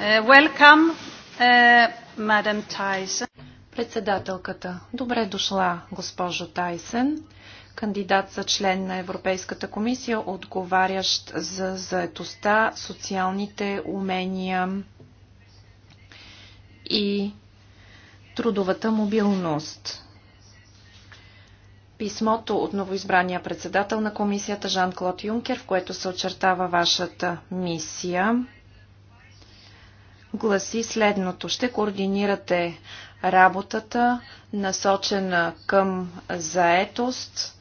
Uh, welcome, uh, Madam Tyson. Председателката. Добре дошла, госпожо Тайсен кандидат за член на Европейската комисия, отговарящ за заетостта, социалните умения и трудовата мобилност. Писмото от новоизбрания председател на комисията Жан-Клод Юнкер, в което се очертава вашата мисия, гласи следното. Ще координирате работата, насочена към заетост,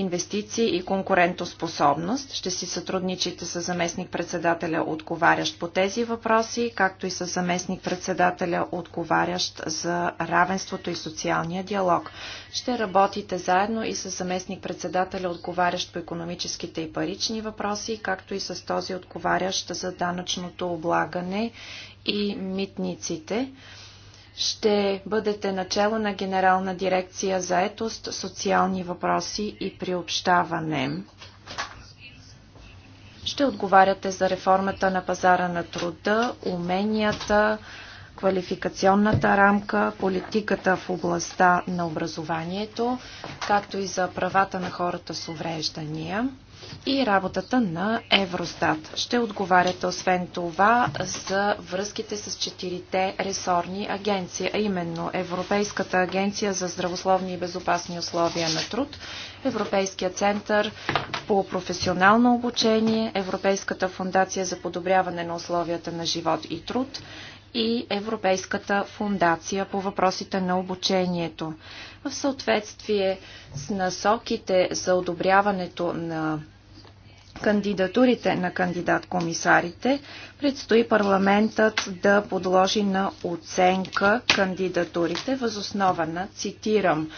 инвестиции и конкурентоспособност. Ще си сътрудничите с заместник-председателя, отговарящ по тези въпроси, както и с заместник-председателя, отговарящ за равенството и социалния диалог. Ще работите заедно и с заместник-председателя, отговарящ по економическите и парични въпроси, както и с този отговарящ за данъчното облагане и митниците ще бъдете начало на Генерална дирекция за етост, социални въпроси и приобщаване. Ще отговаряте за реформата на пазара на труда, уменията, квалификационната рамка, политиката в областта на образованието, както и за правата на хората с увреждания и работата на Евростат. Ще отговаряте освен това за връзките с четирите ресорни агенции, а именно Европейската агенция за здравословни и безопасни условия на труд, Европейския център по професионално обучение, Европейската фундация за подобряване на условията на живот и труд и Европейската фундация по въпросите на обучението в съответствие с насоките за одобряването на кандидатурите на кандидат-комисарите, предстои парламентът да подложи на оценка кандидатурите възоснована, цитирам,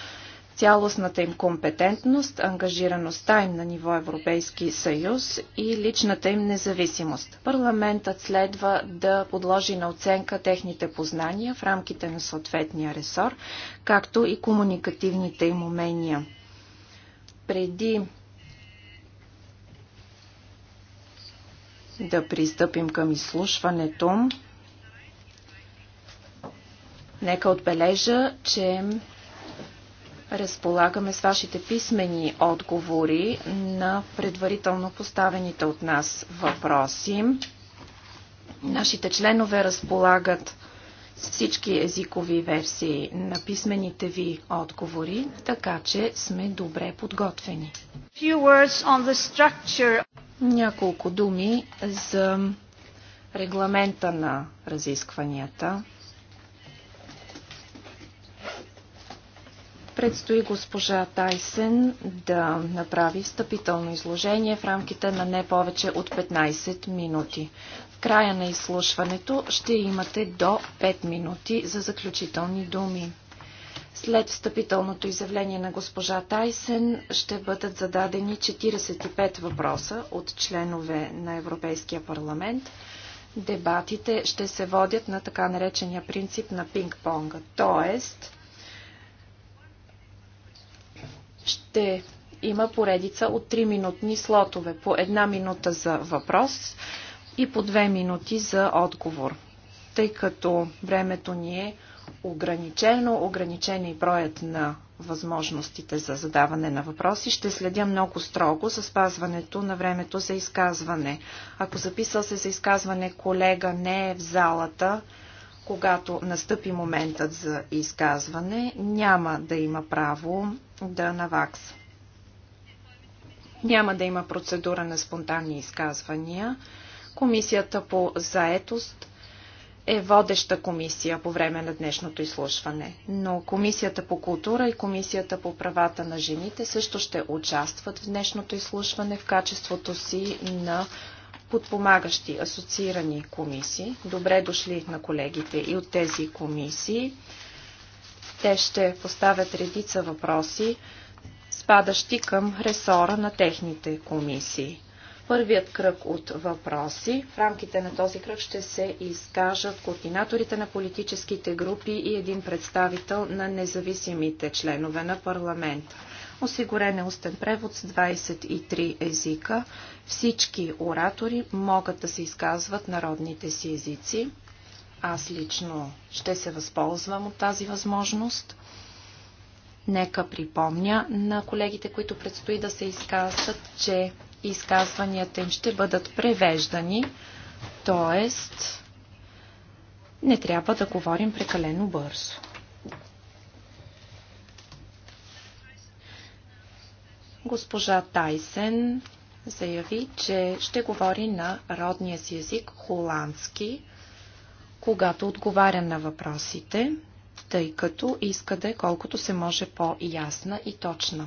цялостната им компетентност, ангажираността им на ниво Европейски съюз и личната им независимост. Парламентът следва да подложи на оценка техните познания в рамките на съответния ресор, както и комуникативните им умения. Преди да пристъпим към изслушването, нека отбележа, че разполагаме с вашите писмени отговори на предварително поставените от нас въпроси. Нашите членове разполагат с всички езикови версии на писмените ви отговори, така че сме добре подготвени. Няколко думи за регламента на разискванията. Предстои госпожа Тайсен да направи встъпително изложение в рамките на не повече от 15 минути. В края на изслушването ще имате до 5 минути за заключителни думи. След встъпителното изявление на госпожа Тайсен ще бъдат зададени 45 въпроса от членове на Европейския парламент. Дебатите ще се водят на така наречения принцип на пинг-понга, т.е. Ще има поредица от 3-минутни слотове. По една минута за въпрос и по две минути за отговор. Тъй като времето ни е ограничено, ограничен е и броят на възможностите за задаване на въпроси, ще следя много строго за спазването на времето за изказване. Ако записал се за изказване колега не е в залата, когато настъпи моментът за изказване, няма да има право да навакса. Няма да има процедура на спонтанни изказвания. Комисията по заетост е водеща комисия по време на днешното изслушване, но Комисията по култура и Комисията по правата на жените също ще участват в днешното изслушване в качеството си на подпомагащи асоциирани комисии. Добре дошли на колегите и от тези комисии. Те ще поставят редица въпроси, спадащи към ресора на техните комисии. Първият кръг от въпроси. В рамките на този кръг ще се изкажат координаторите на политическите групи и един представител на независимите членове на парламента. Осигурен е устен превод с 23 езика. Всички оратори могат да се изказват народните си езици. Аз лично ще се възползвам от тази възможност. Нека припомня на колегите, които предстои да се изказват, че изказванията им ще бъдат превеждани, т.е. не трябва да говорим прекалено бързо. Госпожа Тайсен заяви, че ще говори на родния си език холандски – когато отговаря на въпросите, тъй като иска да е колкото се може по-ясна и точна.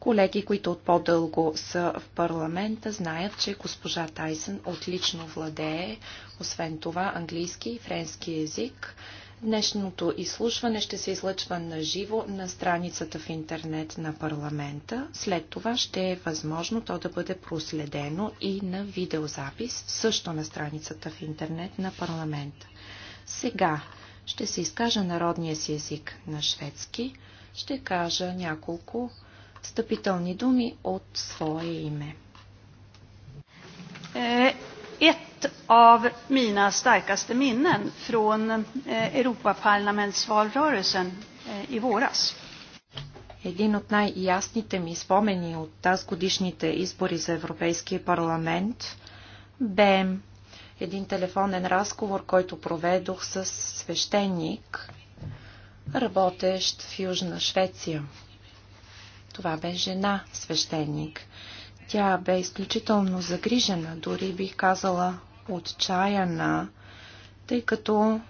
Колеги, които от по-дълго са в парламента, знаят, че госпожа Тайсън отлично владее, освен това, английски и френски език. Днешното изслушване ще се излъчва на живо на страницата в интернет на парламента. След това ще е възможно то да бъде проследено и на видеозапис, също на страницата в интернет на парламента. Сега ще се изкажа народния си език на шведски. Ще кажа няколко стъпителни думи от свое име. Е, е av mina starkaste minnen från eh, Europaparlamentsvalrörelsen eh, i våras. Един от най-ясните ми спомени от тази годишните избори за Европейския парламент бе един телефонен разговор, който проведох с свещеник, работещ в Южна Швеция. Това бе жена свещеник. Тя бе изключително загрижена, дори бих казала отчаяна, тъй като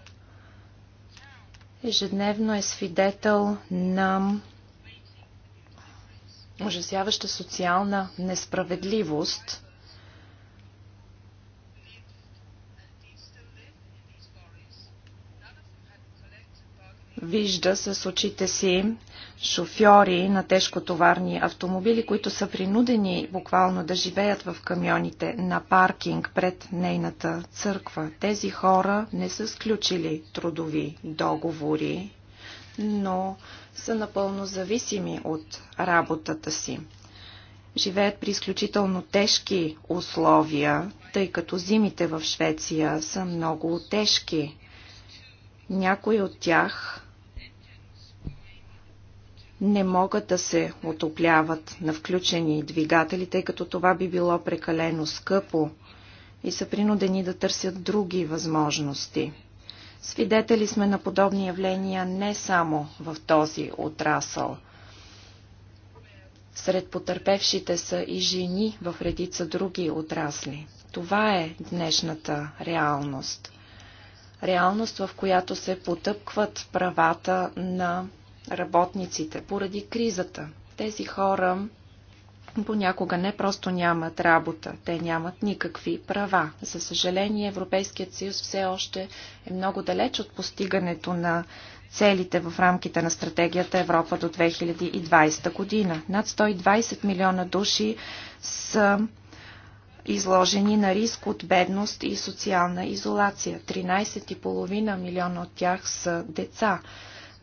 ежедневно е свидетел на ужасяваща социална несправедливост. Вижда с очите си шофьори на тежкотоварни автомобили, които са принудени буквално да живеят в камионите на паркинг пред нейната църква. Тези хора не са сключили трудови договори, но са напълно зависими от работата си. Живеят при изключително тежки условия, тъй като зимите в Швеция са много тежки. Някои от тях не могат да се отопляват на включени двигатели, тъй като това би било прекалено скъпо и са принудени да търсят други възможности. Свидетели сме на подобни явления не само в този отрасъл. Сред потърпевшите са и жени в редица други отрасли. Това е днешната реалност. Реалност, в която се потъпкват правата на работниците поради кризата. Тези хора понякога не просто нямат работа, те нямат никакви права. За съжаление, Европейският съюз все още е много далеч от постигането на целите в рамките на стратегията Европа до 2020 година. Над 120 милиона души са изложени на риск от бедност и социална изолация. 13,5 милиона от тях са деца.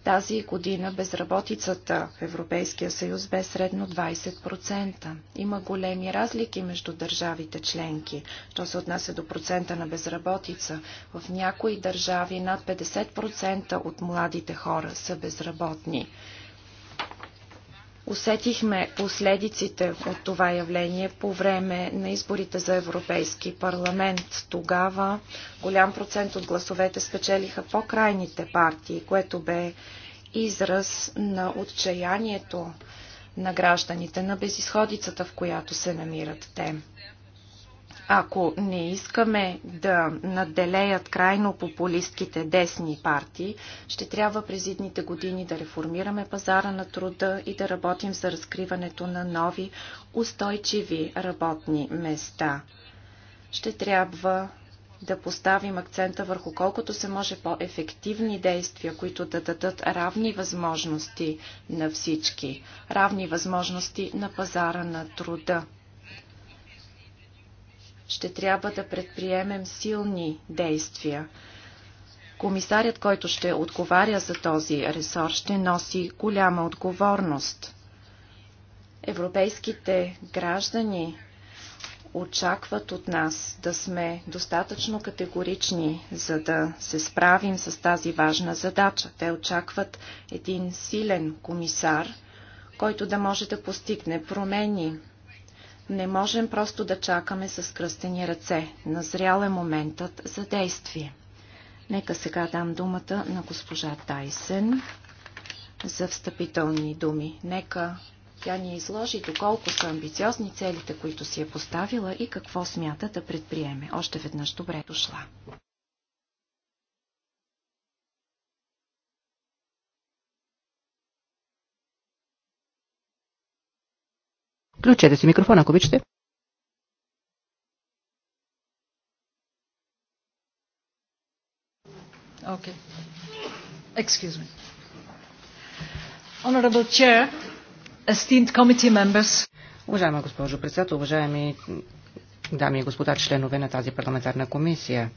Тази година безработицата в Европейския съюз бе средно 20%. Има големи разлики между държавите членки, що се отнася до процента на безработица. В някои държави над 50% от младите хора са безработни. Усетихме последиците от това явление по време на изборите за Европейски парламент. Тогава голям процент от гласовете спечелиха по-крайните партии, което бе израз на отчаянието на гражданите, на безисходицата, в която се намират те. Ако не искаме да надделеят крайно популистките десни партии, ще трябва през идните години да реформираме пазара на труда и да работим за разкриването на нови устойчиви работни места. Ще трябва да поставим акцента върху колкото се може по-ефективни действия, които да дадат равни възможности на всички, равни възможности на пазара на труда ще трябва да предприемем силни действия. Комисарят, който ще отговаря за този ресор, ще носи голяма отговорност. Европейските граждани очакват от нас да сме достатъчно категорични, за да се справим с тази важна задача. Те очакват един силен комисар, който да може да постигне промени. Не можем просто да чакаме с кръстени ръце. Назрял е моментът за действие. Нека сега дам думата на госпожа Тайсен за встъпителни думи. Нека тя ни изложи доколко са амбициозни целите, които си е поставила и какво смята да предприеме. Още веднъж добре дошла. Включете си микрофона, ако обичате. Okay. Excuse me. Honorable Chair, esteemed committee members. Уважаема госпожо председател, уважаеми дами и господа членове на тази парламентарна комисия.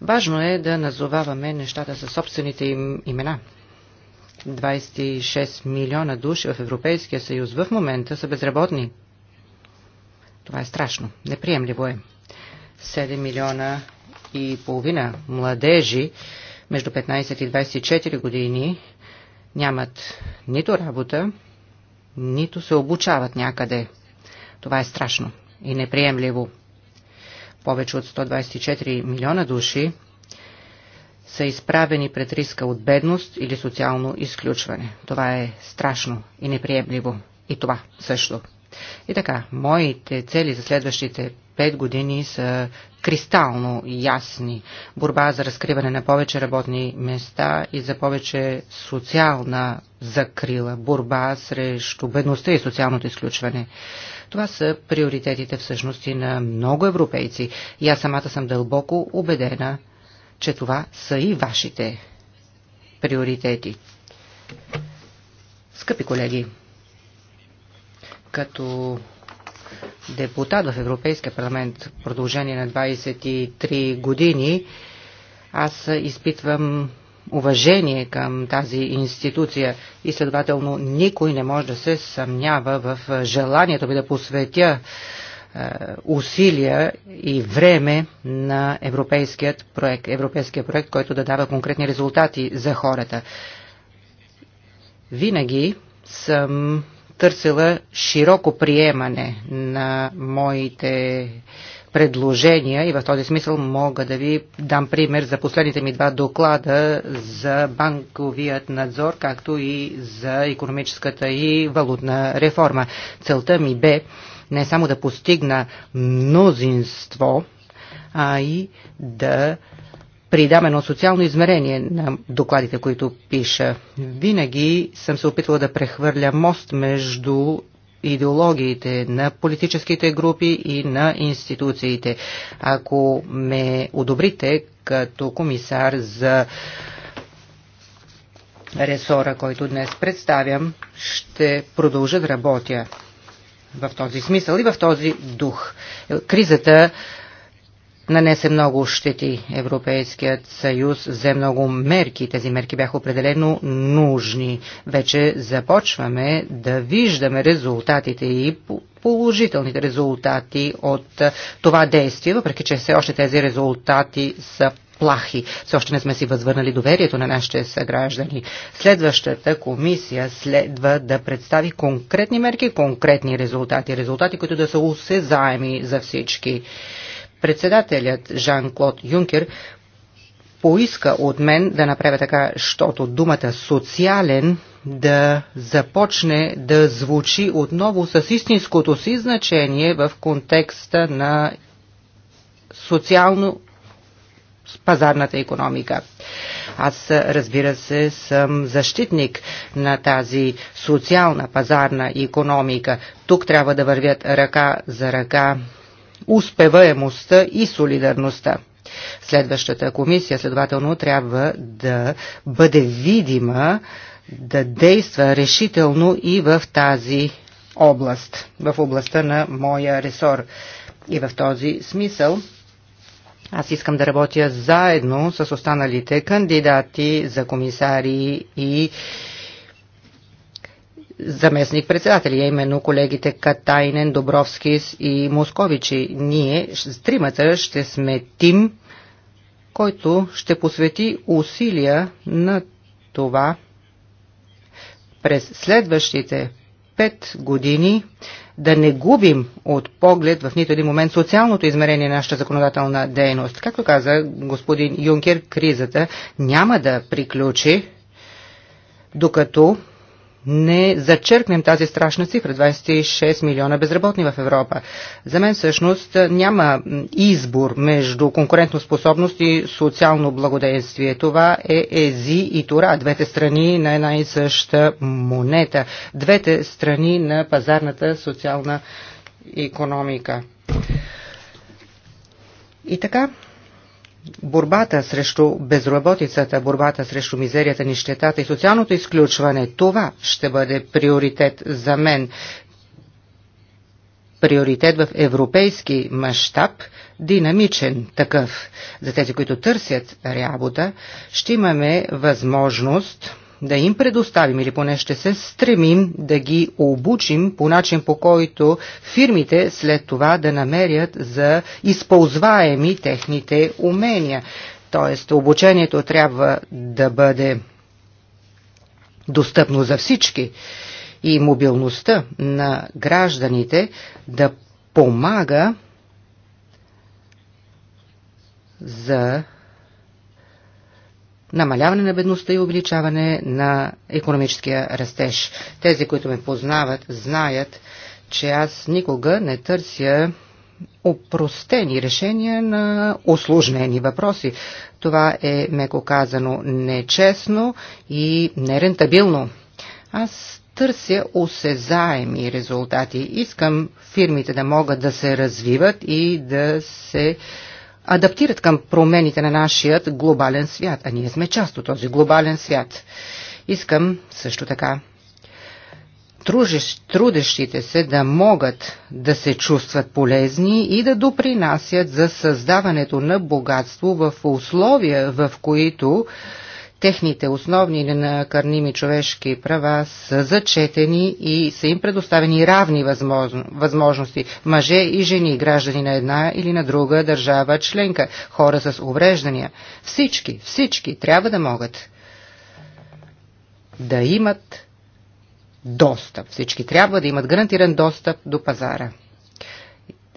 Важно е да назоваваме нещата със собствените им имена, 26 милиона души в Европейския съюз в момента са безработни. Това е страшно. Неприемливо е. 7 милиона и половина младежи между 15 и 24 години нямат нито работа, нито се обучават някъде. Това е страшно и неприемливо. Повече от 124 милиона души са изправени пред риска от бедност или социално изключване. Това е страшно и неприемливо. И това също. И така, моите цели за следващите пет години са кристално ясни. Борба за разкриване на повече работни места и за повече социална закрила. Борба срещу бедността и социалното изключване. Това са приоритетите всъщност и на много европейци. И аз самата съм дълбоко убедена, че това са и вашите приоритети. Скъпи колеги, като депутат в Европейския парламент в продължение на 23 години, аз изпитвам уважение към тази институция и следователно никой не може да се съмнява в желанието ми да посветя е, усилия и време на европейският проект, европейския проект, който да дава конкретни резултати за хората. Винаги съм търсила широко приемане на моите предложения и в този смисъл мога да ви дам пример за последните ми два доклада за банковият надзор, както и за економическата и валутна реформа. Целта ми бе не само да постигна мнозинство, а и да придам едно социално измерение на докладите, които пиша. Винаги съм се опитвала да прехвърля мост между идеологиите на политическите групи и на институциите. Ако ме одобрите като комисар за ресора, който днес представям, ще продължа да работя в този смисъл и в този дух. Кризата нанесе много щети. Европейският съюз взе много мерки. Тези мерки бяха определено нужни. Вече започваме да виждаме резултатите и положителните резултати от това действие, въпреки че все още тези резултати са плахи. Все още не сме си възвърнали доверието на нашите съграждани. Следващата комисия следва да представи конкретни мерки, конкретни резултати. Резултати, които да са усезаеми за всички. Председателят Жан-Клод Юнкер поиска от мен да направя така, щото думата социален да започне да звучи отново с истинското си значение в контекста на социално пазарната економика. Аз, разбира се, съм защитник на тази социална пазарна економика. Тук трябва да вървят ръка за ръка успеваемостта и солидарността. Следващата комисия, следователно, трябва да бъде видима, да действа решително и в тази област, в областта на моя ресор. И в този смисъл аз искам да работя заедно с останалите кандидати за комисари и заместник председатели, именно колегите Катайнен, Добровскис и Московичи. Ние, с тримата, ще сме тим, който ще посвети усилия на това през следващите пет години да не губим от поглед в нито един момент социалното измерение на нашата законодателна дейност. Както каза господин Юнкер, кризата няма да приключи, докато не зачеркнем тази страшна цифра 26 милиона безработни в Европа. За мен всъщност няма избор между конкурентоспособност и социално благоденствие. Това е ези и тура, двете страни на една и съща монета, двете страни на пазарната социална економика. И така, борбата срещу безработицата, борбата срещу мизерията, нищетата и социалното изключване, това ще бъде приоритет за мен. Приоритет в европейски мащаб, динамичен такъв. За тези, които търсят работа, ще имаме възможност да им предоставим или поне ще се стремим да ги обучим по начин по който фирмите след това да намерят за използваеми техните умения. Тоест обучението трябва да бъде достъпно за всички и мобилността на гражданите да помага за намаляване на бедността и увеличаване на економическия растеж. Тези, които ме познават, знаят, че аз никога не търся опростени решения на осложнени въпроси. Това е, меко казано, нечестно и нерентабилно. Аз търся осезаеми резултати. Искам фирмите да могат да се развиват и да се адаптират към промените на нашият глобален свят, а ние сме част от този глобален свят. Искам също така трудещите се да могат да се чувстват полезни и да допринасят за създаването на богатство в условия, в които техните основни или накърними човешки права са зачетени и са им предоставени равни възможности мъже и жени, граждани на една или на друга държава членка, хора с увреждания. Всички, всички трябва да могат да имат достъп. Всички трябва да имат гарантиран достъп до пазара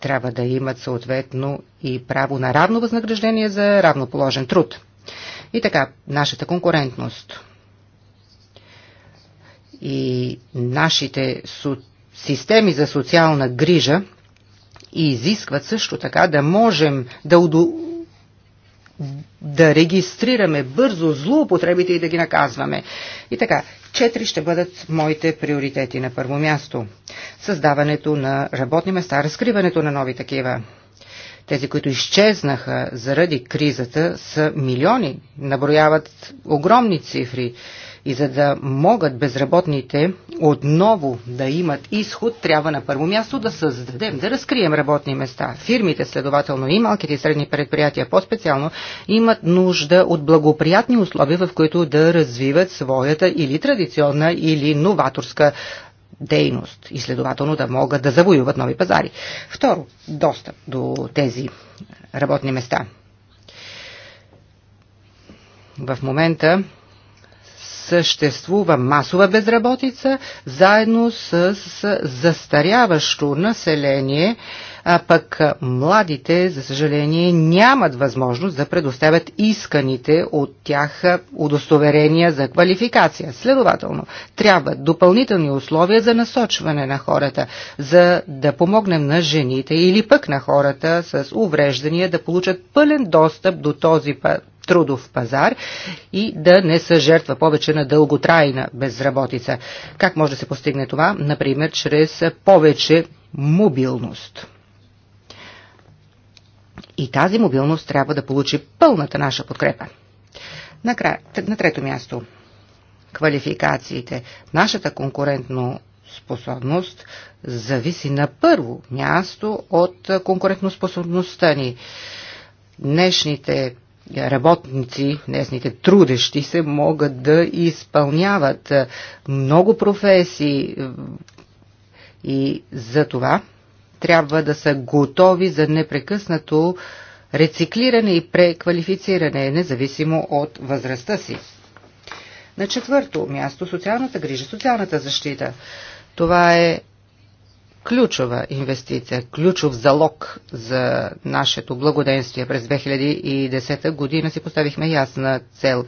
трябва да имат съответно и право на равно възнаграждение за равноположен труд. И така, нашата конкурентност и нашите системи за социална грижа и изискват също така да можем да, удо... да регистрираме бързо злоупотребите и да ги наказваме. И така, четири ще бъдат моите приоритети на първо място. Създаването на работни места, разкриването на нови такива тези, които изчезнаха заради кризата, са милиони, наброяват огромни цифри. И за да могат безработните отново да имат изход, трябва на първо място да създадем, да разкрием работни места. Фирмите, следователно и малките и средни предприятия по-специално, имат нужда от благоприятни условия, в които да развиват своята или традиционна, или новаторска дейност и следователно да могат да завоюват нови пазари. Второ, достъп до тези работни места. В момента съществува масова безработица заедно с застаряващо население, а пък младите, за съжаление, нямат възможност да предоставят исканите от тях удостоверения за квалификация. Следователно, трябва допълнителни условия за насочване на хората, за да помогнем на жените или пък на хората с увреждания да получат пълен достъп до този път трудов пазар и да не са жертва повече на дълготрайна безработица. Как може да се постигне това? Например, чрез повече мобилност. И тази мобилност трябва да получи пълната наша подкрепа. кра... На трето място. Квалификациите. Нашата конкурентно способност зависи на първо място от конкурентоспособността ни. Днешните работници, днесните трудещи се могат да изпълняват много професии и за това трябва да са готови за непрекъснато рециклиране и преквалифициране, независимо от възрастта си. На четвърто място социалната грижа, социалната защита. Това е ключова инвестиция, ключов залог за нашето благоденствие. През 2010 година си поставихме ясна цел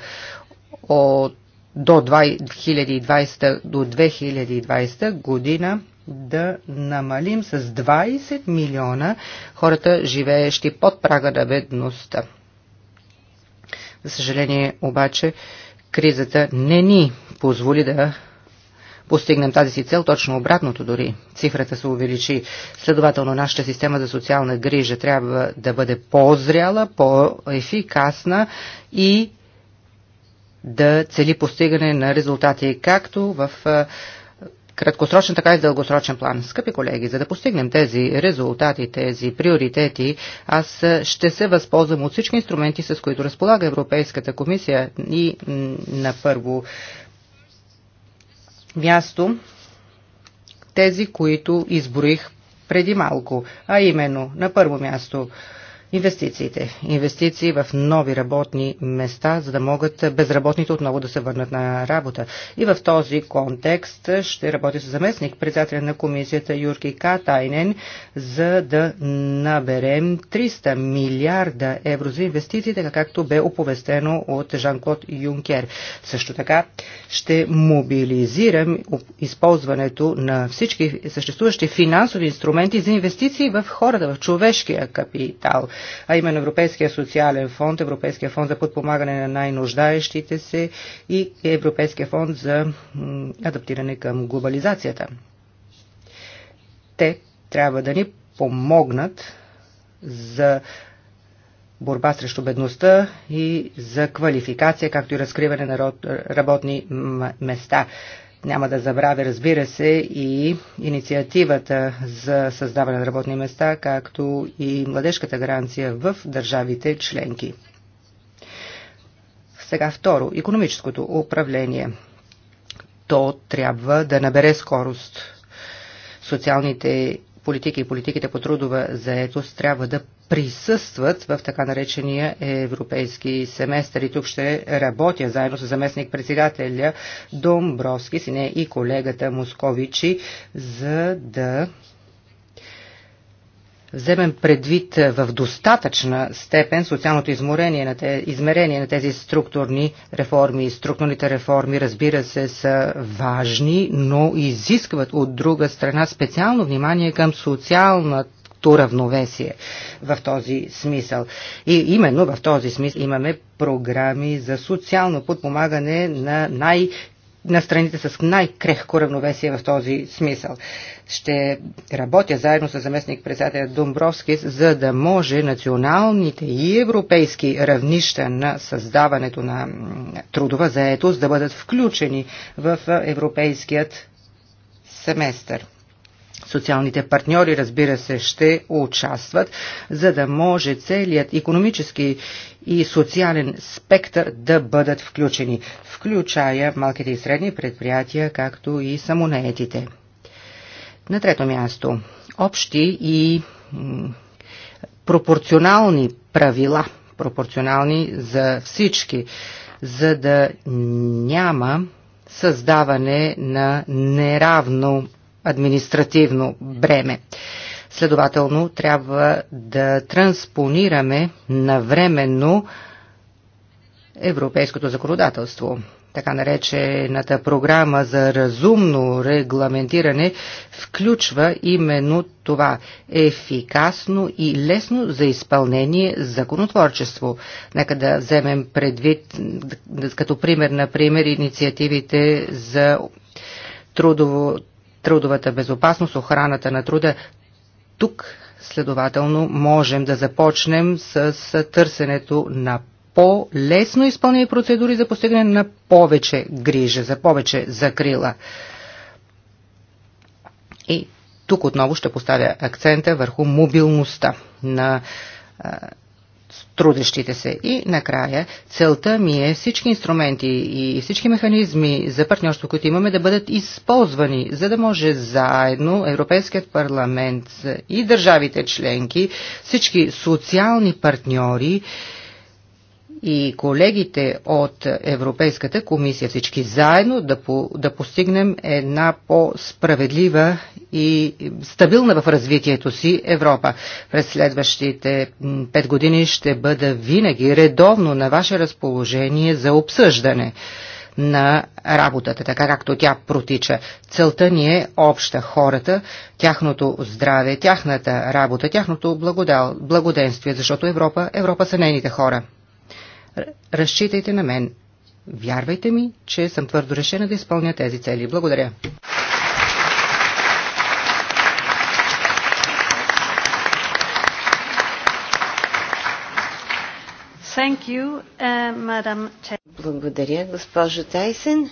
от до 2020 до 2020 година да намалим с 20 милиона хората, живеещи под прага на бедността. За съжаление обаче, кризата не ни позволи да постигнем тази си цел, точно обратното дори. Цифрата се увеличи. Следователно, нашата система за социална грижа трябва да бъде по-зряла, по-ефикасна и да цели постигане на резултати, както в краткосрочен, така и дългосрочен план. Скъпи колеги, за да постигнем тези резултати, тези приоритети, аз ще се възползвам от всички инструменти, с които разполага Европейската комисия и на първо място тези, които изброих преди малко, а именно на първо място – инвестициите. Инвестиции в нови работни места, за да могат безработните отново да се върнат на работа. И в този контекст ще работи с заместник председателя на комисията Юрки Катайнен, за да наберем 300 милиарда евро за инвестиции, така както бе оповестено от Жан-Клод Юнкер. Също така ще мобилизирам използването на всички съществуващи финансови инструменти за инвестиции в хората, в човешкия капитал а именно Европейския социален фонд, Европейския фонд за подпомагане на най-нуждаещите се и Европейския фонд за адаптиране към глобализацията. Те трябва да ни помогнат за борба срещу бедността и за квалификация, както и разкриване на работни места. Няма да забравя, разбира се, и инициативата за създаване на работни места, както и младежката гаранция в държавите членки. Сега второ, економическото управление. То трябва да набере скорост. Социалните политики и политиките по трудова заетост трябва да присъстват в така наречения европейски семестър. И тук ще работя заедно с заместник председателя Домбровски, сине и колегата Московичи, за да вземем предвид е, в достатъчна степен социалното измерение на, те, измерение на тези структурни реформи. Структурните реформи, разбира се, са важни, но изискват от друга страна специално внимание към социалната то равновесие в този смисъл. И именно в този смисъл имаме програми за социално подпомагане на най- на страните с най-крехко равновесие в този смисъл. Ще работя заедно с заместник председателя Домбровски, за да може националните и европейски равнища на създаването на трудова заетост да бъдат включени в европейският семестър. Социалните партньори, разбира се, ще участват, за да може целият економически и социален спектър да бъдат включени, включая малките и средни предприятия, както и самонаетите. На трето място, общи и пропорционални правила, пропорционални за всички, за да няма създаване на неравно административно бреме. Следователно, трябва да транспонираме навременно европейското законодателство. Така наречената програма за разумно регламентиране включва именно това ефикасно и лесно за изпълнение законотворчество. Нека да вземем предвид като пример, например, инициативите за трудово, трудовата безопасност, охраната на труда. Тук, следователно, можем да започнем с търсенето на по-лесно изпълнени процедури за постигане на повече грижа, за повече закрила. И тук отново ще поставя акцента върху мобилността на трудещите се. И накрая целта ми е всички инструменти и всички механизми за партньорство, които имаме, да бъдат използвани, за да може заедно Европейският парламент и държавите членки, всички социални партньори, и колегите от Европейската комисия, всички заедно да, по, да постигнем една по-справедлива и стабилна в развитието си Европа. През следващите пет години ще бъда винаги редовно на ваше разположение за обсъждане на работата, така както тя протича. Целта ни е обща хората, тяхното здраве, тяхната работа, тяхното благоденствие, защото Европа, Европа са нейните хора. Разчитайте на мен. Вярвайте ми, че съм твърдо решена да изпълня тези цели. Благодаря. Thank you, uh, Благодаря, госпожо Тайсен.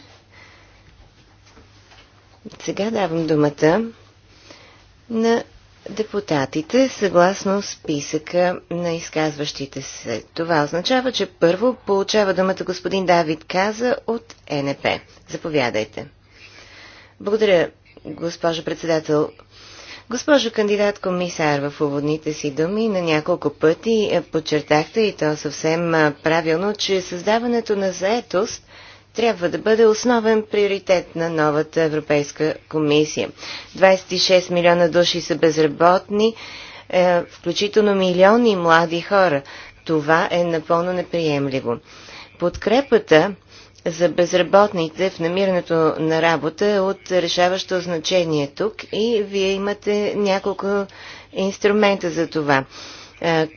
Сега давам думата на депутатите съгласно списъка на изказващите се. Това означава, че първо получава думата господин Давид Каза от НП. Заповядайте. Благодаря, госпожо председател. Госпожо кандидат комисар, в уводните си думи на няколко пъти е, подчертахте и то съвсем е, правилно, че създаването на заетост – трябва да бъде основен приоритет на новата Европейска комисия. 26 милиона души са безработни, е, включително милиони млади хора. Това е напълно неприемливо. Подкрепата за безработните в намирането на работа е от решаващо значение тук и вие имате няколко инструмента за това. Е,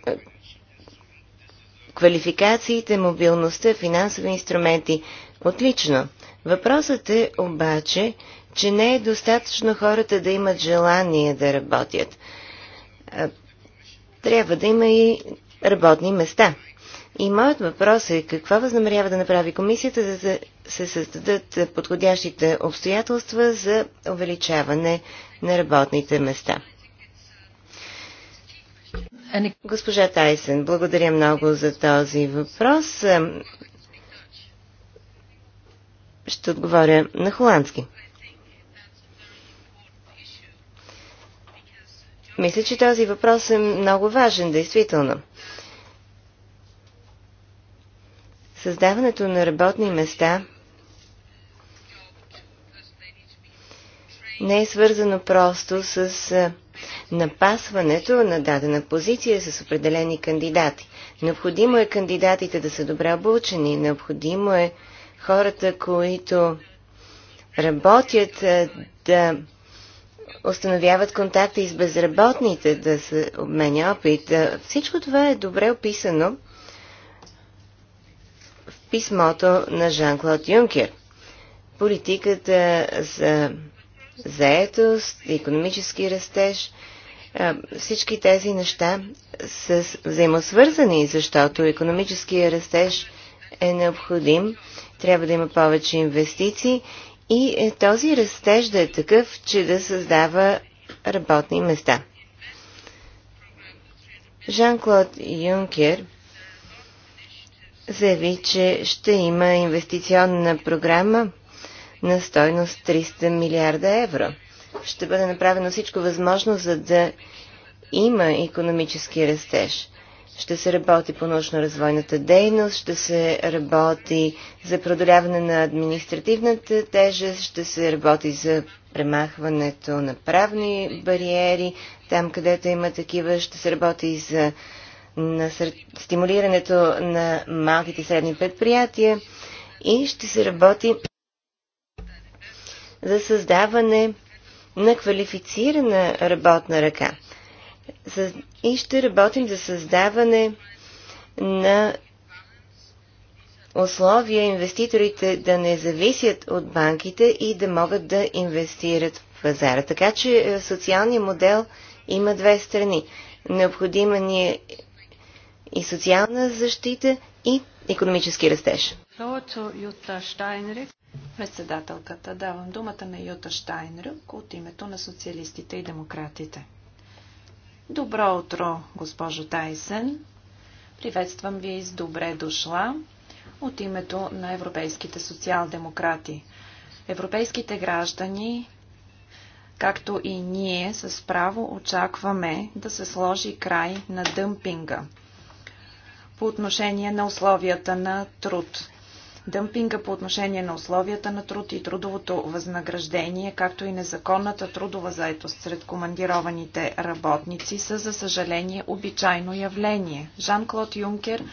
квалификациите, мобилността, финансови инструменти – Отлично. Въпросът е обаче, че не е достатъчно хората да имат желание да работят. Трябва да има и работни места. И моят въпрос е какво възнамерява да направи комисията, за да се създадат подходящите обстоятелства за увеличаване на работните места. Госпожа Тайсен, благодаря много за този въпрос. Ще отговоря на холандски. Мисля, че този въпрос е много важен, действително. Създаването на работни места не е свързано просто с напасването на дадена позиция с определени кандидати. Необходимо е кандидатите да са добре обучени, необходимо е хората, които работят, е, да установяват контакти с безработните, да се обменя опит. Е, всичко това е добре описано в писмото на Жан-Клод Юнкер. Политиката за заетост, економически растеж, е, всички тези неща са взаимосвързани, защото економическия растеж е необходим трябва да има повече инвестиции и е, този растеж да е такъв, че да създава работни места. Жан-Клод Юнкер заяви, че ще има инвестиционна програма на стойност 300 милиарда евро. Ще бъде направено всичко възможно, за да има економически растеж. Ще се работи по научно-развойната дейност, ще се работи за продоляване на административната тежест, ще се работи за премахването на правни бариери, там където има такива, ще се работи и за на стимулирането на малките и средни предприятия и ще се работи за създаване на квалифицирана работна ръка и ще работим за създаване на условия инвеститорите да не зависят от банките и да могат да инвестират в пазара. Така че е, социалният модел има две страни. Необходима ни е и социална защита и економически растеж. Юта Штайнрик, председателката, давам думата на Юта Штайнрик от името на социалистите и демократите. Добро утро, госпожо Тайсен. Приветствам ви и с добре дошла от името на европейските социал-демократи. Европейските граждани, както и ние, с право очакваме да се сложи край на дъмпинга по отношение на условията на труд дъмпинга по отношение на условията на труд и трудовото възнаграждение, както и незаконната трудова заетост сред командированите работници са, за съжаление, обичайно явление. Жан-Клод Юнкер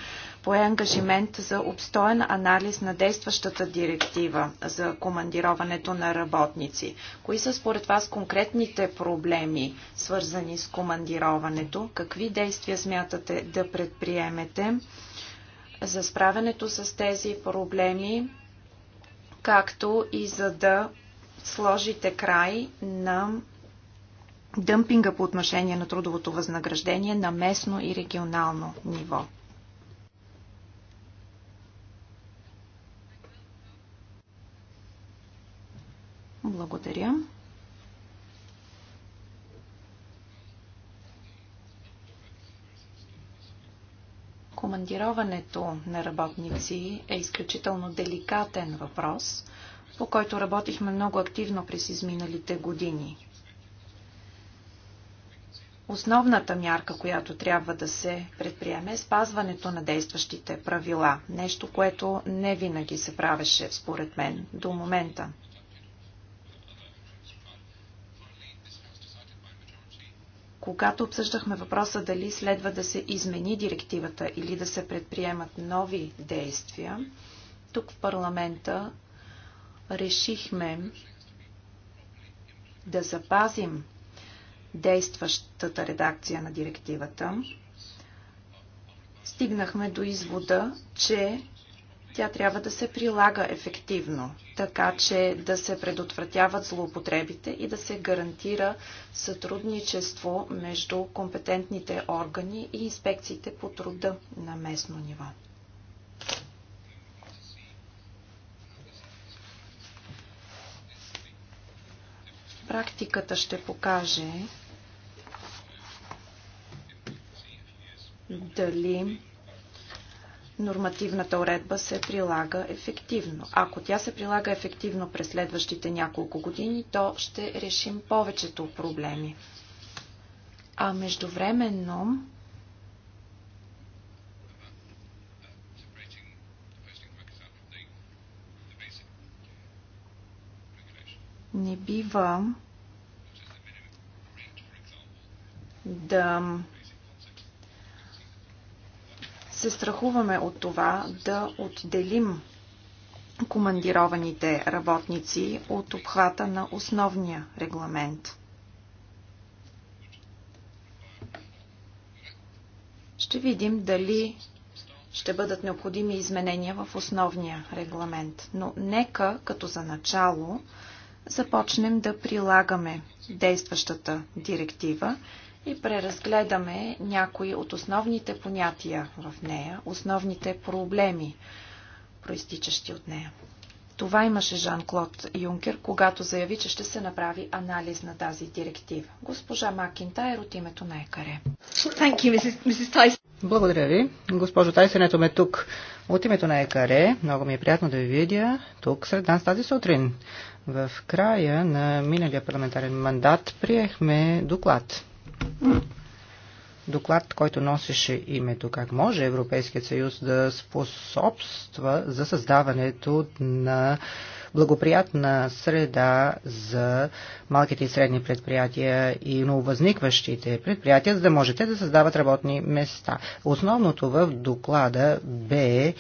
пое ангажимент за обстоен анализ на действащата директива за командироването на работници. Кои са според вас конкретните проблеми, свързани с командироването? Какви действия смятате да предприемете? за справянето с тези проблеми, както и за да сложите край на дъмпинга по отношение на трудовото възнаграждение на местно и регионално ниво. Благодаря. Командироването на работници е изключително деликатен въпрос, по който работихме много активно през изминалите години. Основната мярка, която трябва да се предприеме е спазването на действащите правила. Нещо, което не винаги се правеше, според мен, до момента. когато обсъждахме въпроса дали следва да се измени директивата или да се предприемат нови действия, тук в парламента решихме да запазим действащата редакция на директивата. Стигнахме до извода, че тя трябва да се прилага ефективно така че да се предотвратяват злоупотребите и да се гарантира сътрудничество между компетентните органи и инспекциите по труда на местно ниво. Практиката ще покаже дали нормативната уредба се прилага ефективно. Ако тя се прилага ефективно през следващите няколко години, то ще решим повечето проблеми. А междувременно не бива да се страхуваме от това да отделим командированите работници от обхвата на основния регламент. Ще видим дали ще бъдат необходими изменения в основния регламент. Но нека, като за начало, започнем да прилагаме действащата директива и преразгледаме някои от основните понятия в нея, основните проблеми, проистичащи от нея. Това имаше Жан-Клод Юнкер, когато заяви, че ще се направи анализ на тази директива. Госпожа Макинтайр от името на ЕКАРЕ. Благодаря ви. Госпожо Тайсен, ето ме тук. От името на ЕКАРЕ, много ми е приятно да ви видя тук сред нас тази сутрин. В края на миналия парламентарен мандат приехме доклад доклад, който носеше името как може Европейският съюз да способства за създаването на благоприятна среда за малките и средни предприятия и нововъзникващите предприятия, за да можете да създават работни места. Основното в доклада бе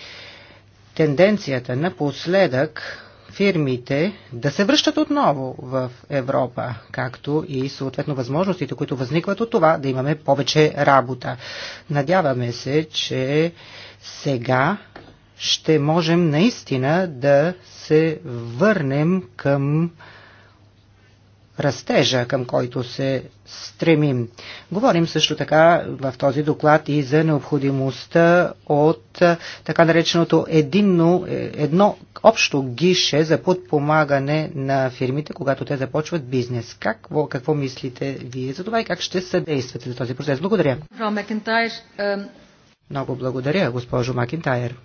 тенденцията напоследък фирмите да се връщат отново в Европа, както и съответно възможностите, които възникват от това да имаме повече работа. Надяваме се, че сега ще можем наистина да се върнем към растежа, към който се стремим. Говорим също така в този доклад и за необходимостта от е, така нареченото единно, е, едно общо гише за подпомагане на фирмите, когато те започват бизнес. Какво, какво мислите вие за това и как ще съдействате за този процес? Благодаря. Много благодаря, госпожо Макинтайр.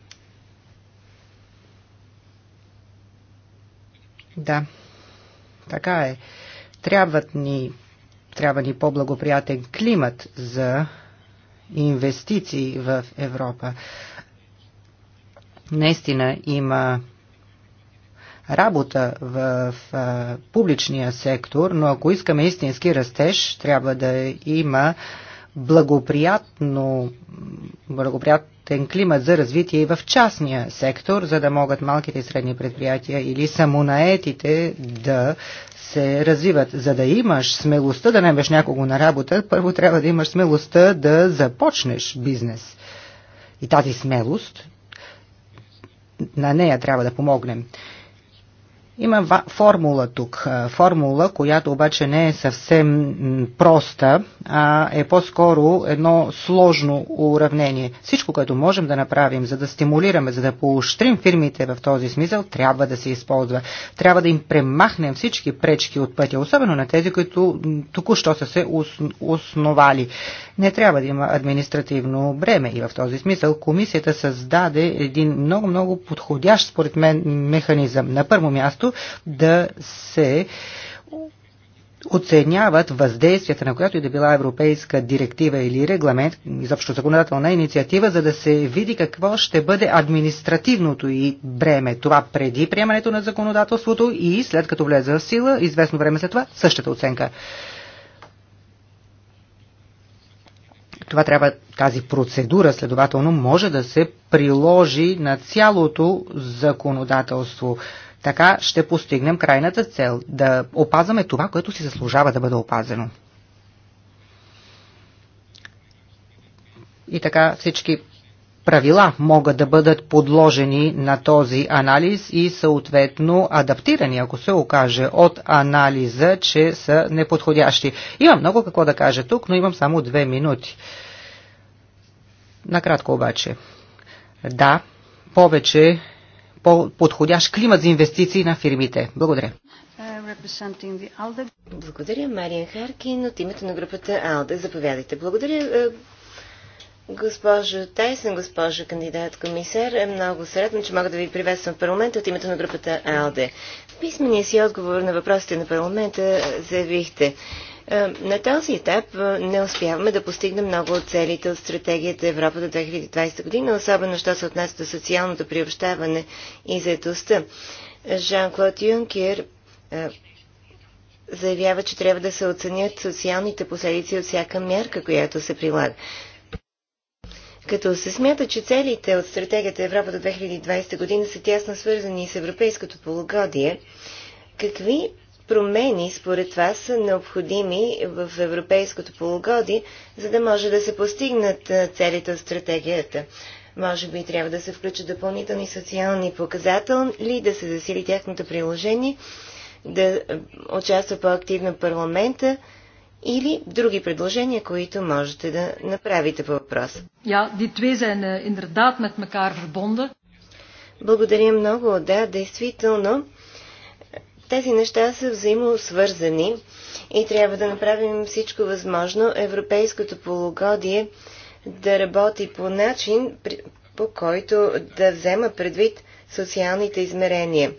Да, така е. Трябват ни, трябва ни по-благоприятен климат за инвестиции в Европа. Наистина има работа в а, публичния сектор, но ако искаме истински растеж, трябва да има а, благоприятно, благоприятен климат за развитие и в частния сектор, за да могат малките и средни предприятия или самонаетите да се развиват. За да имаш смелостта да наймеш някого на работа, първо трябва да имаш смелостта да започнеш бизнес. И тази смелост, на нея трябва да помогнем. Има формула тук. Формула, която обаче не е съвсем проста, а е по-скоро едно сложно уравнение. Всичко, което можем да направим, за да стимулираме, за да поощрим фирмите в този смисъл, трябва да се използва. Трябва да им премахнем всички пречки от пътя, особено на тези, които току-що са се основали. Не трябва да има административно бреме и в този смисъл комисията създаде един много-много подходящ, според мен, механизъм. На първо място място да се оценяват въздействията на която и да била европейска директива или регламент, изобщо законодателна инициатива, за да се види какво ще бъде административното и бреме. Това преди приемането на законодателството и след като влезе в сила, известно време след това, същата оценка. Това трябва, тази процедура, следователно, може да се приложи на цялото законодателство така ще постигнем крайната цел да опазваме това, което си заслужава да бъде опазено. И така всички правила могат да бъдат подложени на този анализ и съответно адаптирани, ако се окаже от анализа, че са неподходящи. Имам много какво да кажа тук, но имам само две минути. Накратко обаче. Да, повече по-подходящ климат за инвестиции на фирмите. Благодаря. Благодаря, Мариан Харкин. От името на групата АЛДЕ, заповядайте. Благодаря, е, госпожо Тайсен, госпожо кандидат комисар. Е, много се радвам, че мога да ви приветствам в парламента от името на групата АЛДЕ. В писмения си отговор на въпросите на парламента е, заявихте. Е, на този етап е, не успяваме да постигнем много от целите от стратегията Европа до 2020 година, особено що се отнася до социалното приобщаване и заедостта. Жан-Клод Юнкер е, заявява, че трябва да се оценят социалните последици от всяка мярка, която се прилага. Като се смята, че целите от стратегията Европа до 2020 година са тясно свързани с европейското полугодие, какви промени според вас са необходими в европейското полугодие, за да може да се постигнат целите от стратегията? Може би трябва да се включат допълнителни социални показатели, да се засили тяхното приложение, да участва по-активно парламента или други предложения, които можете да направите по въпроса. Eh, Благодаря много. Да, действително тези неща са взаимосвързани и трябва да направим всичко възможно европейското полугодие да работи по начин, по който да взема предвид социалните измерения.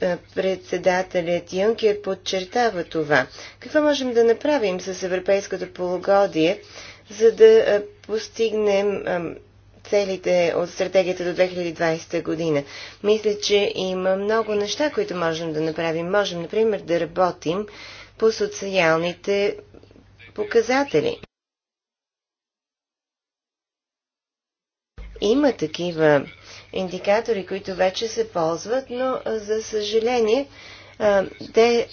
Е, председателят Юнкер подчертава това. Какво можем да направим с европейското полугодие, за да е, постигнем целите от стратегията до 2020 година. Мисля, че има много неща, които можем да направим. Можем, например, да работим по социалните показатели. Има такива индикатори, които вече се ползват, но за съжаление те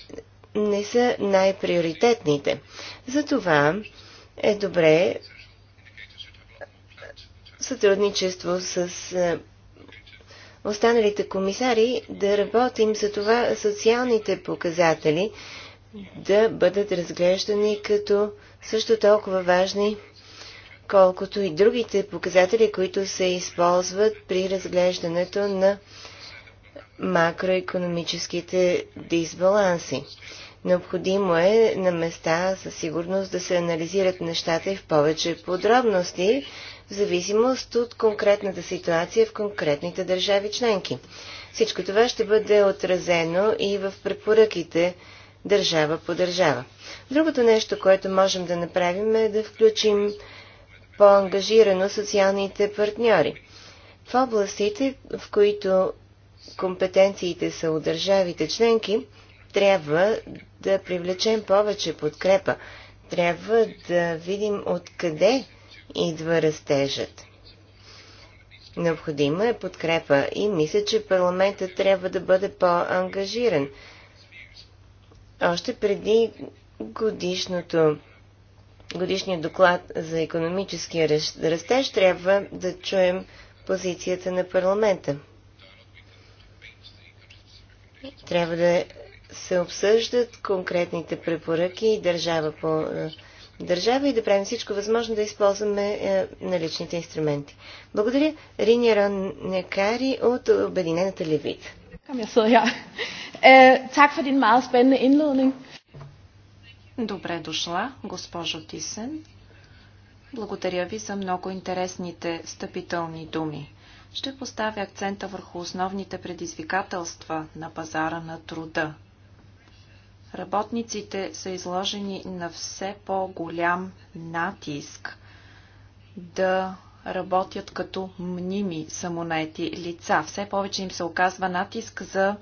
не са най-приоритетните. Затова е добре сътрудничество с е, останалите комисари да работим за това социалните показатели да бъдат разглеждани като също толкова важни, колкото и другите показатели, които се използват при разглеждането на макроекономическите дисбаланси. Необходимо е на места със сигурност да се анализират нещата и в повече подробности, в зависимост от конкретната ситуация в конкретните държави членки. Всичко това ще бъде отразено и в препоръките държава по държава. Другото нещо, което можем да направим е да включим по-ангажирано социалните партньори. В областите, в които компетенциите са от държавите членки, трябва да привлечем повече подкрепа. Трябва да видим откъде идва растежът. Необходима е подкрепа и мисля, че парламентът трябва да бъде по-ангажиран. Още преди годишното, годишния доклад за економическия растеж трябва да чуем позицията на парламента. Трябва да се обсъждат конкретните препоръки и държава по държава и да правим всичко възможно да използваме е, наличните инструменти. Благодаря. Риня Некари от Обединената левита. Добре дошла, госпожо Тисен. Благодаря ви за много интересните стъпителни думи. Ще поставя акцента върху основните предизвикателства на пазара на труда, Работниците са изложени на все по-голям натиск да работят като мними самонаети лица. Все повече им се оказва натиск за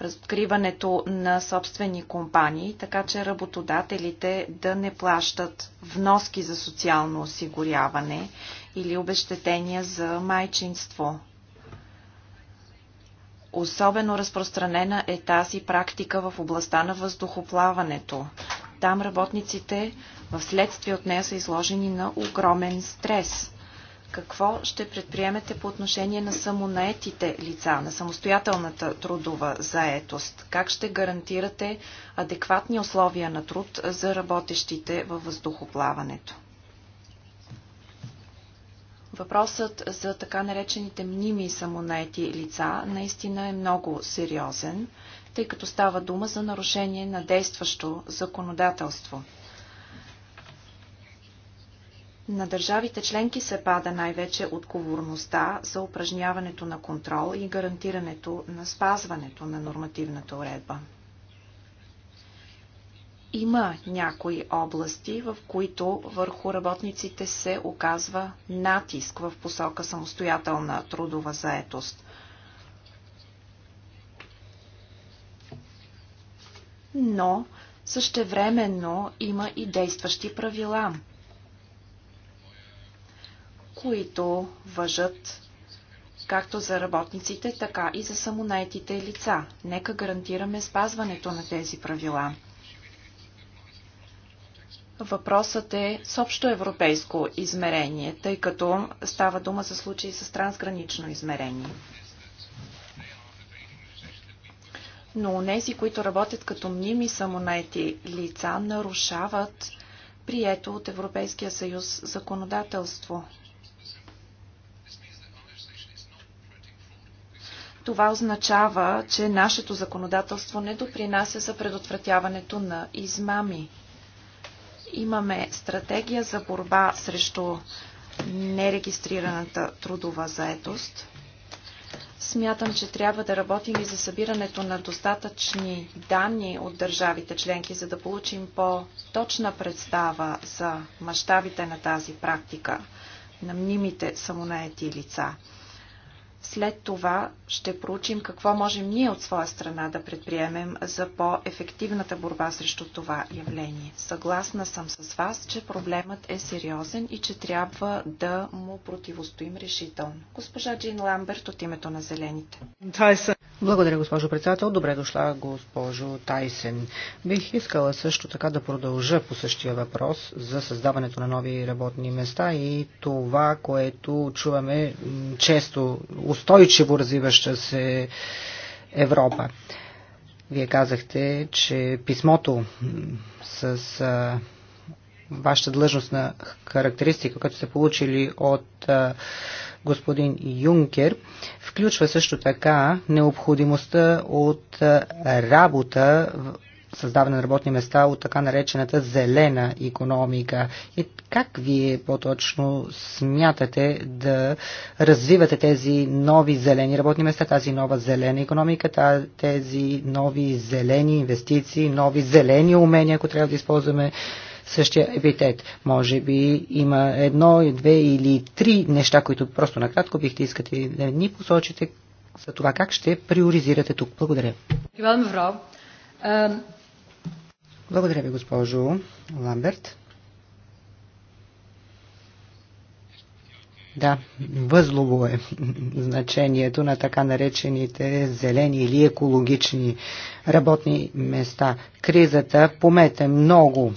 разкриването на собствени компании, така че работодателите да не плащат вноски за социално осигуряване или обещетения за майчинство. Особено разпространена е тази практика в областта на въздухоплаването. Там работниците в следствие от нея са изложени на огромен стрес. Какво ще предприемете по отношение на самонаетите лица, на самостоятелната трудова заетост? Как ще гарантирате адекватни условия на труд за работещите във въздухоплаването? Въпросът за така наречените мними самонаети лица наистина е много сериозен, тъй като става дума за нарушение на действащо законодателство. На държавите членки се пада най-вече отговорността за упражняването на контрол и гарантирането на спазването на нормативната уредба. Има някои области, в които върху работниците се оказва натиск в посока самостоятелна трудова заетост. Но същевременно има и действащи правила, които въжат както за работниците, така и за самонаетите лица. Нека гарантираме спазването на тези правила. Въпросът е с общо европейско измерение, тъй като става дума за случаи с трансгранично измерение. Но тези, които работят като мними самонайти лица, нарушават прието от Европейския съюз законодателство. Това означава, че нашето законодателство не допринася за предотвратяването на измами. Имаме стратегия за борба срещу нерегистрираната трудова заетост. Смятам, че трябва да работим и за събирането на достатъчни данни от държавите членки, за да получим по-точна представа за мащабите на тази практика на мнимите самонаети лица. След това ще проучим какво можем ние от своя страна да предприемем за по-ефективната борба срещу това явление. Съгласна съм с вас, че проблемът е сериозен и че трябва да му противостоим решително. Госпожа Джин Ламберт от името на Зелените. Тайсън. Благодаря, госпожо председател. Добре дошла, госпожо Тайсен. Бих искала също така да продължа по същия въпрос за създаването на нови работни места и това, което чуваме често устойчиво развиваща се Европа. Вие казахте, че писмото с а, вашата длъжностна характеристика, като сте получили от а, господин Юнкер, включва също така необходимостта от а, работа създаване на работни места от така наречената зелена економика. И как вие по-точно смятате да развивате тези нови зелени работни места, тази нова зелена економика, тези нови зелени инвестиции, нови зелени умения, ако трябва да използваме същия епитет. Може би има едно, две или три неща, които просто накратко бихте искате да ни посочите за това как ще приоризирате тук. Благодаря. Благодаря, благодаря ви, госпожо Ламберт. Да, възлово е значението на така наречените зелени или екологични работни места. Кризата помете много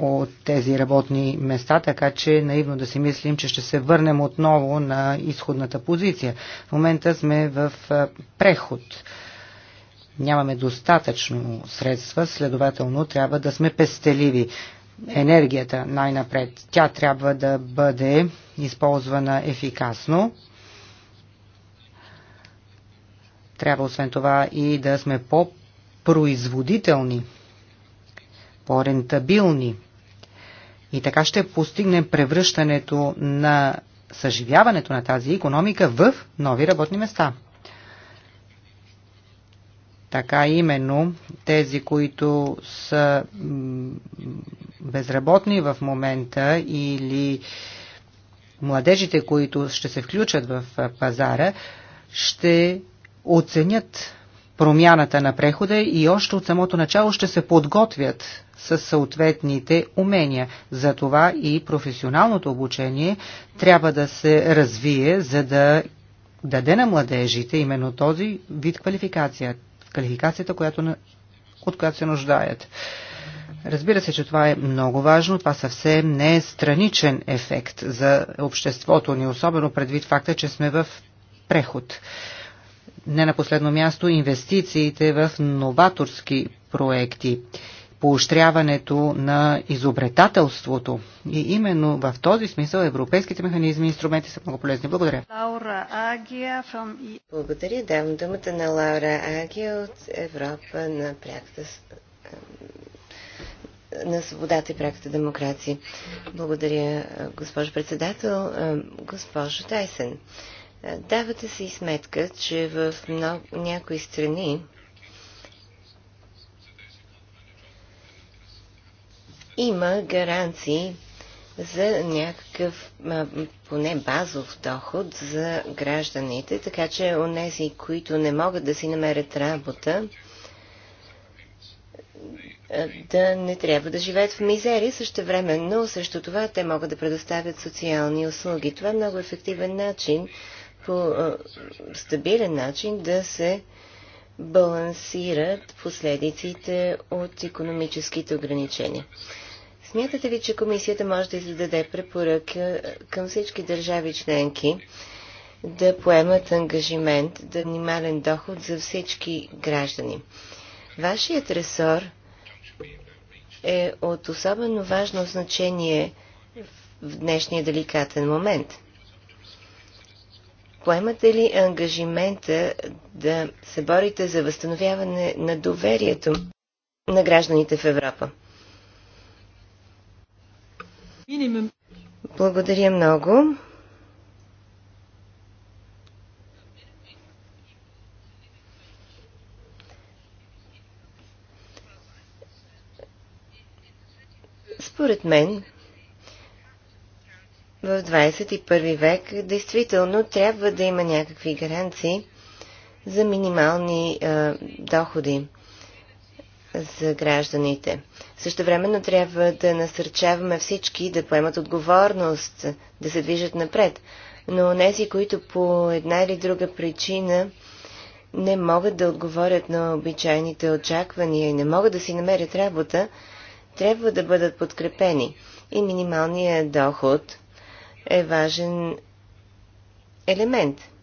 от тези работни места, така че наивно да си мислим, че ще се върнем отново на изходната позиция. В момента сме в преход Нямаме достатъчно средства, следователно трябва да сме пестеливи. Енергията най-напред. Тя трябва да бъде използвана ефикасно. Трябва освен това и да сме по-производителни, по-рентабилни. И така ще постигнем превръщането на съживяването на тази економика в нови работни места така именно тези, които са безработни в момента или младежите, които ще се включат в пазара, ще оценят промяната на прехода и още от самото начало ще се подготвят с съответните умения. Затова и професионалното обучение трябва да се развие, за да даде на младежите именно този вид квалификация квалификацията, която, от която се нуждаят. Разбира се, че това е много важно. Това съвсем не е страничен ефект за обществото ни, особено предвид факта, че сме в преход. Не на последно място инвестициите в новаторски проекти поощряването на изобретателството. И именно в този смисъл европейските механизми и инструменти са много полезни. Благодаря. Лаура Агия from... Благодаря. Давам думата на Лаура Агия от Европа на пряката на свободата и пряката демокрация. Благодаря, госпожо председател. Госпожо Тайсен, давате си сметка, че в много, някои страни има гаранции за някакъв поне базов доход за гражданите, така че онези, които не могат да си намерят работа, да не трябва да живеят в мизери също време, но срещу това те могат да предоставят социални услуги. Това е много ефективен начин, по стабилен начин да се балансират последиците от економическите ограничения. Смятате ли, че комисията може да издаде препоръка е, към всички държави членки да поемат ангажимент да минимален доход за всички граждани? Вашият ресор е от особено важно значение в днешния деликатен момент. Поемате ли ангажимента да се борите за възстановяване на доверието на гражданите в Европа? Благодаря много. Според мен, в 21 век действително трябва да има някакви гаранции за минимални е, доходи за гражданите. Също времено трябва да насърчаваме всички да поемат отговорност, да се движат напред. Но нези, които по една или друга причина не могат да отговорят на обичайните очаквания и не могат да си намерят работа, трябва да бъдат подкрепени. И минималният доход е важен елемент –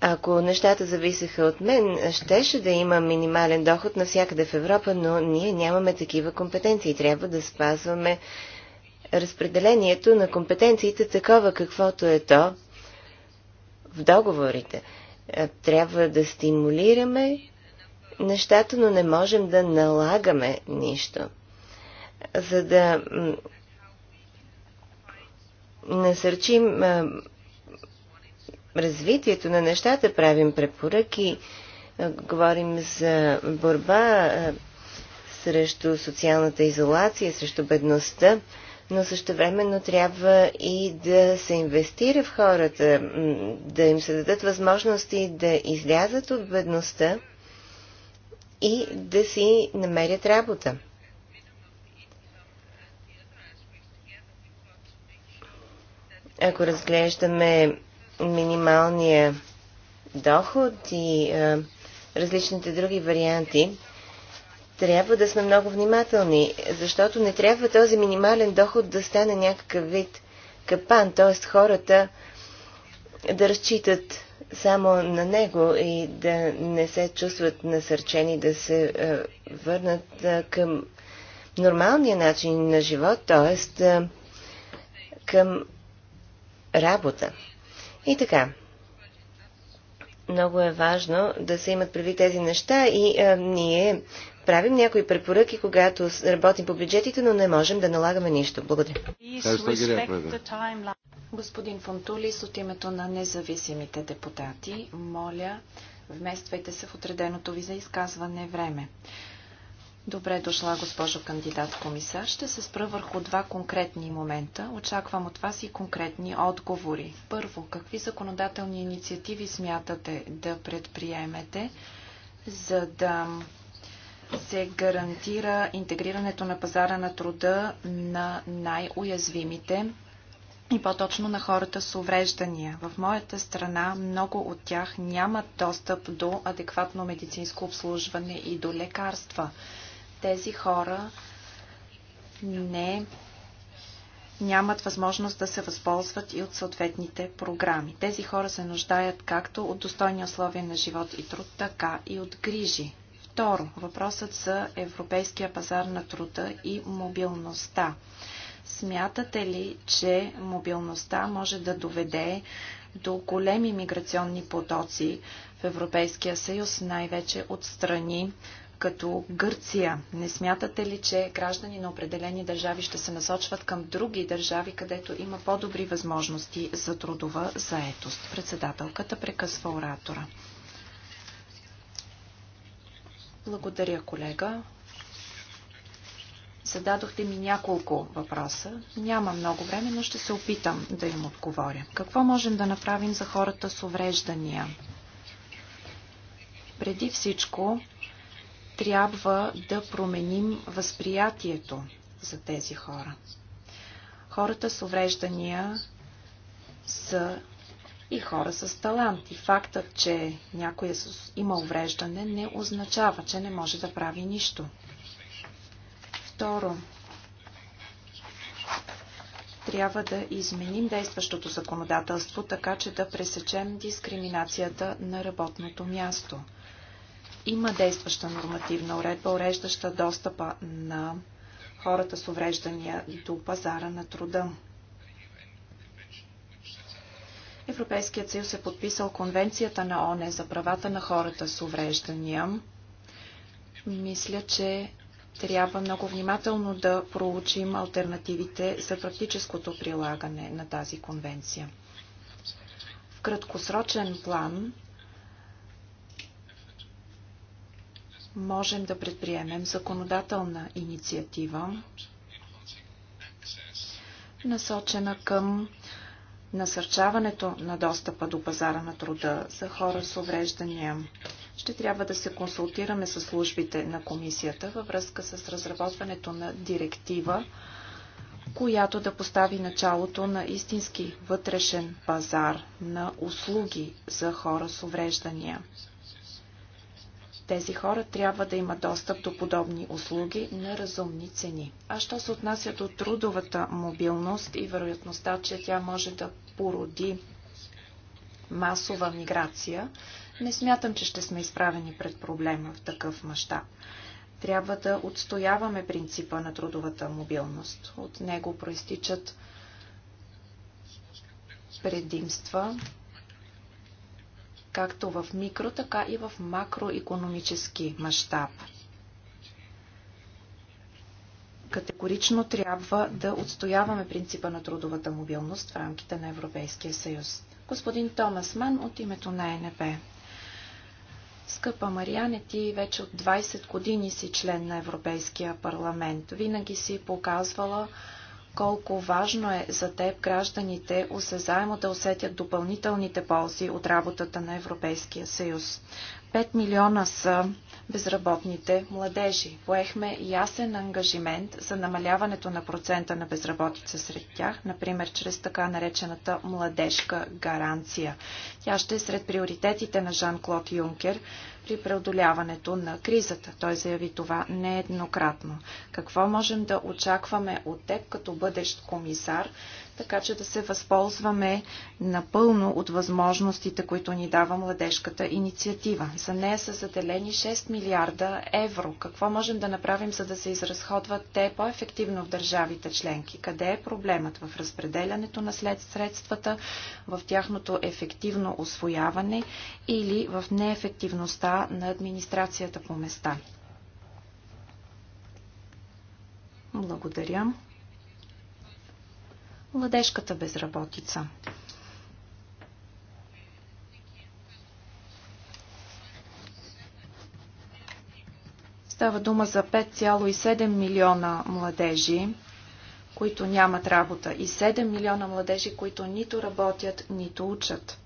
Ако нещата зависеха от мен, щеше да има минимален доход навсякъде в Европа, но ние нямаме такива компетенции. Трябва да спазваме разпределението на компетенциите такова каквото е то в договорите. Е, трябва да стимулираме нещата, но не можем да налагаме нищо. За да насърчим развитието на нещата правим препоръки, е, говорим за борба е, срещу социалната изолация, срещу бедността, но времено трябва и да се инвестира в хората, да им се дадат възможности да излязат от бедността и да си намерят работа. Ако разглеждаме минималния доход и а, е, различните други варианти, трябва да сме много внимателни, защото не трябва този минимален доход да стане някакъв вид капан, т.е. хората да разчитат само на него и да не се чувстват насърчени да се а, е, върнат а, е, към нормалния начин на живот, т.е. към работа. И така, много е важно да се имат преди тези неща и а, ние правим някои препоръки, когато работим по бюджетите, но не можем да налагаме нищо. Благодаря. Е Господин Фонтулис, от името на независимите депутати, моля, вмествайте се в отреденото ви за изказване време. Добре дошла, госпожо кандидат комисар. Ще се спра върху два конкретни момента. Очаквам от вас и конкретни отговори. Първо, какви законодателни инициативи смятате да предприемете, за да се гарантира интегрирането на пазара на труда на най-уязвимите и по-точно на хората с увреждания. В моята страна много от тях нямат достъп до адекватно медицинско обслужване и до лекарства тези хора не нямат възможност да се възползват и от съответните програми. Тези хора се нуждаят както от достойни условия на живот и труд, така и от грижи. Второ, въпросът за европейския пазар на труда и мобилността. Смятате ли, че мобилността може да доведе до големи миграционни потоци в Европейския съюз, най-вече от страни като Гърция. Не смятате ли, че граждани на определени държави ще се насочват към други държави, където има по-добри възможности за трудова заетост? Председателката прекъсва оратора. Благодаря, колега. Зададохте ми няколко въпроса. Няма много време, но ще се опитам да им отговоря. Какво можем да направим за хората с увреждания? Преди всичко, трябва да променим възприятието за тези хора. Хората с увреждания са и хора с талант. И фактът, че някой е има увреждане, не означава, че не може да прави нищо. Второ, трябва да изменим действащото законодателство, така че да пресечем дискриминацията на работното място – има действаща нормативна уредба, уреждаща достъпа на хората с увреждания до пазара на труда. Европейският съюз е подписал Конвенцията на ОНЕ за правата на хората с увреждания. Мисля, че трябва много внимателно да проучим альтернативите за практическото прилагане на тази конвенция. В краткосрочен план можем да предприемем законодателна инициатива, насочена към насърчаването на достъпа до пазара на труда за хора с увреждания. Ще трябва да се консултираме с службите на комисията във връзка с разработването на директива, която да постави началото на истински вътрешен пазар на услуги за хора с увреждания. Тези хора трябва да имат достъп до подобни услуги на разумни цени. А що се отнася до трудовата мобилност и вероятността, че тя може да породи масова миграция, не смятам, че ще сме изправени пред проблема в такъв мащаб. Трябва да отстояваме принципа на трудовата мобилност. От него проистичат предимства, както в микро, така и в макроекономически мащаб. Категорично трябва да отстояваме принципа на трудовата мобилност в рамките на Европейския съюз. Господин Томас Ман от името на ЕНП. Скъпа Мариане, ти вече от 20 години си член на Европейския парламент. Винаги си показвала колко важно е за теб гражданите осезаемо да усетят допълнителните ползи от работата на Европейския съюз. 5 милиона са безработните младежи. Поехме ясен ангажимент за намаляването на процента на безработица сред тях, например чрез така наречената младежка гаранция. Тя ще е сред приоритетите на Жан-Клод Юнкер при преодоляването на кризата. Той заяви това нееднократно. Какво можем да очакваме от теб като бъдещ комисар, така че да се възползваме напълно от възможностите, които ни дава младежката инициатива. За нея са заделени 6 милиарда евро. Какво можем да направим, за да се изразходват те по-ефективно в държавите членки? Къде е проблемът? В разпределянето на след средствата, в тяхното ефективно освояване или в неефективността на администрацията по места? Благодаря младежката безработица. Става дума за 5,7 милиона младежи, които нямат работа и 7 милиона младежи, които нито работят, нито учат.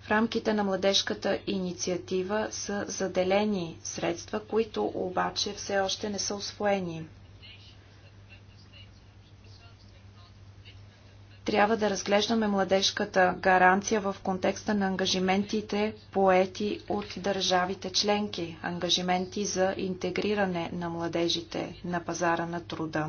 В рамките на младежката инициатива са заделени средства, които обаче все още не са освоени. трябва да разглеждаме младежката гаранция в контекста на ангажиментите поети от държавите членки, ангажименти за интегриране на младежите на пазара на труда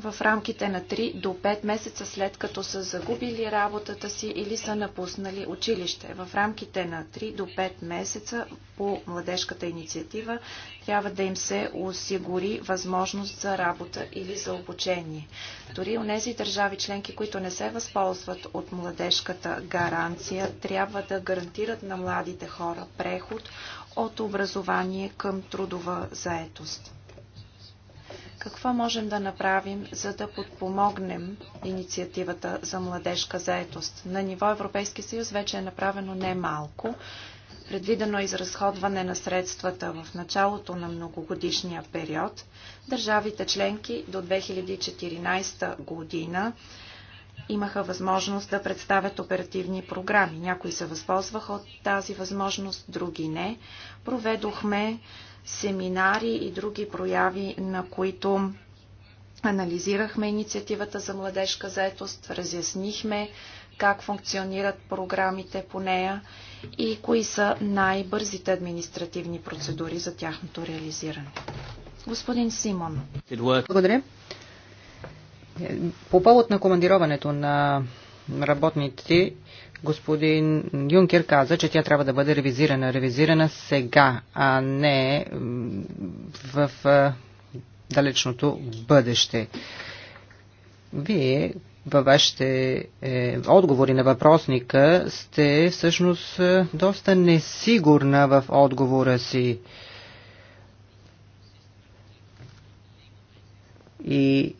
в рамките на 3 до 5 месеца след като са загубили работата си или са напуснали училище. В рамките на 3 до 5 месеца по младежката инициатива трябва да им се осигури възможност за работа или за обучение. Дори у нези държави членки, които не се възползват от младежката гаранция, трябва да гарантират на младите хора преход от образование към трудова заетост. Какво можем да направим, за да подпомогнем инициативата за младежка заетост? На ниво Европейски съюз вече е направено не малко. Предвидено е изразходване на средствата в началото на многогодишния период. Държавите членки до 2014 година имаха възможност да представят оперативни програми. Някои се възползваха от тази възможност, други не. Проведохме семинари и други прояви, на които анализирахме инициативата за младежка заетост, разяснихме как функционират програмите по нея и кои са най-бързите административни процедури за тяхното реализиране. Господин Симон. Благодаря. По повод на командироването на работниците господин Юнкер каза, че тя трябва да бъде ревизирана. Ревизирана сега, а не в далечното бъдеще. Вие във вашите е, отговори на въпросника сте всъщност е, доста несигурна в отговора си. И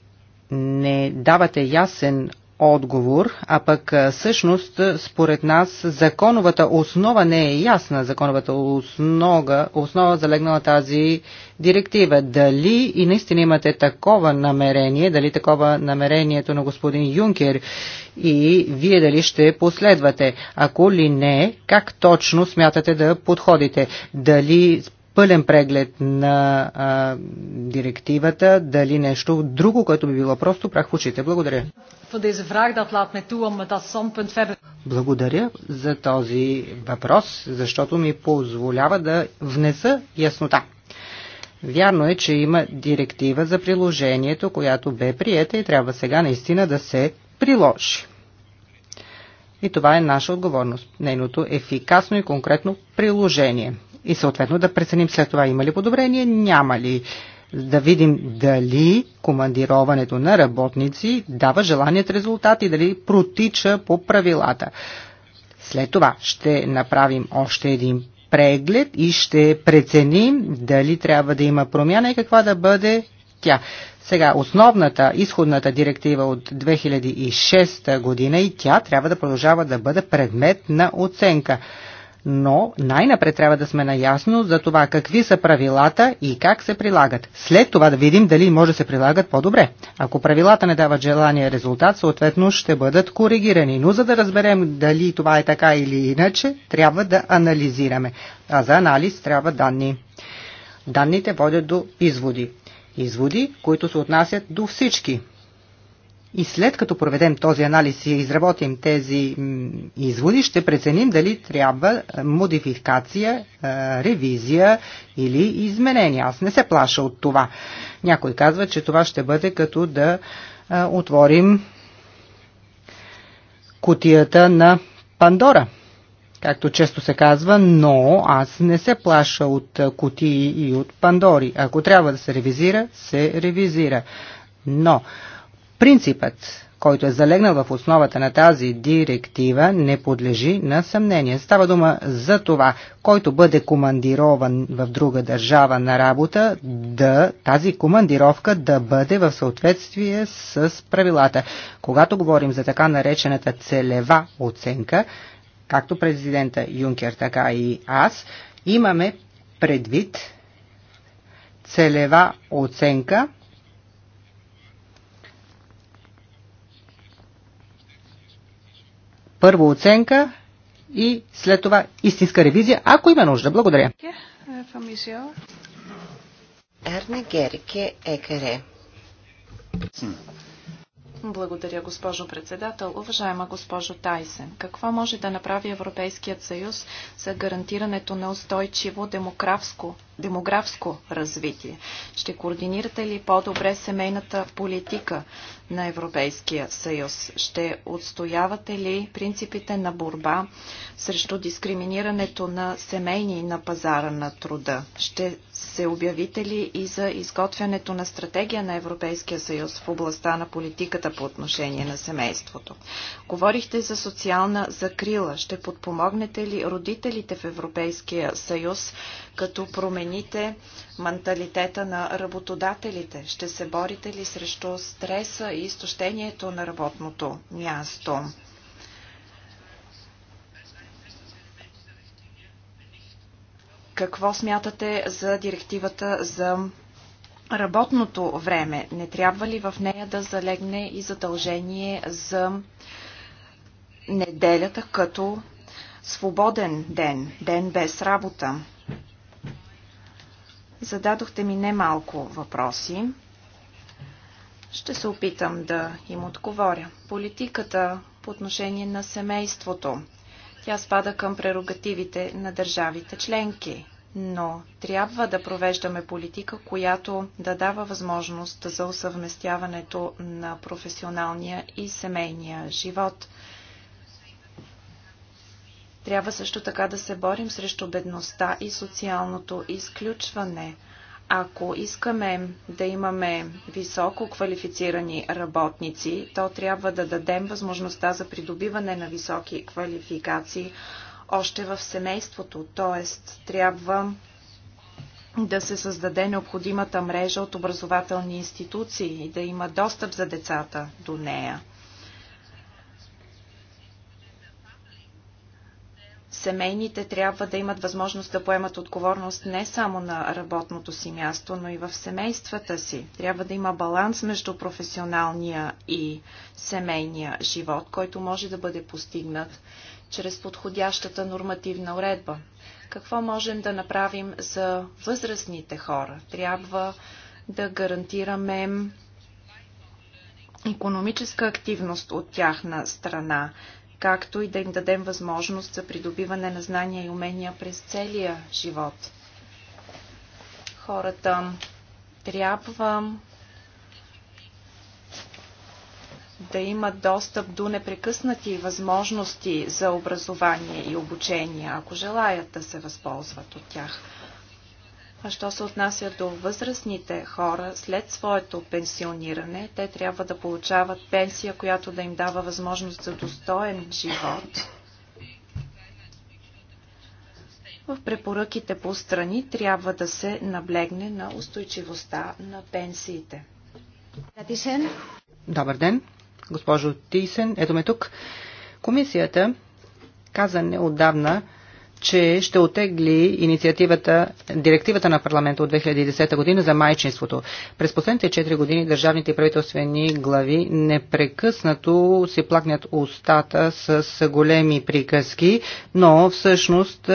не давате ясен отговор, а пък всъщност според нас законовата основа не е ясна, законовата основа, основа залегнала тази директива. Дали и наистина имате такова намерение, дали такова намерението на господин Юнкер и вие дали ще последвате? Ако ли не, как точно смятате да подходите? Дали пълен преглед на а, директивата, дали нещо друго, което би било просто прах в очите. Благодаря. Благодаря за този въпрос, защото ми позволява да внеса яснота. Вярно е, че има директива за приложението, която бе приета и трябва сега наистина да се приложи. И това е наша отговорност, нейното ефикасно и конкретно приложение и съответно да преценим след това има ли подобрение, няма ли да видим дали командироването на работници дава желаният резултат и дали протича по правилата. След това ще направим още един преглед и ще преценим дали трябва да има промяна и каква да бъде тя. Сега, основната, изходната директива от 2006 година и тя трябва да продължава да бъде предмет на оценка но най-напред трябва да сме наясно за това какви са правилата и как се прилагат. След това да видим дали може да се прилагат по-добре. Ако правилата не дават желания резултат, съответно ще бъдат коригирани. Но за да разберем дали това е така или иначе, трябва да анализираме. А за анализ трябва данни. Данните водят до изводи. Изводи, които се отнасят до всички. И след като проведем този анализ и изработим тези изводи, ще преценим дали трябва е, модификация, е, ревизия или изменение. Аз не се плаша от това. Някой казва, че това ще бъде като да е, отворим кутията на Пандора както често се казва, но аз не се плаша от кутии и от пандори. Ако трябва да се ревизира, се ревизира. Но Принципът, който е залегнал в основата на тази директива, не подлежи на съмнение. Става дума за това, който бъде командирован в друга държава на работа, да тази командировка да бъде в съответствие с правилата. Когато говорим за така наречената целева оценка, както президента Юнкер, така и аз, имаме предвид целева оценка – Първо оценка и след това истинска ревизия, ако има нужда. Благодаря. Арна Герике Екере. Благодаря, госпожо председател. Уважаема госпожо Тайсен, какво може да направи Европейският съюз за гарантирането на устойчиво демографско демографско развитие? Ще координирате ли по-добре семейната политика на Европейския съюз? Ще отстоявате ли принципите на борба срещу дискриминирането на семейни на пазара на труда? Ще се обявите ли и за изготвянето на стратегия на Европейския съюз в областта на политиката по отношение на семейството? Говорихте за социална закрила. Ще подпомогнете ли родителите в Европейския съюз, като промени? промените менталитета на работодателите? Ще се борите ли срещу стреса и изтощението на работното място? Какво смятате за директивата за работното време? Не трябва ли в нея да залегне и задължение за неделята като свободен ден, ден без работа. Зададохте ми немалко въпроси. Ще се опитам да им отговоря. Политиката по отношение на семейството. Тя спада към прерогативите на държавите членки, но трябва да провеждаме политика, която да дава възможност за усъвместяването на професионалния и семейния живот – трябва също така да се борим срещу бедността и социалното изключване. Ако искаме да имаме високо квалифицирани работници, то трябва да дадем възможността за придобиване на високи квалификации още в семейството, т.е. трябва да се създаде необходимата мрежа от образователни институции и да има достъп за децата до нея. семейните трябва да имат възможност да поемат отговорност не само на работното си място, но и в семействата си. Трябва да има баланс между професионалния и семейния живот, който може да бъде постигнат чрез подходящата нормативна уредба. Какво можем да направим за възрастните хора? Трябва да гарантираме економическа активност от тяхна страна както и да им дадем възможност за придобиване на знания и умения през целия живот. Хората трябва да имат достъп до непрекъснати възможности за образование и обучение, ако желаят да се възползват от тях. А що се отнася до възрастните хора, след своето пенсиониране, те трябва да получават пенсия, която да им дава възможност за достоен живот. В препоръките по страни трябва да се наблегне на устойчивостта на пенсиите. Добър ден, госпожо Тисен. Ето ме тук. Комисията каза неодавна, че ще отегли инициативата, директивата на парламента от 2010 година за майчинството. През последните 4 години държавните и правителствени глави непрекъснато си плакнят устата с големи приказки, но всъщност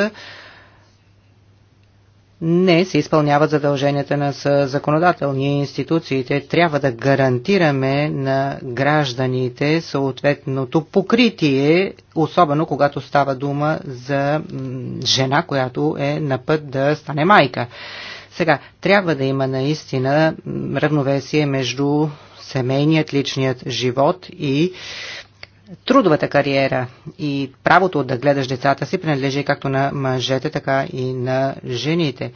не се изпълняват задълженията на законодателни институциите. Трябва да гарантираме на гражданите съответното покритие, особено когато става дума за жена, която е на път да стане майка. Сега, трябва да има наистина равновесие между семейният, личният живот и трудовата кариера и правото да гледаш децата си принадлежи както на мъжете, така и на жените.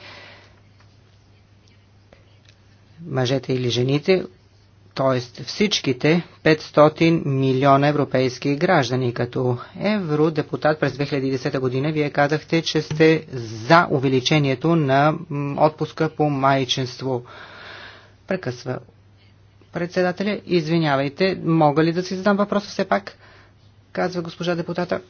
Мъжете или жените, т.е. всичките 500 милиона европейски граждани. Като евродепутат през 2010 година вие казахте, че сте за увеличението на отпуска по майчинство. Прекъсва Председателя, извинявайте, мога ли да си задам въпроса все пак? Казва госпожа депутата.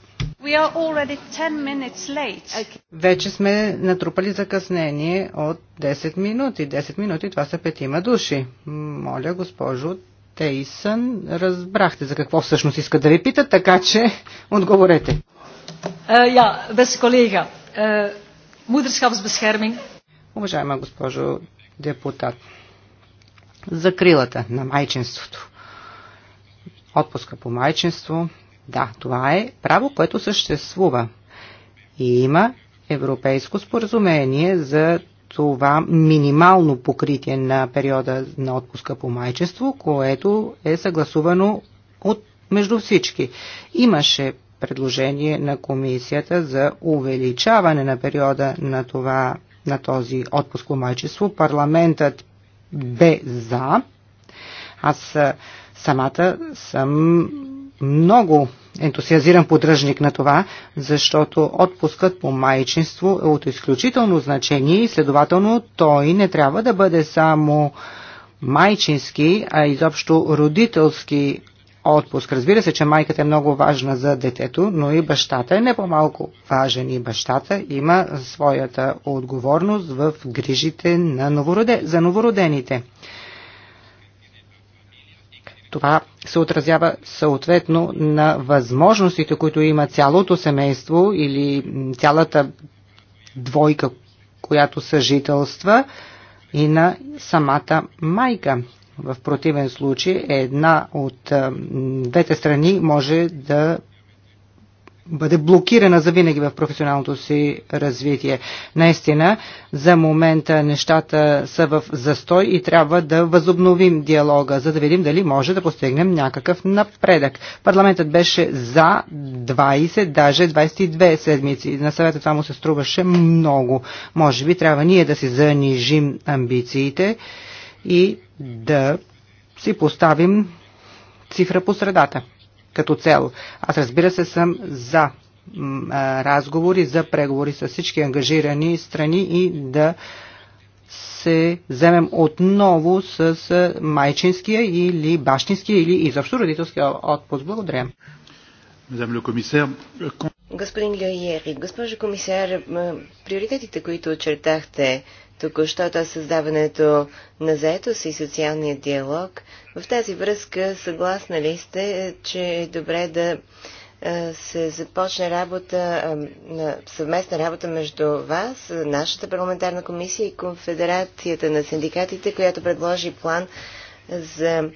Okay. Вече сме натрупали закъснение от 10 минути. 10 минути, това са петима души. Моля, госпожо Тейсън, разбрахте за какво всъщност иска да ви питат, така че отговорете. Ja, beste collega, moederschapsbescherming. Уважаема госпожо депутат, за крилата на майчинството. Отпуска по майчинство, да, това е право, което съществува. И има европейско споразумение за това минимално покритие на периода на отпуска по майчество, което е съгласувано от между всички. Имаше предложение на комисията за увеличаване на периода на това на този отпуск по майчество. Парламентът бе за. Аз самата съм много ентусиазиран подръжник на това, защото отпускът по майчинство е от изключително значение и следователно той не трябва да бъде само майчински, а изобщо родителски отпуск. Разбира се, че майката е много важна за детето, но и бащата е не по-малко важен. И бащата има своята отговорност в грижите на новороде... за новородените. Това се отразява съответно на възможностите, които има цялото семейство или цялата двойка, която съжителства и на самата майка. В противен случай една от двете страни може да бъде блокирана за винаги в професионалното си развитие. Наистина, за момента нещата са в застой и трябва да възобновим диалога, за да видим дали може да постигнем някакъв напредък. Парламентът беше за 20, даже 22 седмици. На съвета това му се струваше много. Може би трябва ние да си занижим амбициите и да си поставим цифра по средата като цел. Аз разбира се съм за разговори, за преговори с всички ангажирани страни и да се вземем отново с майчинския или бащинския или изобщо родителския отпуск. Благодаря. Господин Леоиери, госпожо комисар, приоритетите, които очертахте току-що, то създаването на заетост и социалния диалог. В тази връзка съгласна ли сте, че е добре да се започне работа, съвместна работа между вас, нашата парламентарна комисия и Конфедерацията на синдикатите, която предложи план за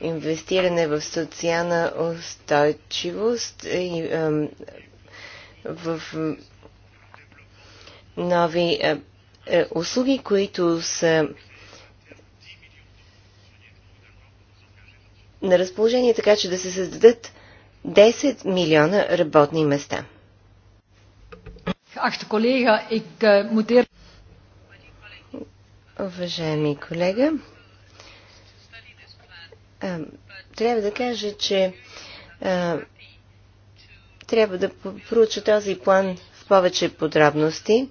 инвестиране в социална устойчивост и в нови е, услуги, които са на разположение, така че да се създадат 10 милиона работни места. Е, Уважаеми колега, е, трябва да кажа, че трябва да проуча този план в повече подробности.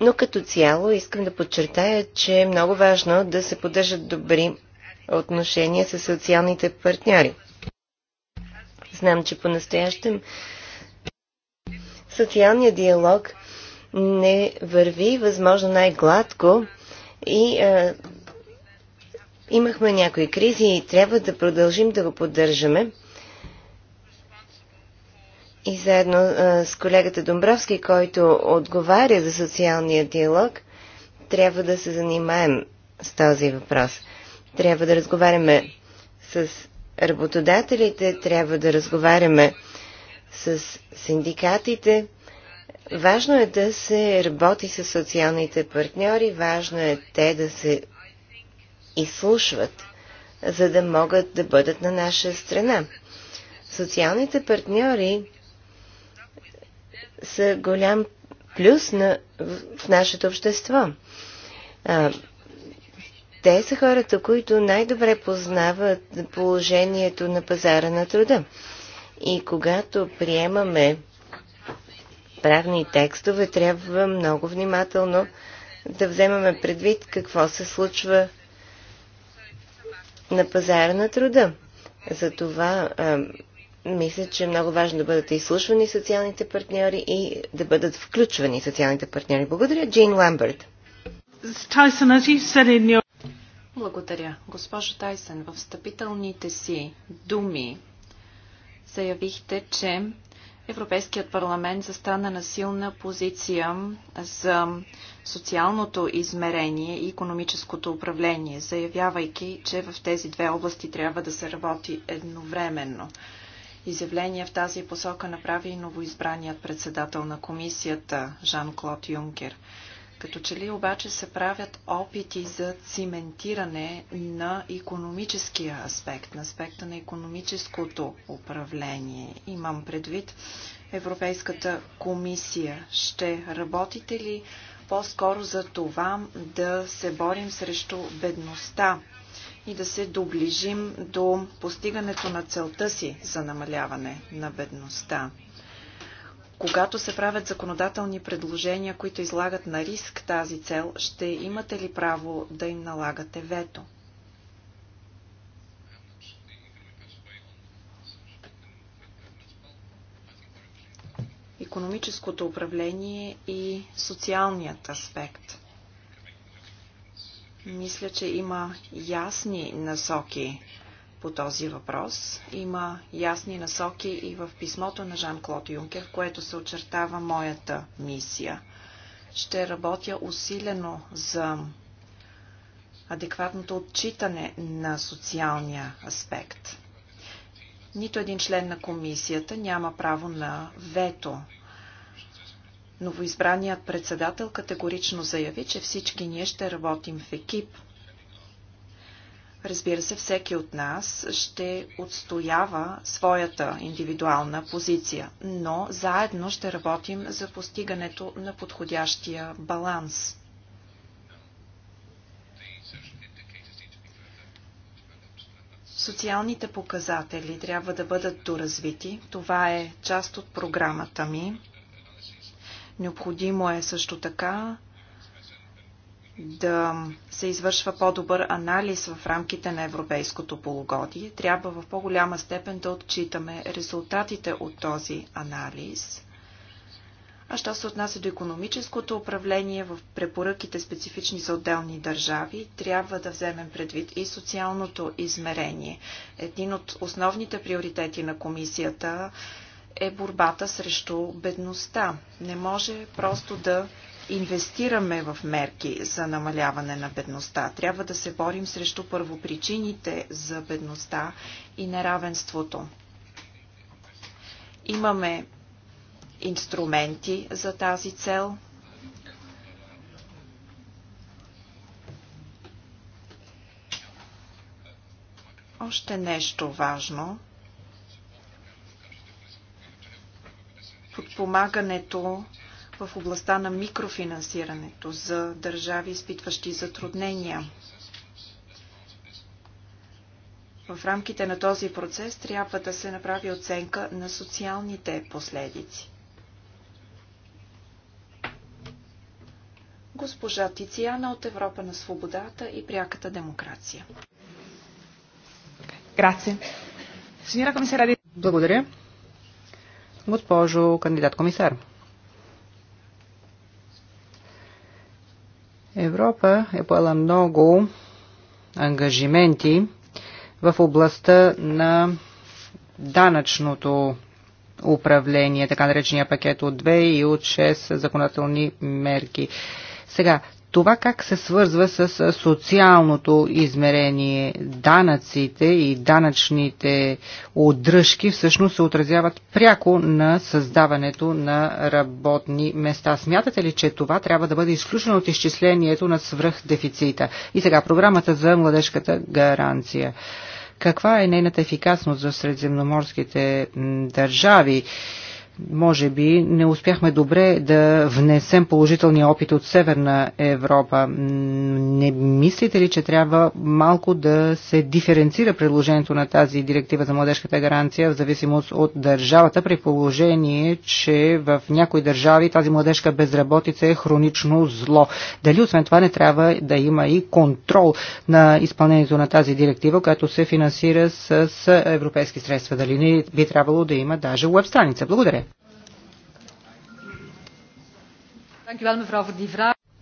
Но като цяло искам да подчертая, че е много важно да се поддържат добри отношения с социалните партньори. Знам, че по-настоящем социалният диалог не върви възможно най-гладко и а, имахме някои кризи и трябва да продължим да го поддържаме и заедно с колегата Домбровски, който отговаря за социалния диалог, трябва да се занимаем с този въпрос. Трябва да разговаряме с работодателите, трябва да разговаряме с синдикатите. Важно е да се работи с социалните партньори, важно е те да се изслушват, за да могат да бъдат на наша страна. Социалните партньори са голям плюс на, в нашето общество. А, те са хората, които най-добре познават положението на пазара на труда. И когато приемаме правни текстове, трябва много внимателно да вземаме предвид какво се случва на пазара на труда. Затова мисля, че е много важно да бъдат изслушвани социалните партньори и да бъдат включвани социалните партньори. Благодаря, Джейн Ламбърт. Благодаря. Госпожо Тайсън, в встъпителните си думи заявихте, че Европейският парламент застана на силна позиция за социалното измерение и економическото управление, заявявайки, че в тези две области трябва да се работи едновременно. Изявление в тази посока направи и новоизбраният председател на комисията Жан-Клод Юнкер. Като че ли обаче се правят опити за циментиране на економическия аспект, на аспекта на економическото управление. Имам предвид Европейската комисия. Ще работите ли по-скоро за това да се борим срещу бедността и да се доближим до постигането на целта си за намаляване на бедността. Когато се правят законодателни предложения, които излагат на риск тази цел, ще имате ли право да им налагате вето? Економическото управление и социалният аспект – мисля, че има ясни насоки по този въпрос. Има ясни насоки и в писмото на Жан-Клод Юнкер, в което се очертава моята мисия. Ще работя усилено за адекватното отчитане на социалния аспект. Нито един член на комисията няма право на вето Новоизбраният председател категорично заяви, че всички ние ще работим в екип. Разбира се, всеки от нас ще отстоява своята индивидуална позиция, но заедно ще работим за постигането на подходящия баланс. Социалните показатели трябва да бъдат доразвити. Това е част от програмата ми. Необходимо е също така да се извършва по-добър анализ в рамките на европейското полугодие. Трябва в по-голяма степен да отчитаме резултатите от този анализ. А що се отнася до економическото управление в препоръките специфични за отделни държави, трябва да вземем предвид и социалното измерение. Един от основните приоритети на комисията е е борбата срещу бедността. Не може просто да инвестираме в мерки за намаляване на бедността. Трябва да се борим срещу първопричините за бедността и неравенството. Имаме инструменти за тази цел. Още нещо важно – подпомагането в областта на микрофинансирането за държави, изпитващи затруднения. В рамките на този процес трябва да се направи оценка на социалните последици. Госпожа Тициана от Европа на свободата и пряката демокрация. Благодаря. Госпожо кандидат-комисар, Европа е поела много ангажименти в областта на данъчното управление, така наречения пакет от 2 и от 6 законодателни мерки. Сега, това как се свързва с социалното измерение? Данъците и данъчните отдръжки всъщност се отразяват пряко на създаването на работни места. Смятате ли, че това трябва да бъде изключено от изчислението на свръхдефицита? И сега програмата за младежката гаранция. Каква е нейната ефикасност за средземноморските държави? Може би не успяхме добре да внесем положителния опит от Северна Европа. Не мислите ли, че трябва малко да се диференцира предложението на тази директива за младежката гаранция в зависимост от държавата, при положение, че в някои държави тази младежка безработица е хронично зло? Дали освен това не трябва да има и контрол на изпълнението на тази директива, която се финансира с европейски средства? Дали не би трябвало да има даже веб страница? Благодаря.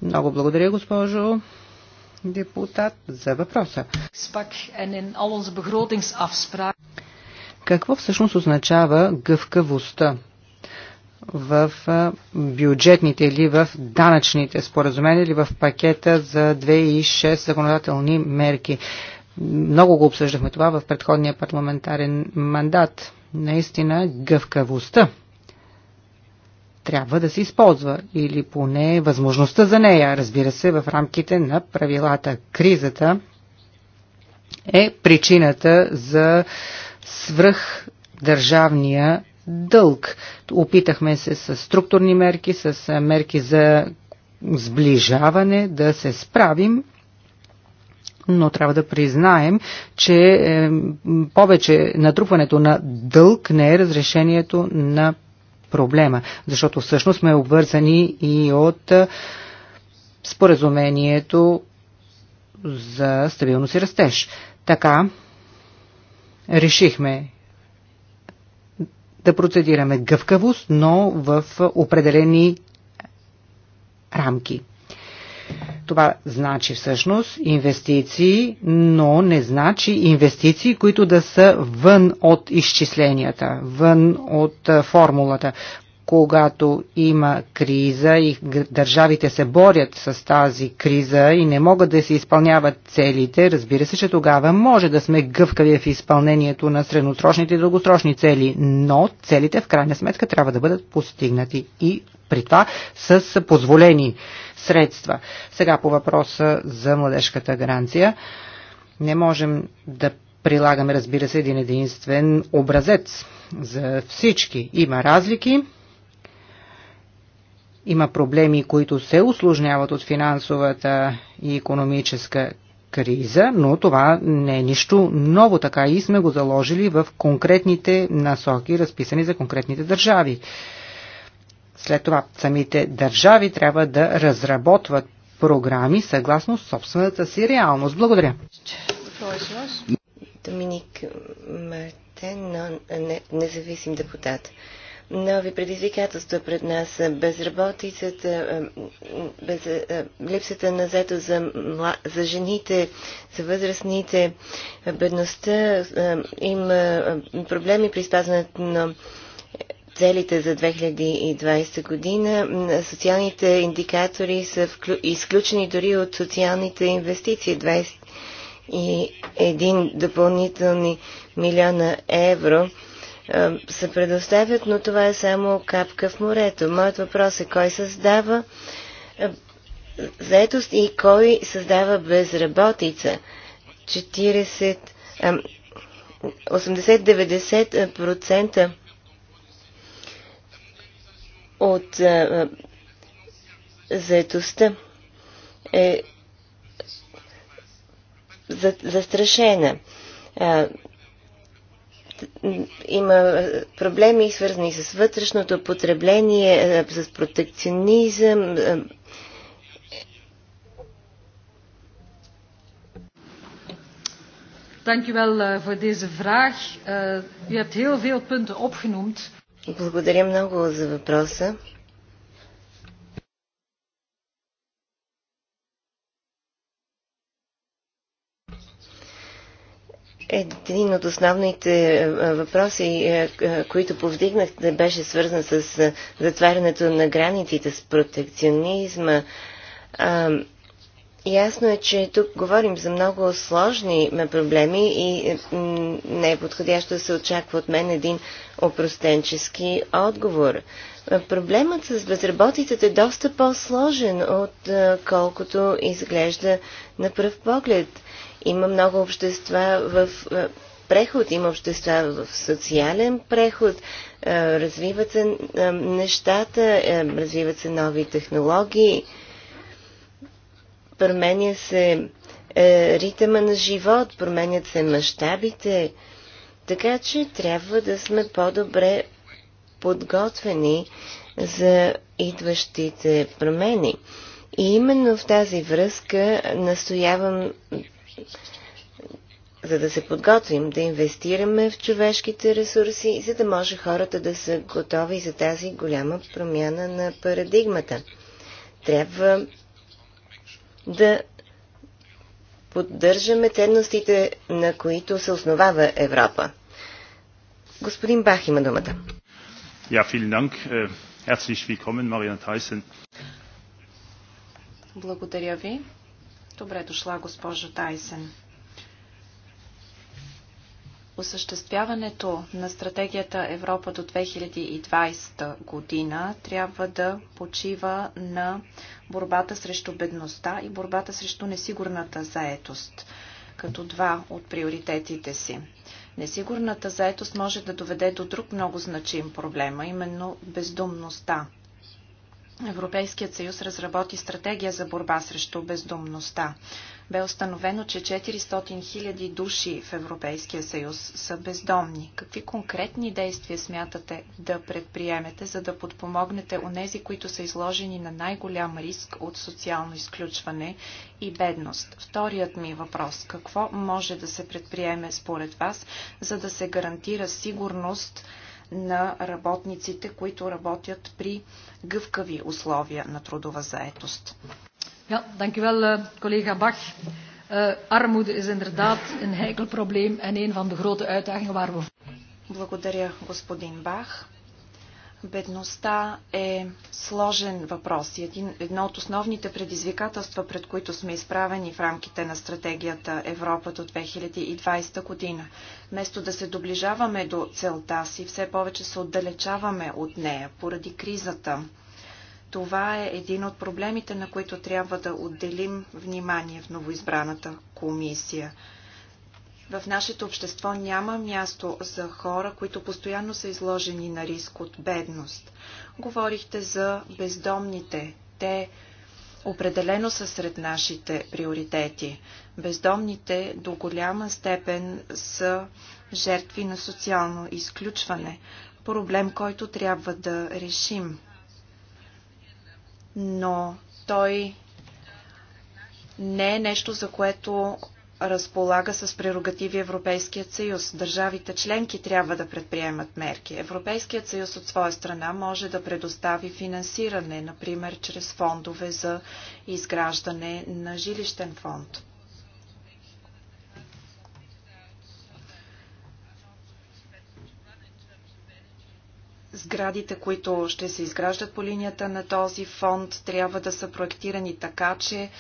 Много благодаря, госпожо депутат, за въпроса. Какво всъщност означава гъвкавостта в бюджетните или в данъчните споразумения или в пакета за 2 и 6 законодателни мерки? Много го обсъждахме това в предходния парламентарен мандат. Наистина гъвкавостта трябва да се използва или поне възможността за нея, разбира се, в рамките на правилата. Кризата е причината за свръх държавния дълг. Опитахме се с структурни мерки, с мерки за сближаване да се справим но трябва да признаем, че повече натрупването на дълг не е разрешението на проблема, защото всъщност сме обвързани и от споразумението за стабилност и растеж. Така решихме да процедираме гъвкавост, но в определени рамки. Това значи всъщност инвестиции, но не значи инвестиции, които да са вън от изчисленията, вън от формулата. Когато има криза и държавите се борят с тази криза и не могат да се изпълняват целите, разбира се, че тогава може да сме гъвкави в изпълнението на средносрочните и дългосрочни цели, но целите в крайна сметка трябва да бъдат постигнати и при това с позволени средства. Сега по въпроса за младежката гаранция. Не можем да прилагаме, разбира се, един единствен образец за всички. Има разлики, има проблеми, които се осложняват от финансовата и економическа криза, но това не е нищо ново, така и сме го заложили в конкретните насоки, разписани за конкретните държави. След това самите държави трябва да разработват програми съгласно собствената си реалност. Благодаря. Доминик Мартен, не, независим депутат. Нови предизвикателства пред нас са безработицата, е, без, е, липсата на зето за, за жените, за възрастните, бедността. Е, има проблеми при спазването на целите за 2020 година, социалните индикатори са изключени дори от социалните инвестиции. 21 допълнителни милиона евро се предоставят, но това е само капка в морето. Моят въпрос е кой създава заетост и кой създава безработица. 40, 80-90% от заедостта е застрашена. има проблеми, свързани с вътрешното потребление, с протекционизъм. Dank u wel uh, voor deze vraag. Uh, u hebt heel veel punten opgenoemd. Благодаря много за въпроса. Един от основните е, въпроси, е, е, които повдигнахте, беше свързан с затварянето на границите, с протекционизма. Ясно е, че тук говорим за много сложни проблеми и е, не е подходящо да се очаква от мен един опростенчески отговор. Е, проблемът с безработицата е доста по-сложен, от е, колкото изглежда на пръв поглед. Има много общества в преход, има общества в социален преход, развиват се нещата, развиват се нови технологии променя се е, ритъма на живот, променят се мащабите, така че трябва да сме по-добре подготвени за идващите промени. И именно в тази връзка настоявам, за да се подготвим, да инвестираме в човешките ресурси, за да може хората да са готови за тази голяма промяна на парадигмата. Трябва да поддържаме ценностите, на които се основава Европа. Господин Бах има думата. Ja, vielen Dank. Э, herzlich willkommen, Marianne Tyson. Благодаря ви. Добре дошла, госпожо Тайсен осъществяването на стратегията Европа до 2020 година трябва да почива на борбата срещу бедността и борбата срещу несигурната заетост като два от приоритетите си. Несигурната заетост може да доведе до друг много значим проблема, именно бездумността. Европейският съюз разработи стратегия за борба срещу бездомността. Бе установено, че 400 000 души в Европейския съюз са бездомни. Какви конкретни действия смятате да предприемете, за да подпомогнете онези, които са изложени на най-голям риск от социално изключване и бедност? Вторият ми въпрос. Какво може да се предприеме според вас, за да се гарантира сигурност на работниците, които работят при гъвкави условия на трудова заетост. Ja, dankjewel collega Bach. Uh, armoede is inderdaad een heikel probleem en een van de grote uitdagingen waar we... Благодаря, господин Бах. Бедността е сложен въпрос и един, едно от основните предизвикателства, пред които сме изправени в рамките на стратегията Европа до 2020 година. Вместо да се доближаваме до целта си, все повече се отдалечаваме от нея поради кризата. Това е един от проблемите, на които трябва да отделим внимание в новоизбраната комисия. В нашето общество няма място за хора, които постоянно са изложени на риск от бедност. Говорихте за бездомните. Те определено са сред нашите приоритети. Бездомните до голяма степен са жертви на социално изключване. Проблем, който трябва да решим. Но той не е нещо, за което разполага с прерогативи Европейският съюз. Държавите членки трябва да предприемат мерки. Европейският съюз от своя страна може да предостави финансиране, например чрез фондове за изграждане на жилищен фонд. Сградите, които ще се изграждат по линията на този фонд, трябва да са проектирани така, че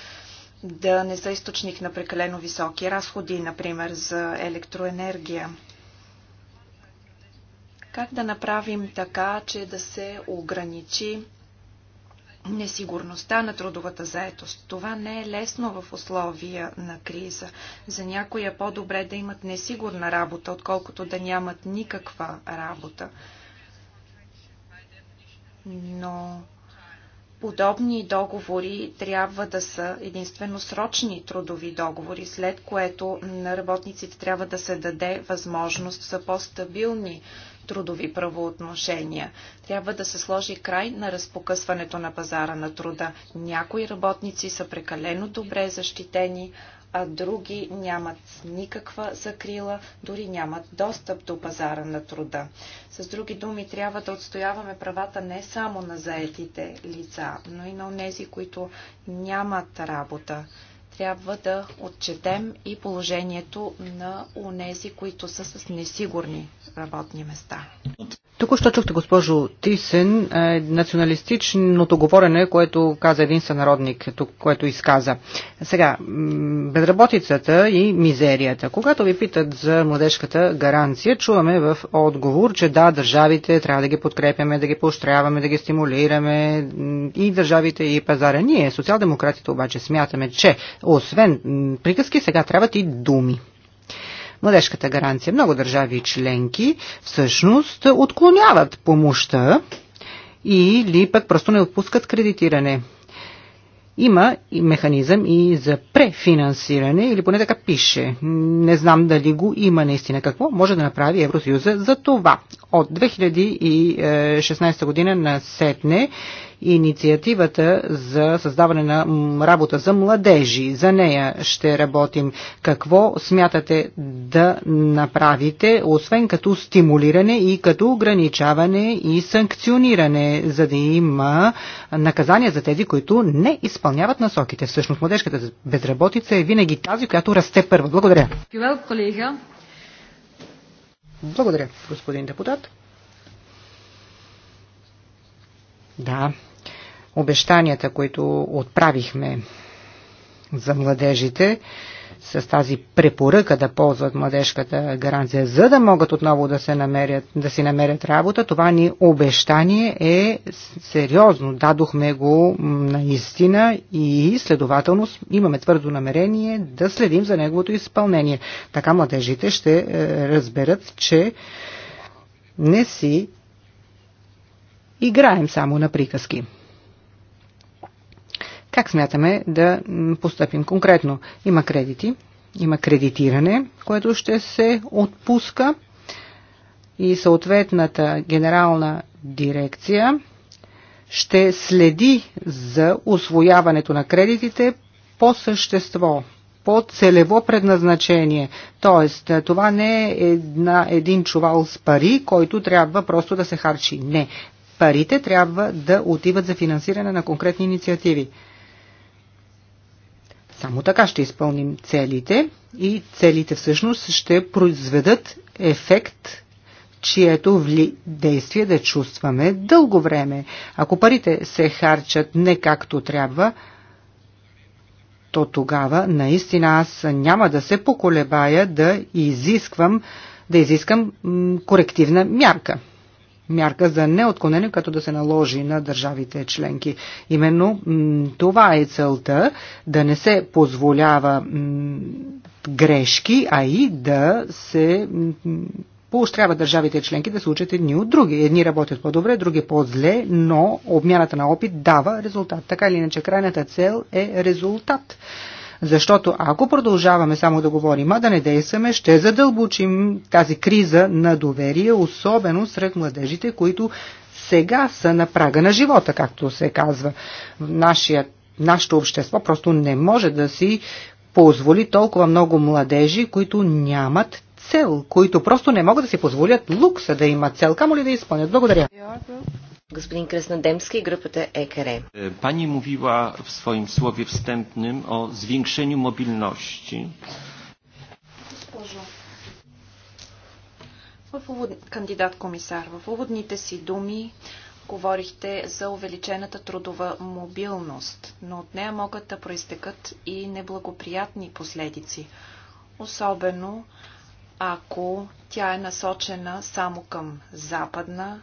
да не са източник на прекалено високи разходи, например за електроенергия. Как да направим така, че да се ограничи несигурността на трудовата заетост. Това не е лесно в условия на криза. За някои е по-добре да имат несигурна работа, отколкото да нямат никаква работа. Но подобни договори трябва да са единствено срочни трудови договори, след което на работниците трябва да се даде възможност за по-стабилни трудови правоотношения. Трябва да се сложи край на разпокъсването на пазара на труда. Някои работници са прекалено добре защитени, а други нямат никаква закрила, дори нямат достъп до пазара на труда. С други думи, трябва да отстояваме правата не само на заетите лица, но и на онези, които нямат работа трябва да отчетем и положението на унези, които са с несигурни работни места. Току-що чухте, госпожо Тисен, е, националистичното говорене, което каза един сънародник, което изказа. Сега, безработицата и мизерията. Когато ви питат за младежката гаранция, чуваме в отговор, че да, държавите трябва да ги подкрепяме, да ги поощряваме, да ги стимулираме и държавите и пазара. Ние, социал-демократите, обаче смятаме, че освен приказки, сега трябват и думи. Младежката гаранция. Много държави и членки всъщност отклоняват помощта или пък просто не отпускат кредитиране. Има и механизъм и за префинансиране, или поне така пише. Не знам дали го има наистина. Какво може да направи Евросъюза за това? От 2016 е, година на Сетне инициативата за създаване на работа за младежи. За нея ще работим. Какво смятате да направите, освен като стимулиране и като ограничаване и санкциониране, за да има наказания за тези, които не изпълняват насоките. Всъщност, младежката безработица е винаги тази, която расте първа. Благодаря. Благодаря, господин депутат. Да, обещанията, които отправихме за младежите с тази препоръка да ползват младежката гаранция, за да могат отново да, се намерят, да си намерят работа, това ни обещание е сериозно. Дадохме го наистина и следователно имаме твърдо намерение да следим за неговото изпълнение. Така младежите ще е, разберат, че не си играем само на приказки. Как смятаме да постъпим конкретно? Има кредити, има кредитиране, което ще се отпуска и съответната генерална дирекция ще следи за освояването на кредитите по същество, по целево предназначение. Тоест, това не е една, един чувал с пари, който трябва просто да се харчи. Не. Парите трябва да отиват за финансиране на конкретни инициативи. Само така ще изпълним целите и целите всъщност ще произведат ефект, чието вли... действие да чувстваме дълго време. Ако парите се харчат не както трябва, то тогава наистина аз няма да се поколебая да изисквам да изискам корективна мярка мярка за неотклонение, като да се наложи на държавите членки. Именно това е целта да не се позволява грешки, а и да се поощрява държавите членки да се учат едни от други. Едни работят по-добре, други по-зле, но обмяната на опит дава резултат. Така или иначе, крайната цел е резултат защото ако продължаваме само да говорим, а да не действаме, ще задълбочим тази криза на доверие, особено сред младежите, които сега са на прага на живота, както се казва. Нашият, нашето общество просто не може да си позволи толкова много младежи, които нямат цел, които просто не могат да си позволят лукса да имат цел, камо ли да изпълнят. Благодаря. Господин Краснодемски, групата ЕКР. Pani mówiła w swoim słowie wstępnym о zwiększeniu мобилности. Кандидат комисар, в уводните си думи говорихте за увеличената трудова мобилност, но от нея могат да проистекат и неблагоприятни последици, особено ако тя е насочена само към западна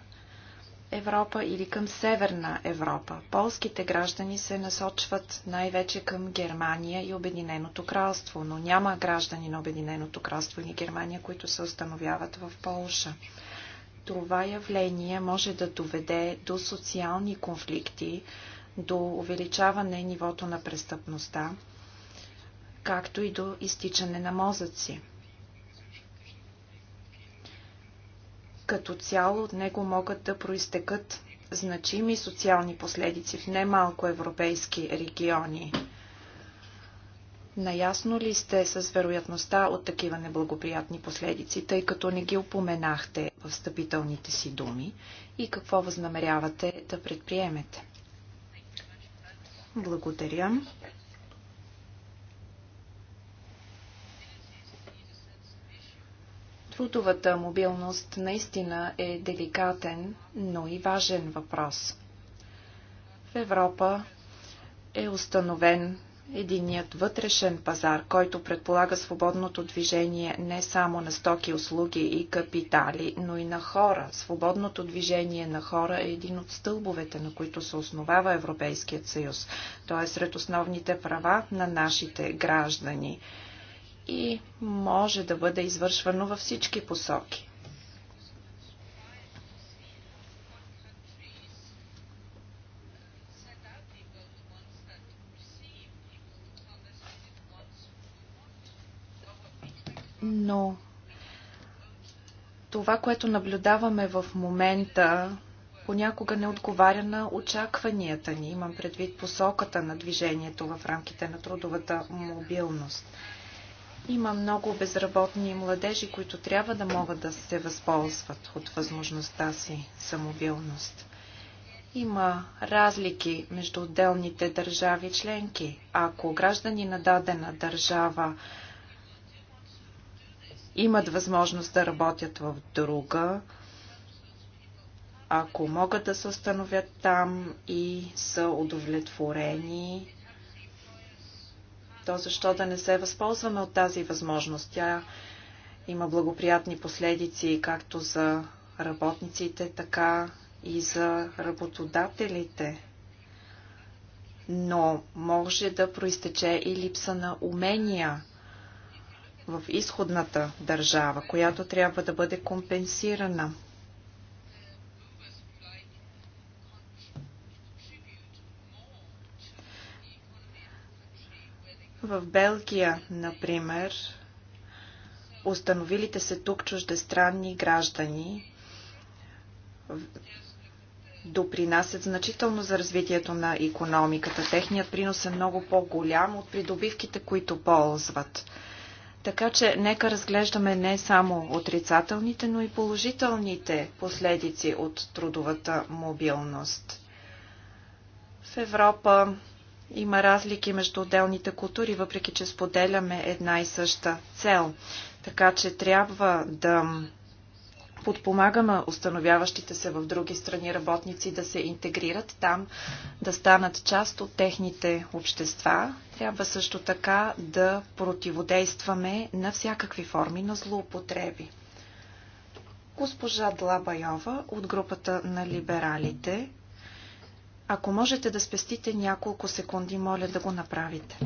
Европа или към Северна Европа. Полските граждани се насочват най-вече към Германия и Обединеното кралство, но няма граждани на Обединеното кралство или Германия, които се установяват в Полша. Това явление може да доведе до социални конфликти, до увеличаване нивото на престъпността, както и до изтичане на мозъци. Като цяло от него могат да проистекат значими социални последици в немалко европейски региони. Наясно ли сте с вероятността от такива неблагоприятни последици, тъй като не ги упоменахте в встъпителните си думи и какво възнамерявате да предприемете? Благодаря. Трудовата мобилност наистина е деликатен, но и важен въпрос. В Европа е установен единият вътрешен пазар, който предполага свободното движение не само на стоки, услуги и капитали, но и на хора. Свободното движение на хора е един от стълбовете, на които се основава Европейският съюз. Той е сред основните права на нашите граждани и може да бъде извършвано във всички посоки. Но това, което наблюдаваме в момента, понякога не отговаря на очакванията ни. Имам предвид посоката на движението в рамките на трудовата мобилност. Има много безработни младежи, които трябва да могат да се възползват от възможността си за мобилност. Има разлики между отделните държави членки. Ако граждани на дадена държава имат възможност да работят в друга, ако могат да се установят там и са удовлетворени то защо да не се възползваме от тази възможност? Тя има благоприятни последици както за работниците, така и за работодателите. Но може да проистече и липса на умения в изходната държава, която трябва да бъде компенсирана. В Белгия, например, установилите се тук чуждестранни граждани допринасят значително за развитието на економиката. Техният принос е много по-голям от придобивките, които ползват. Така че нека разглеждаме не само отрицателните, но и положителните последици от трудовата мобилност. В Европа има разлики между отделните култури, въпреки че споделяме една и съща цел. Така че трябва да подпомагаме установяващите се в други страни работници да се интегрират там, да станат част от техните общества. Трябва също така да противодействаме на всякакви форми на злоупотреби. Госпожа Длабайова от групата на либералите ако можете да спестите няколко секунди, моля да го направите.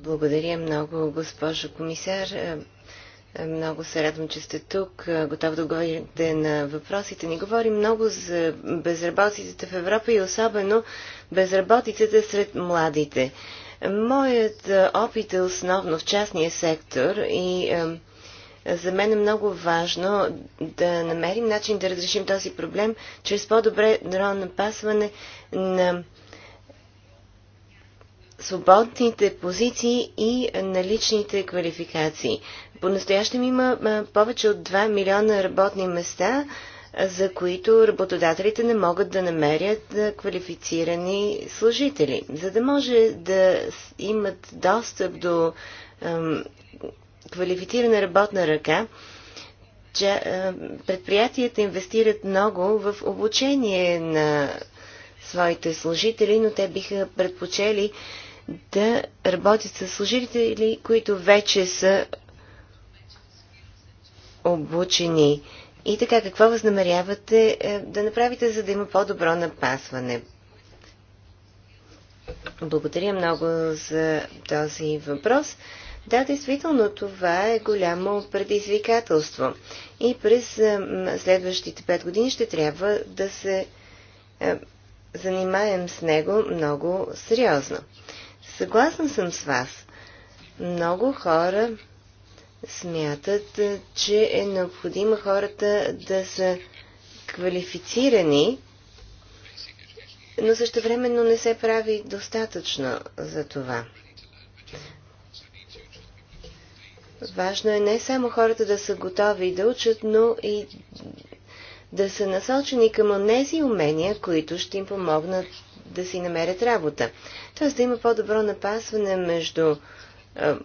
Благодаря много, госпожо комисар. Много се радвам, че сте тук. Готов да говорите на въпросите. Ни говори много за безработицата в Европа и особено безработицата сред младите. Моят опит е основно в частния сектор и за мен е много важно да намерим начин да разрешим този проблем чрез по-добре напасване на свободните позиции и наличните квалификации. По-настоящем има повече от 2 милиона работни места, за които работодателите не могат да намерят квалифицирани служители. За да може да имат достъп до квалифицирана работна ръка, че е, предприятията инвестират много в обучение на своите служители, но те биха предпочели да работят с служители, които вече са обучени. И така, какво възнамерявате е, да направите, за да има по-добро напасване? Благодаря много за този въпрос. Да, действително това е голямо предизвикателство. И през следващите пет години ще трябва да се занимаем с него много сериозно. Съгласна съм с вас. Много хора смятат, че е необходимо хората да са квалифицирани, но също времено не се прави достатъчно за това. Важно е не само хората да са готови да учат, но и да са насочени към онези умения, които ще им помогнат да си намерят работа. Тоест да има по-добро напасване между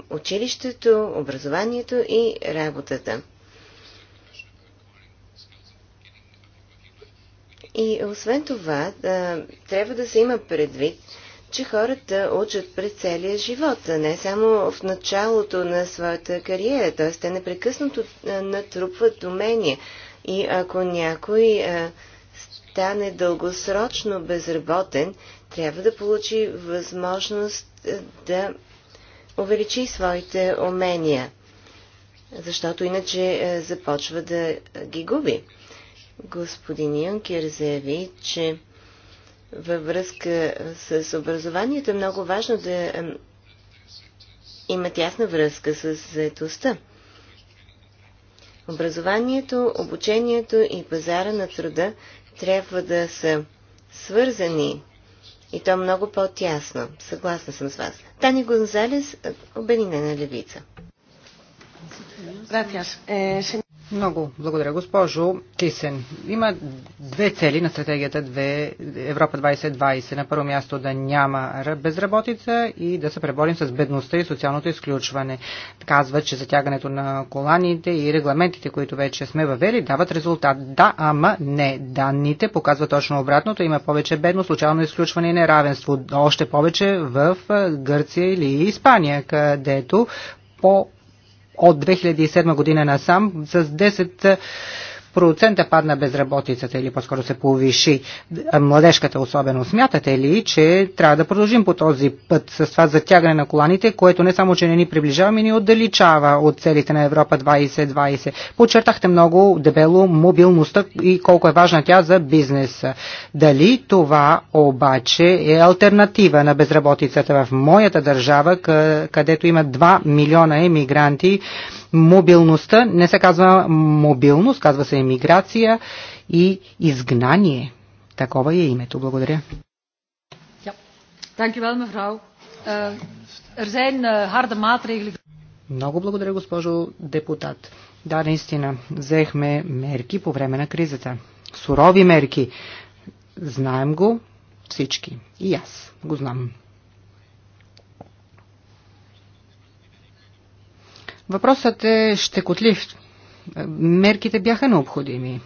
училището, образованието и работата. И освен това, да, трябва да се има предвид, че хората учат през целия живот, не само в началото на своята кариера. Т.е. те непрекъснато натрупват умения. И ако някой стане дългосрочно безработен, трябва да получи възможност да увеличи своите умения, защото иначе започва да ги губи. Господин Юнкер заяви, че във връзка с образованието, е много важно да има тясна връзка с заедостта. Образованието, обучението и пазара на труда трябва да са свързани и то много по-тясно. Съгласна съм с вас. Тани Гонзалес, Обединена левица. Gracias. Eh, много благодаря, госпожо Тисен. Има две цели на стратегията 2, Европа 2020. На първо място да няма безработица и да се преборим с бедността и социалното изключване. Казва, че затягането на коланите и регламентите, които вече сме въвели, дават резултат. Да, ама не. Данните показват точно обратното. Има повече бедност, социално изключване и неравенство. Още повече в Гърция или Испания, където по от 2007 година насам с 10 процента падна безработицата или по-скоро се повиши. Младежката особено смятате ли, че трябва да продължим по този път с това затягане на коланите, което не само, че не ни приближава, но ами ни отдалечава от целите на Европа 2020. Подчертахте много дебело мобилността и колко е важна тя за бизнеса. Дали това обаче е альтернатива на безработицата в моята държава, където има 2 милиона емигранти, мобилността не се казва мобилност, казва се емиграция и изгнание. Такова е името. Благодаря. Dankjewel, mevrouw. Uh, er zijn uh, harde maatregelen. Много благодаря, госпожо депутат. Да, наистина, взехме мерки по време на кризата. Сурови мерки. Знаем го всички. И аз го знам. Въпросът е щекотлив. Мерките бяха необходими.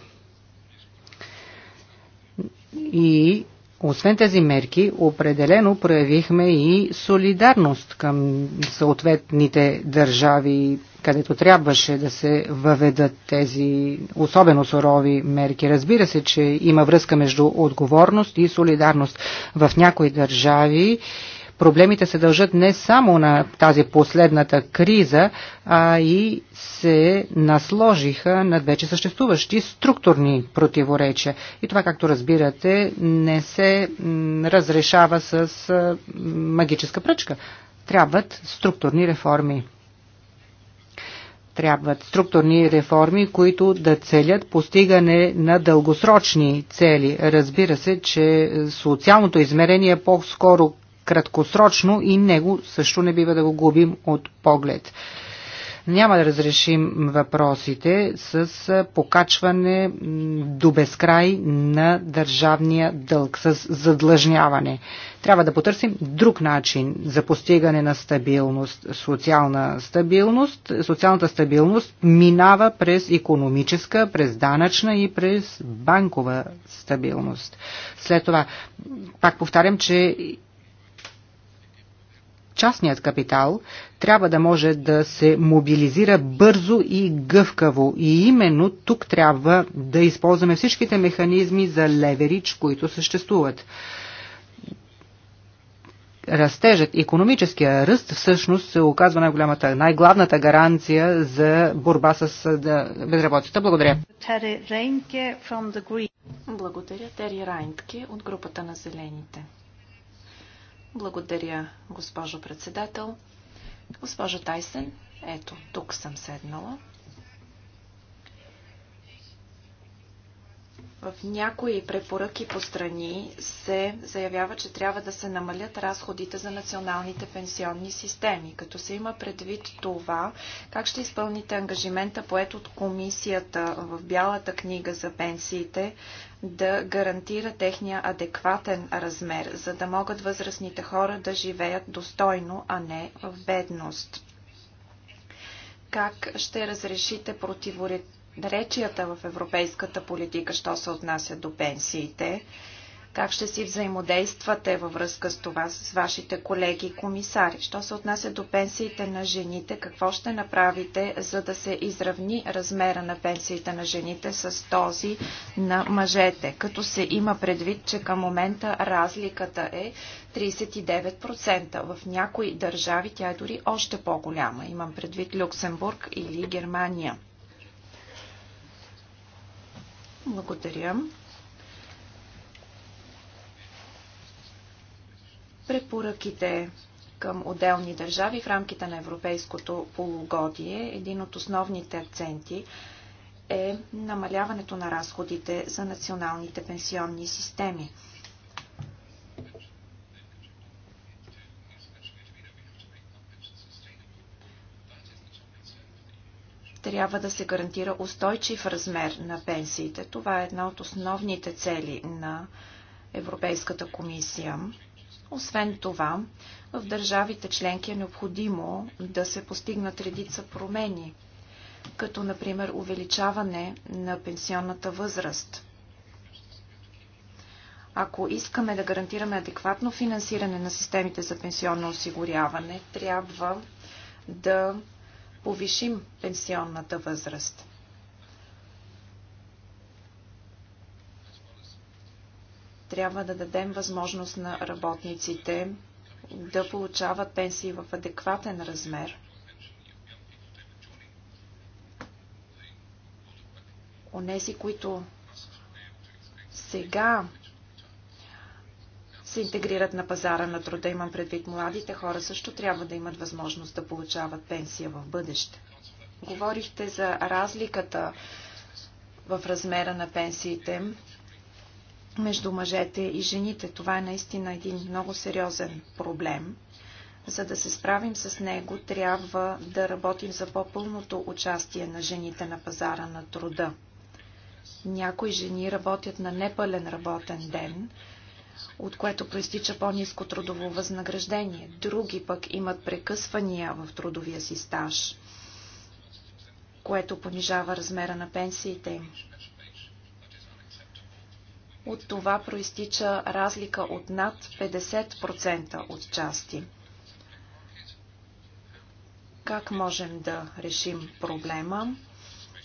И освен тези мерки, определено проявихме и солидарност към съответните държави, където трябваше да се въведат тези особено сурови мерки. Разбира се, че има връзка между отговорност и солидарност. В някои държави проблемите се дължат не само на тази последната криза, а и се насложиха над вече съществуващи структурни противоречия. И това, както разбирате, не се разрешава с магическа пръчка. Трябват структурни реформи трябват структурни реформи, които да целят постигане на дългосрочни цели. Разбира се, че е, социалното измерение е по-скоро краткосрочно и него също не бива да го губим от поглед. Няма да разрешим въпросите с покачване до безкрай на държавния дълг, с задлъжняване. Трябва да потърсим друг начин за постигане на стабилност. Социална стабилност, социалната стабилност минава през економическа, през данъчна и през банкова стабилност. След това, пак повтарям, че частният капитал трябва да може да се мобилизира бързо и гъвкаво. И именно тук трябва да използваме всичките механизми за леверич, които съществуват. Растежът, економическия ръст всъщност се оказва най-голямата, най-главната гаранция за борба с безработицата. Благодаря. Благодаря, Тери Райнтке от групата на Зелените. Благодаря, госпожо председател. Госпожо Тайсен, ето, тук съм седнала. В някои препоръки по страни се заявява, че трябва да се намалят разходите за националните пенсионни системи, като се има предвид това, как ще изпълните ангажимента, поет от комисията в Бялата книга за пенсиите, да гарантира техния адекватен размер, за да могат възрастните хора да живеят достойно, а не в бедност. Как ще разрешите противоречите противоречията в европейската политика, що се отнася до пенсиите? Как ще си взаимодействате във връзка с това с вашите колеги и комисари? Що се отнася до пенсиите на жените, какво ще направите, за да се изравни размера на пенсиите на жените с този на мъжете? Като се има предвид, че към момента разликата е 39%. В някои държави тя е дори още по-голяма. Имам предвид Люксембург или Германия. Благодаря. Препоръките към отделни държави в рамките на европейското полугодие, един от основните акценти е намаляването на разходите за националните пенсионни системи. трябва да се гарантира устойчив размер на пенсиите. Това е една от основните цели на Европейската комисия. Освен това, в държавите членки е необходимо да се постигнат редица промени, като например увеличаване на пенсионната възраст. Ако искаме да гарантираме адекватно финансиране на системите за пенсионно осигуряване, трябва да повишим пенсионната възраст. Трябва да дадем възможност на работниците да получават пенсии в адекватен размер. Онези, които сега се интегрират на пазара на труда. Имам предвид младите хора също трябва да имат възможност да получават пенсия в бъдеще. Говорихте за разликата в размера на пенсиите между мъжете и жените. Това е наистина един много сериозен проблем. За да се справим с него, трябва да работим за по-пълното участие на жените на пазара на труда. Някои жени работят на непълен работен ден, от което проистича по-низко трудово възнаграждение. Други пък имат прекъсвания в трудовия си стаж, което понижава размера на пенсиите им. От това проистича разлика от над 50% от части. Как можем да решим проблема?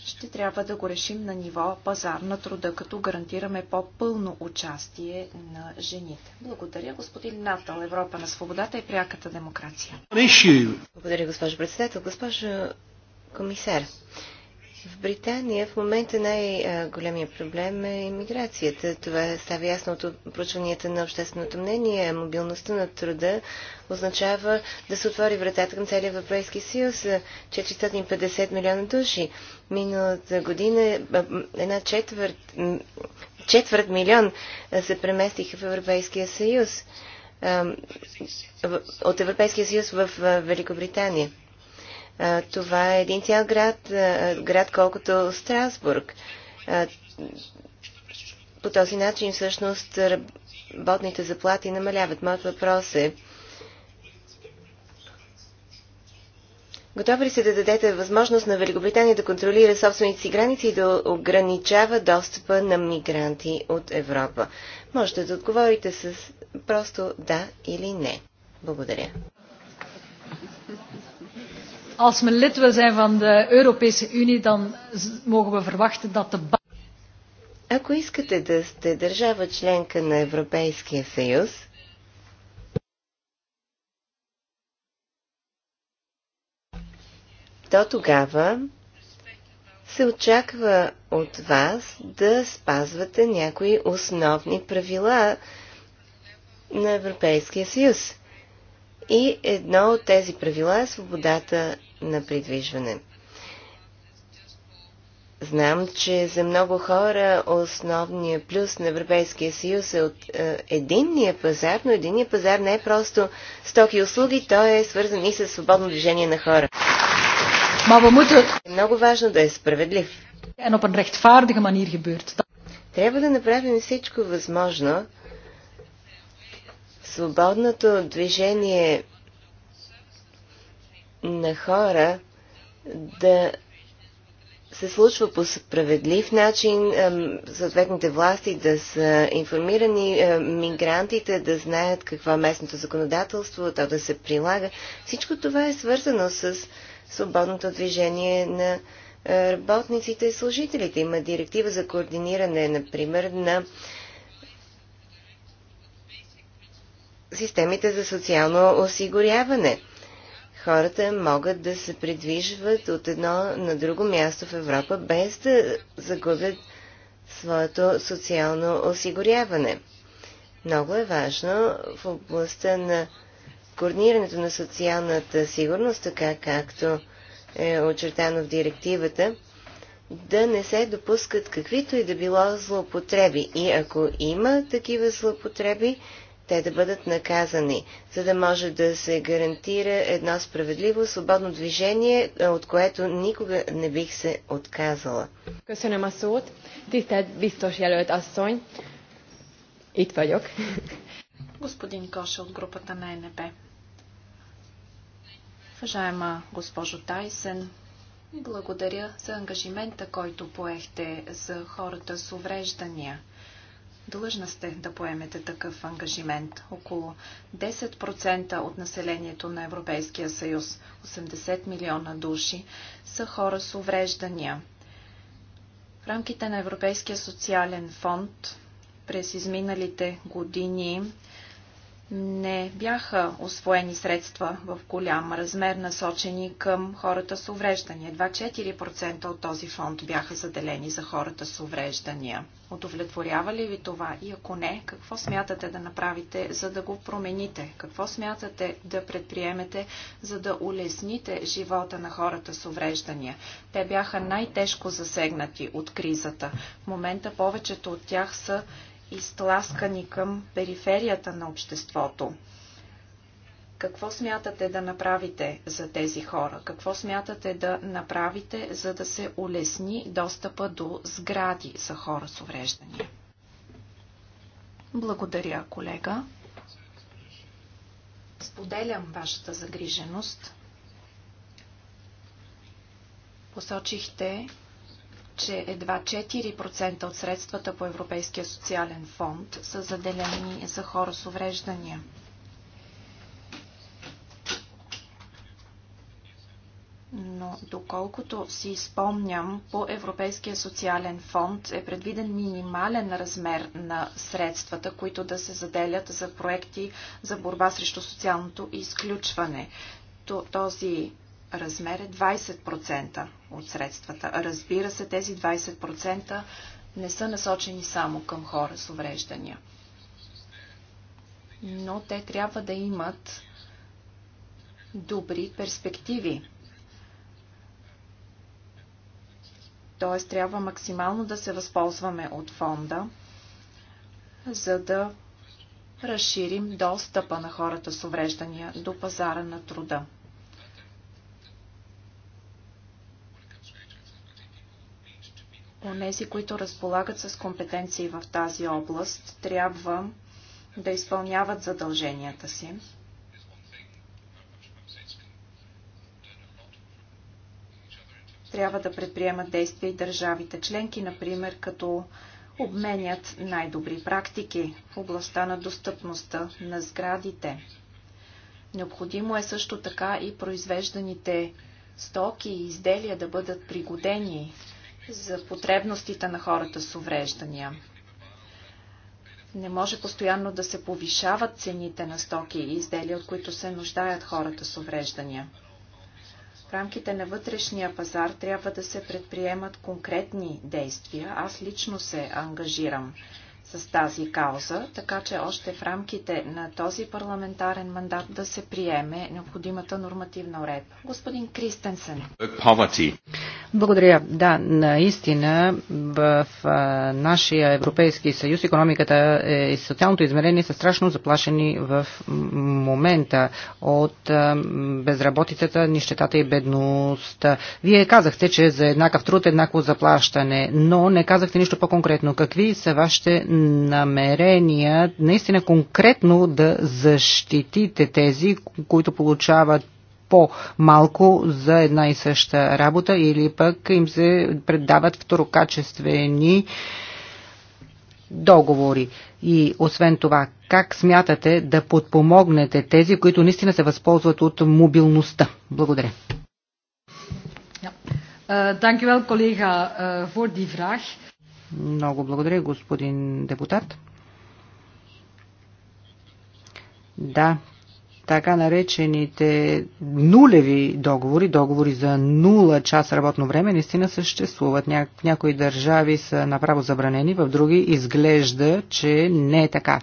ще трябва да го решим на ниво пазар на труда, като гарантираме по-пълно участие на жените. Благодаря, господин Натал, Европа на свободата и пряката демокрация. Благодаря, госпожо председател. Госпожо комисар, в Британия в момента най-големия проблем е иммиграцията. Това става ясно от проучванията на общественото мнение. Мобилността на труда означава да се отвори вратата към целия Европейски съюз. 450 милиона души. Миналата година една четвърт, четвърт милион се преместиха в Европейския съюз. От Европейския съюз в Великобритания. Това е един цял град, град колкото Страсбург. По този начин всъщност работните заплати намаляват. Моят въпрос е, Готови ли сте да дадете възможност на Великобритания да контролира собствените си граници и да ограничава достъпа на мигранти от Европа? Можете да отговорите с просто да или не. Благодаря. Als we lid wil zijn van de Europese Unie, dan mogen we verwachten dat de bank. Ако искате да сте държава членка на Европейския съюз, то тогава се очаква от вас да спазвате някои основни правила на Европейския съюз. И едно от тези правила е свободата на придвижване. Знам, че за много хора основният плюс на Европейския съюз е от е, единния пазар, но единния пазар не е просто стоки и услуги, той е свързан и с свободно движение на хора. Е много важно да е справедлив. Трябва да направим всичко възможно, свободното движение на хора да се случва по справедлив начин, съответните власти да са информирани, мигрантите да знаят какво е местното законодателство, то да се прилага. Всичко това е свързано с свободното движение на работниците и служителите. Има директива за координиране, например, на системите за социално осигуряване. Хората могат да се придвижват от едно на друго място в Европа без да загубят своето социално осигуряване. Много е важно в областта на координирането на социалната сигурност, така както е очертано в директивата, да не се допускат каквито и да било злоупотреби. И ако има такива злоупотреби, те да бъдат наказани, за да може да се гарантира едно справедливо, свободно движение, е, от което никога не бих се отказала. Господин Коша от групата на НП. Уважаема госпожо Тайсен, благодаря за ангажимента, който поехте за хората с увреждания – Длъжна сте да поемете такъв ангажимент. Около 10% от населението на Европейския съюз, 80 милиона души, са хора с увреждания. В рамките на Европейския социален фонд през изминалите години не бяха освоени средства в голям размер, насочени към хората с увреждания. Едва 4% от този фонд бяха заделени за хората с увреждания. Удовлетворява ли ви това? И ако не, какво смятате да направите, за да го промените? Какво смятате да предприемете, за да улесните живота на хората с увреждания? Те бяха най-тежко засегнати от кризата. В момента повечето от тях са изтласкани към периферията на обществото. Какво смятате да направите за тези хора? Какво смятате да направите, за да се улесни достъпа до сгради за хора с увреждания? Благодаря, колега. Споделям вашата загриженост. Посочихте, че едва 4% от средствата по Европейския социален фонд са заделени за хора с увреждания. но доколкото си спомням, по Европейския социален фонд е предвиден минимален размер на средствата, които да се заделят за проекти за борба срещу социалното изключване. Този размер е 20% от средствата. Разбира се, тези 20% не са насочени само към хора с увреждания. Но те трябва да имат добри перспективи. Т.е. трябва максимално да се възползваме от фонда, за да разширим достъпа на хората с увреждания до пазара на труда. Онези, които разполагат с компетенции в тази област, трябва да изпълняват задълженията си. Трябва да предприемат действия и държавите членки, например, като обменят най-добри практики в областта на достъпността на сградите. Необходимо е също така и произвежданите стоки и изделия да бъдат пригодени за потребностите на хората с увреждания. Не може постоянно да се повишават цените на стоки и изделия, от които се нуждаят хората с увреждания. В рамките на вътрешния пазар трябва да се предприемат конкретни действия. Аз лично се ангажирам с тази кауза, така че още в рамките на този парламентарен мандат да се приеме необходимата нормативна уредба. Господин Кристенсен. Благодаря. Да, наистина в а, нашия Европейски съюз економиката е, и е, социалното измерение са страшно заплашени в момента от а, безработицата, нищетата и бедността. Вие казахте, че за еднакъв труд еднакво заплащане, но не казахте нищо по-конкретно. Какви са вашите намерения наистина конкретно да защитите тези, които получават по-малко за една и съща работа или пък им се предават второкачествени договори. И освен това, как смятате да подпомогнете тези, които наистина се възползват от мобилността? Благодаря. Е, е, vraag. Много благодаря, господин депутат. Да, така наречените нулеви договори, договори за нула час работно време, наистина съществуват. Ня... Някои държави са направо забранени, в други изглежда, че не е така.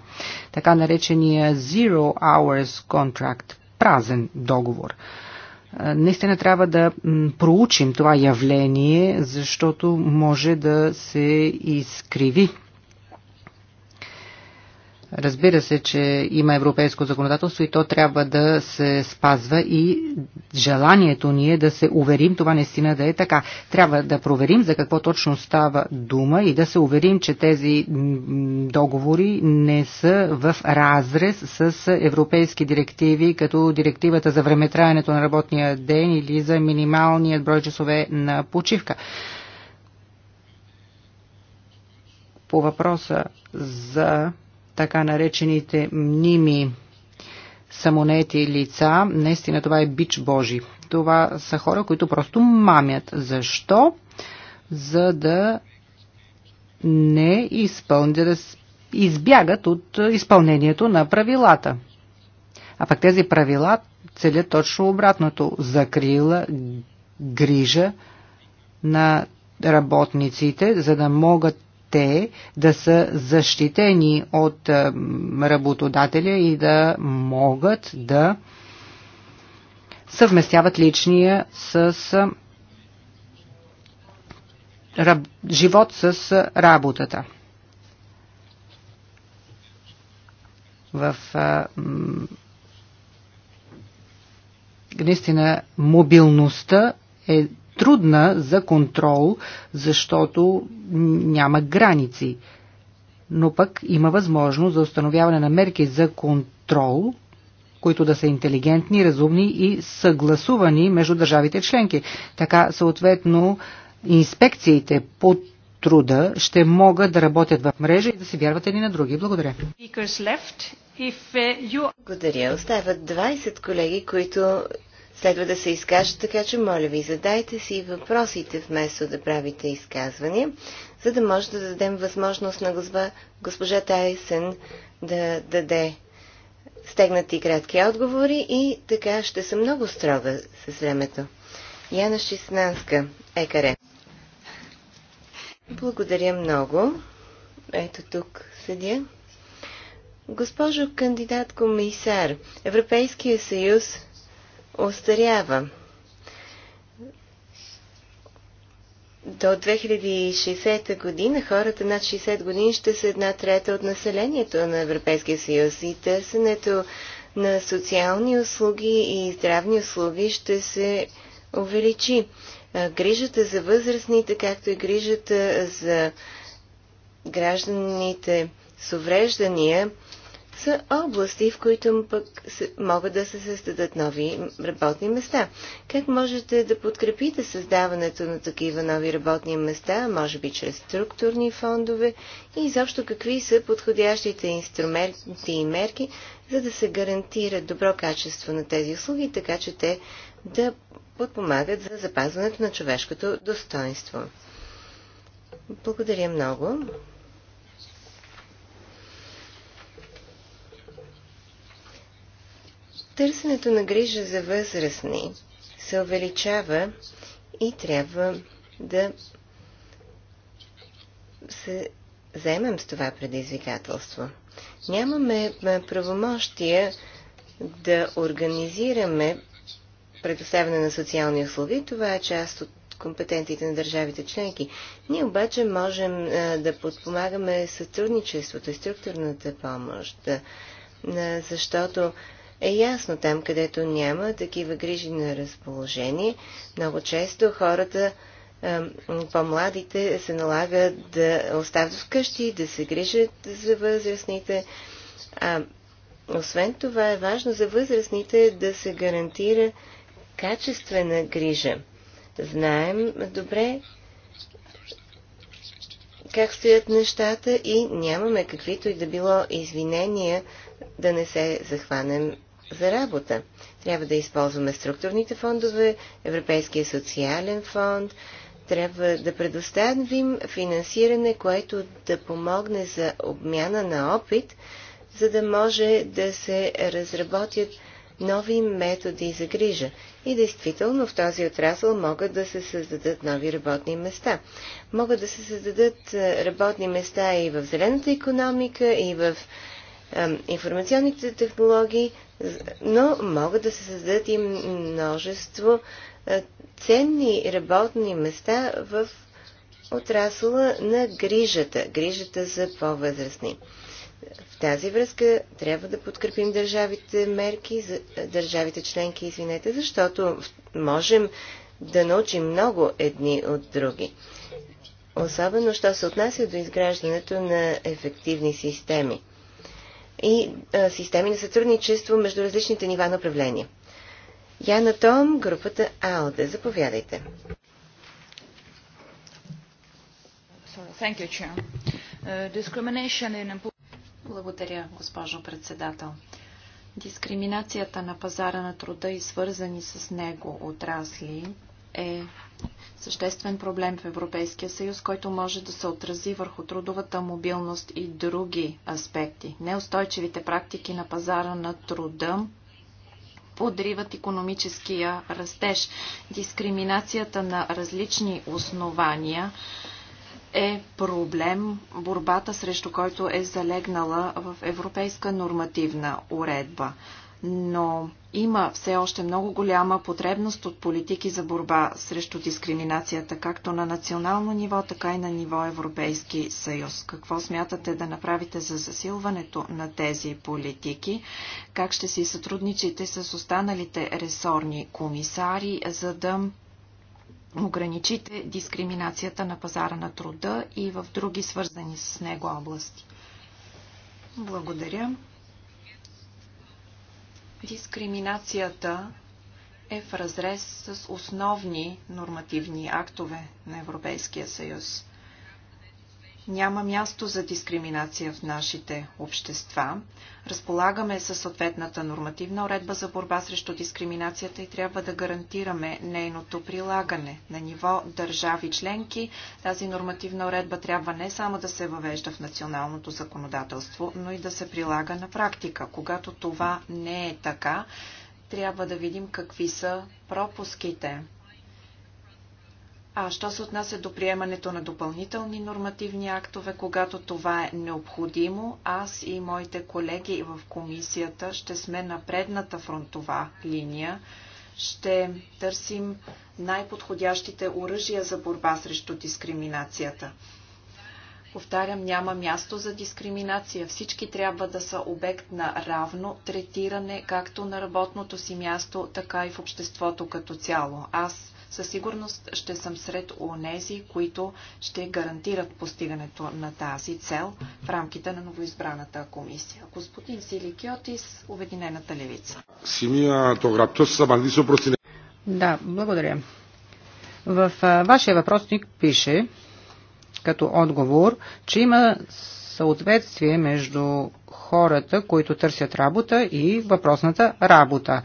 Така наречения Zero Hours Contract, празен договор. Наистина трябва да проучим това явление, защото може да се изкриви Разбира се, че има европейско законодателство и то трябва да се спазва и желанието ни е да се уверим това наистина да е така. Трябва да проверим за какво точно става дума и да се уверим, че тези договори не са в разрез с европейски директиви, като директивата за времетраенето на работния ден или за минималният брой часове на почивка. По въпроса за така наречените мними самонети лица, наистина това е бич Божи. Това са хора, които просто мамят. Защо? За да не изпълнят, да избягат от изпълнението на правилата. А пък тези правила целят точно обратното. Закрила, грижа на работниците, за да могат те да са защитени от работодателя и да могат да съвместяват личния с живот с работата. В наистина мобилността е трудна за контрол, защото няма граници. Но пък има възможност за установяване на мерки за контрол, които да са интелигентни, разумни и съгласувани между държавите членки. Така, съответно, инспекциите по труда ще могат да работят в мрежа и да се вярват едни на други. Благодаря. Uh, Благодаря. Остават 20 колеги, които следва да се изкажат, така че моля ви, задайте си въпросите вместо да правите изказвания, за да може да дадем възможност на госпожа, госпожа Тайсен да даде стегнати кратки отговори и така ще съм много строга с времето. Яна Шиснанска, Екаре. Благодаря много. Ето тук седя. Госпожо кандидат комисар, Европейския съюз остарява. До 2060 година хората над 60 години ще са една трета от населението на Европейския съюз и търсенето на социални услуги и здравни услуги ще се увеличи. Грижата за възрастните, както и грижата за гражданите с увреждания, са области, в които пък могат да се създадат нови работни места. Как можете да подкрепите създаването на такива нови работни места, може би чрез структурни фондове и изобщо какви са подходящите инструменти и мерки, за да се гарантира добро качество на тези услуги, така че те да подпомагат за запазването на човешкото достоинство. Благодаря много. Търсенето на грижа за възрастни се увеличава и трябва да се заемем с това предизвикателство. Нямаме правомощия да организираме предоставяне на социални услуги. Това е част от компетентите на държавите членки. Ние обаче можем а, да подпомагаме сътрудничеството и структурната помощ, да, защото е ясно. Там, където няма такива грижи на разположение, много често хората, по-младите, се налага да остават вкъщи, да се грижат за възрастните. А, освен това е важно за възрастните да се гарантира качествена грижа. Знаем добре как стоят нещата и нямаме каквито и да било извинения да не се захванем за работа. Трябва да използваме структурните фондове, Европейския социален фонд, трябва да предоставим финансиране, което да помогне за обмяна на опит, за да може да се разработят нови методи за грижа. И действително в този отрасъл могат да се създадат нови работни места. Могат да се създадат е, работни места и в зелената економика, и в информационните технологии, но могат да се създадат и множество е, ценни работни места в отрасъла на грижата, грижата за по-възрастни. В тази връзка трябва да подкрепим държавите мерки, е, държавите членки, извинете, защото можем да научим много едни от други. Особено, що се отнася до изграждането на ефективни системи и а, е, системи на сътрудничество между различните нива на управление. Яна Том, групата АЛДЕ. Заповядайте. Е, Благодаря, госпожо председател. Дискриминацията на пазара на труда и свързани с него отрасли е съществен проблем в Европейския съюз, който може да се отрази върху трудовата мобилност и други аспекти. Неустойчивите практики на пазара на труда подриват економическия растеж. Дискриминацията на различни основания е проблем, борбата срещу който е залегнала в европейска нормативна уредба но има все още много голяма потребност от политики за борба срещу дискриминацията, както на национално ниво, така и на ниво Европейски съюз. Какво смятате да направите за засилването на тези политики? Как ще си сътрудничите с останалите ресорни комисари, за да ограничите дискриминацията на пазара на труда и в други свързани с него области? Благодаря. Дискриминацията е в разрез с основни нормативни актове на Европейския съюз няма място за дискриминация в нашите общества. Разполагаме със съответната нормативна уредба за борба срещу дискриминацията и трябва да гарантираме нейното прилагане. На ниво държави членки тази нормативна уредба трябва не само да се въвежда в националното законодателство, но и да се прилага на практика. Когато това не е така, трябва да видим какви са пропуските. А що се отнася до приемането на допълнителни нормативни актове, когато това е необходимо, аз и моите колеги в комисията ще сме на предната фронтова линия. Ще търсим най-подходящите оръжия за борба срещу дискриминацията. Повтарям, няма място за дискриминация. Всички трябва да са обект на равно третиране, както на работното си място, така и в обществото като цяло. Аз със сигурност ще съм сред онези, които ще гарантират постигането на тази цел в рамките на новоизбраната комисия. Господин Силикиотис, Обединената левица. Да, благодаря. В вашия въпросник пише като отговор, че има съответствие между хората, които търсят работа и въпросната работа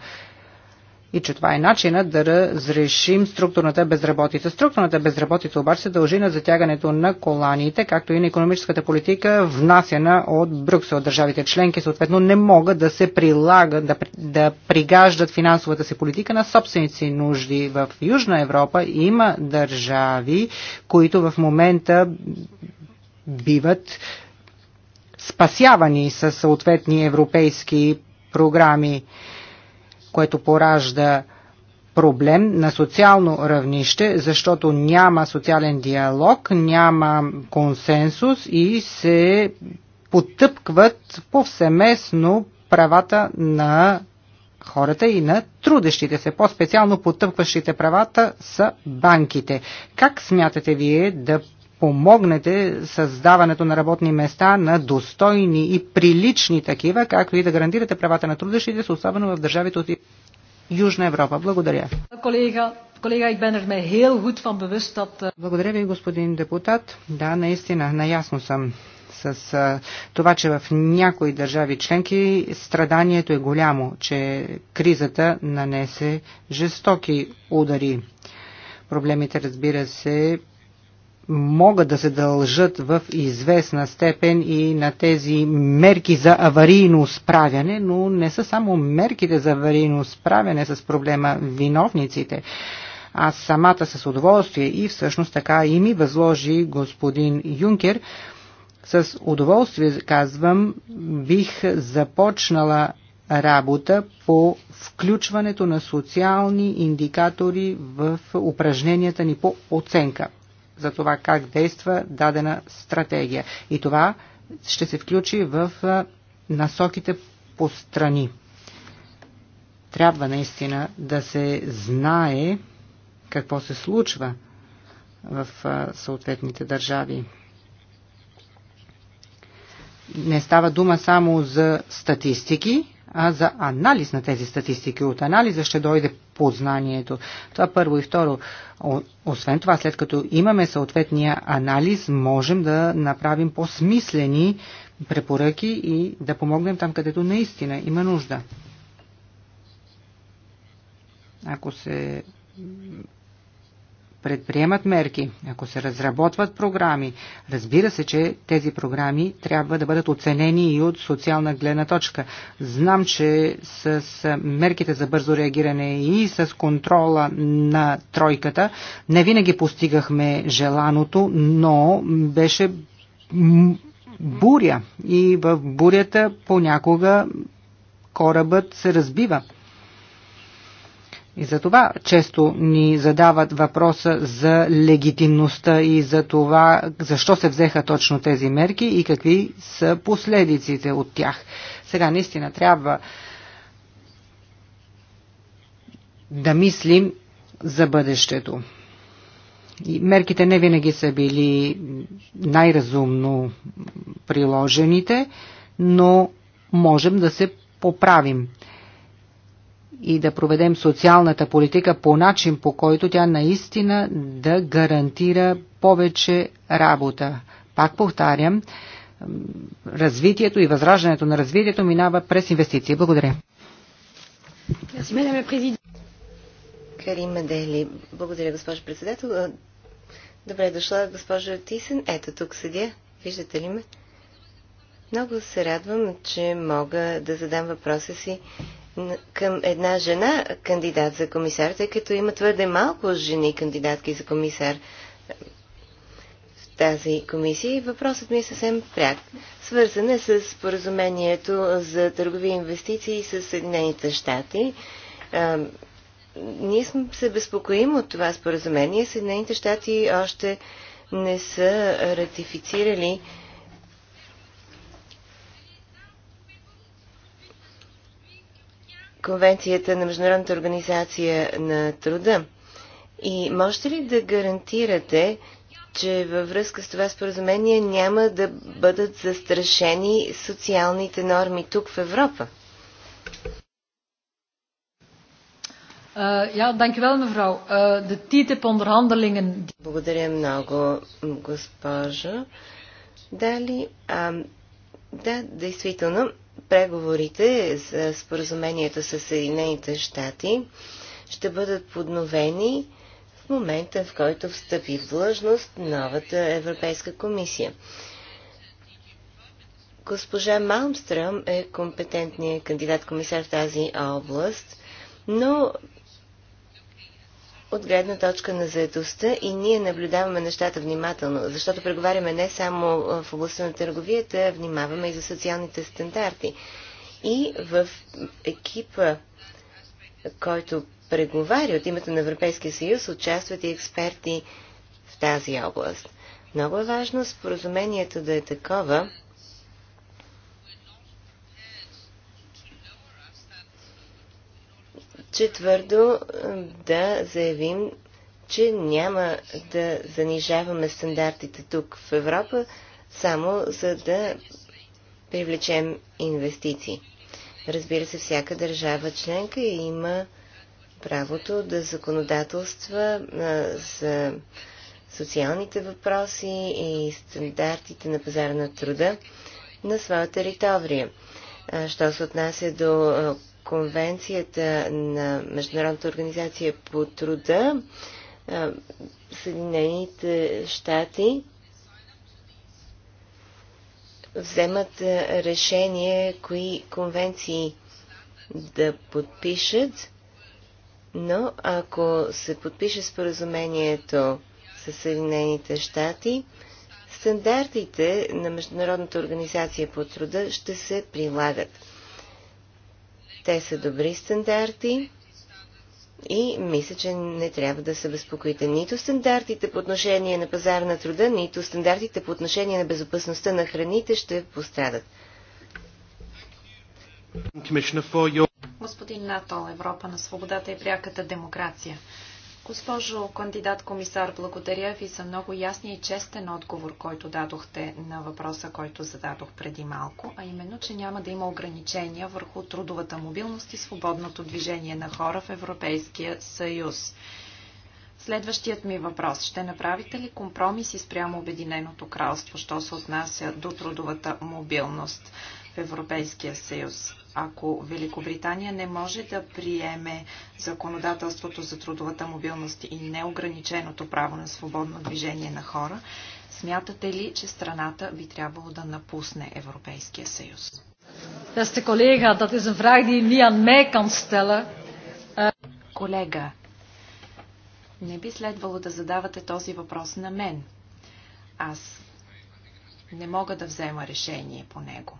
и че това е начина да разрешим структурната безработица. Структурната безработица обаче се дължи на затягането на коланите, както и на економическата политика, внасяна от Брюксел. Държавите членки съответно не могат да се прилагат, да, да пригаждат финансовата си политика на собственици нужди. В Южна Европа има държави, които в момента биват спасявани със съответни европейски програми което поражда проблем на социално равнище, защото няма социален диалог, няма консенсус и се потъпкват повсеместно правата на хората и на трудещите се. По-специално потъпкващите правата са банките. Как смятате вие да помогнете създаването на работни места на достойни и прилични такива, както и да гарантирате правата на трудещите особено в държавите от Южна Европа. Благодаря. Колега, колега, ik ben er mij heel goed van bewust dat... Eh, Благодаря ви, господин депутат. Да, наистина, наясно съм с това, че в някои държави членки страданието е голямо, че кризата нанесе жестоки удари. Проблемите, разбира се, могат да се дължат в известна степен и на тези мерки за аварийно справяне, но не са само мерките за аварийно справяне с проблема виновниците. Аз самата с удоволствие и всъщност така и ми възложи господин Юнкер, с удоволствие казвам, бих започнала работа по включването на социални индикатори в упражненията ни по оценка за това как действа дадена стратегия. И това ще се включи в насоките по страни. Трябва наистина да се знае какво се случва в съответните държави. Не става дума само за статистики, а за анализ на тези статистики. От анализа ще дойде познанието. Това първо и второ. Освен това, след като имаме съответния анализ, можем да направим по-смислени препоръки и да помогнем там, където наистина има нужда. Ако се предприемат мерки, ако се разработват програми, разбира се, че тези програми трябва да бъдат оценени и от социална гледна точка. Знам, че с мерките за бързо реагиране и с контрола на тройката не винаги постигахме желаното, но беше буря и в бурята понякога корабът се разбива. И за това често ни задават въпроса за легитимността и за това защо се взеха точно тези мерки и какви са последиците от тях. Сега наистина трябва да мислим за бъдещето. И мерките не винаги са били най-разумно приложените, но можем да се поправим и да проведем социалната политика по начин, по който тя наистина да гарантира повече работа. Пак повтарям, развитието и възраждането на развитието минава през инвестиции. Благодаря. Карима Дели. Благодаря, госпожо председател. Добре дошла, госпожо Тисен. Ето тук седя. Виждате ли ме? Много се радвам, че мога да задам въпроса си към една жена кандидат за комисар, тъй като има твърде малко жени кандидатки за комисар в тази комисия. И въпросът ми е съвсем пряк. Свързан е с поразумението за търгови инвестиции с Съединените щати. Ние се безпокоим от това споразумение. Съединените щати още не са ратифицирали Конвенцията на Международната организация на труда. И можете ли да гарантирате, че във връзка с това споразумение няма да бъдат застрашени социалните норми тук в Европа? Uh, ja, dankjewel mevrouw. Uh, de TTIP-onderhandelingen. Благодаря много, госпожо. Дали, да, действително, преговорите за споразумението с Съединените щати ще бъдат подновени в момента, в който встъпи в длъжност новата Европейска комисия. Госпожа Малмстръм е компетентният кандидат-комисар в тази област, но от гледна точка на заедостта и ние наблюдаваме нещата внимателно, защото преговаряме не само в областта на търговията, внимаваме и за социалните стандарти. И в екипа, който преговаря от името на Европейския съюз, участват и експерти в тази област. Много е важно споразумението да е такова, че твърдо е, да заявим, че няма да занижаваме стандартите тук в Европа, само за да привлечем инвестиции. Разбира се, всяка държава членка има правото да законодателства е, за социалните въпроси и стандартите на пазара на труда на своя територия. Що се отнася до е, Конвенцията на Международната организация по труда, Съединените щати вземат решение кои конвенции да подпишат, но ако се подпише споразумението с Съединените щати, стандартите на Международната организация по труда ще се прилагат. Те са добри стандарти и мисля, че не трябва да се безпокоите нито стандартите по отношение на пазара на труда, нито стандартите по отношение на безопасността на храните ще пострадат. Господин НАТО, Европа на свободата и пряката демокрация. Госпожо кандидат комисар, благодаря ви за много ясния и честен отговор, който дадохте на въпроса, който зададох преди малко, а именно, че няма да има ограничения върху трудовата мобилност и свободното движение на хора в Европейския съюз. Следващият ми въпрос. Ще направите ли компромиси спрямо Обединеното кралство, що се отнася до трудовата мобилност в Европейския съюз? Ако Великобритания не може да приеме законодателството за трудовата мобилност и неограниченото право на свободно движение на хора, смятате ли, че страната би трябвало да напусне Европейския съюз? Beste колега, dat is een vraag die je niet aan mij kan stellen. Колега, не би следвало да задавате този въпрос на мен. Аз не мога да взема решение по него.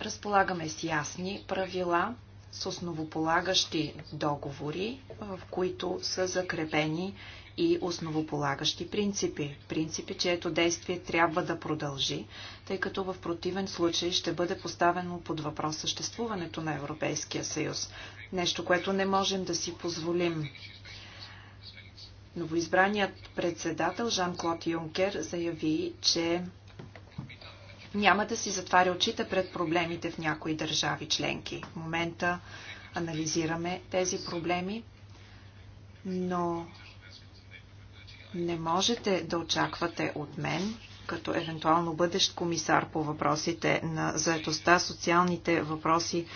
Разполагаме с ясни правила, с основополагащи договори, в които са закрепени и основополагащи принципи. Принципи, чието действие трябва да продължи, тъй като в противен случай ще бъде поставено под въпрос съществуването на Европейския съюз. Нещо, което не можем да си позволим. Новоизбраният председател Жан-Клод Юнкер заяви, че няма да си затваря очите пред проблемите в някои държави членки. В момента анализираме тези проблеми, но не можете да очаквате от мен, като евентуално бъдещ комисар по въпросите на заедостта, социалните въпроси,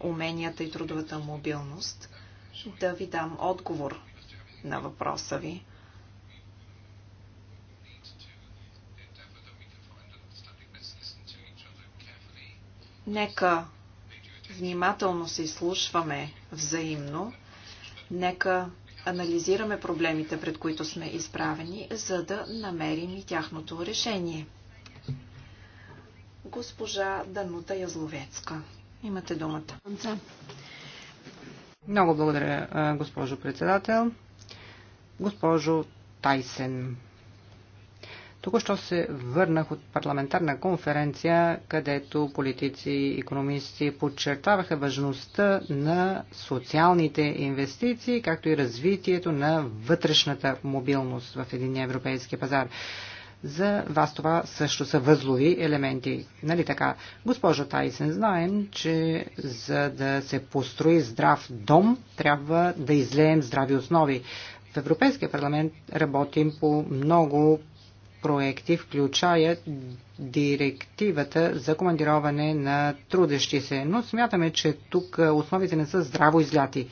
уменията и трудовата мобилност, да ви дам отговор на въпроса ви. Нека внимателно се изслушваме взаимно, нека анализираме проблемите, пред които сме изправени, за да намерим и тяхното решение. Госпожа Данута Язловецка. Имате думата. Много благодаря, госпожо председател. Госпожо Тайсен. Току-що се върнах от парламентарна конференция, където политици и економисти подчертаваха важността на социалните инвестиции, както и развитието на вътрешната мобилност в един европейски пазар. За вас това също са възлови елементи. Нали така? Госпожо Тайсен, знаем, че за да се построи здрав дом, трябва да излеем здрави основи. В Европейския парламент работим по много проекти включаят директивата за командироване на трудещи се, но смятаме, че тук основите не са здраво изляти.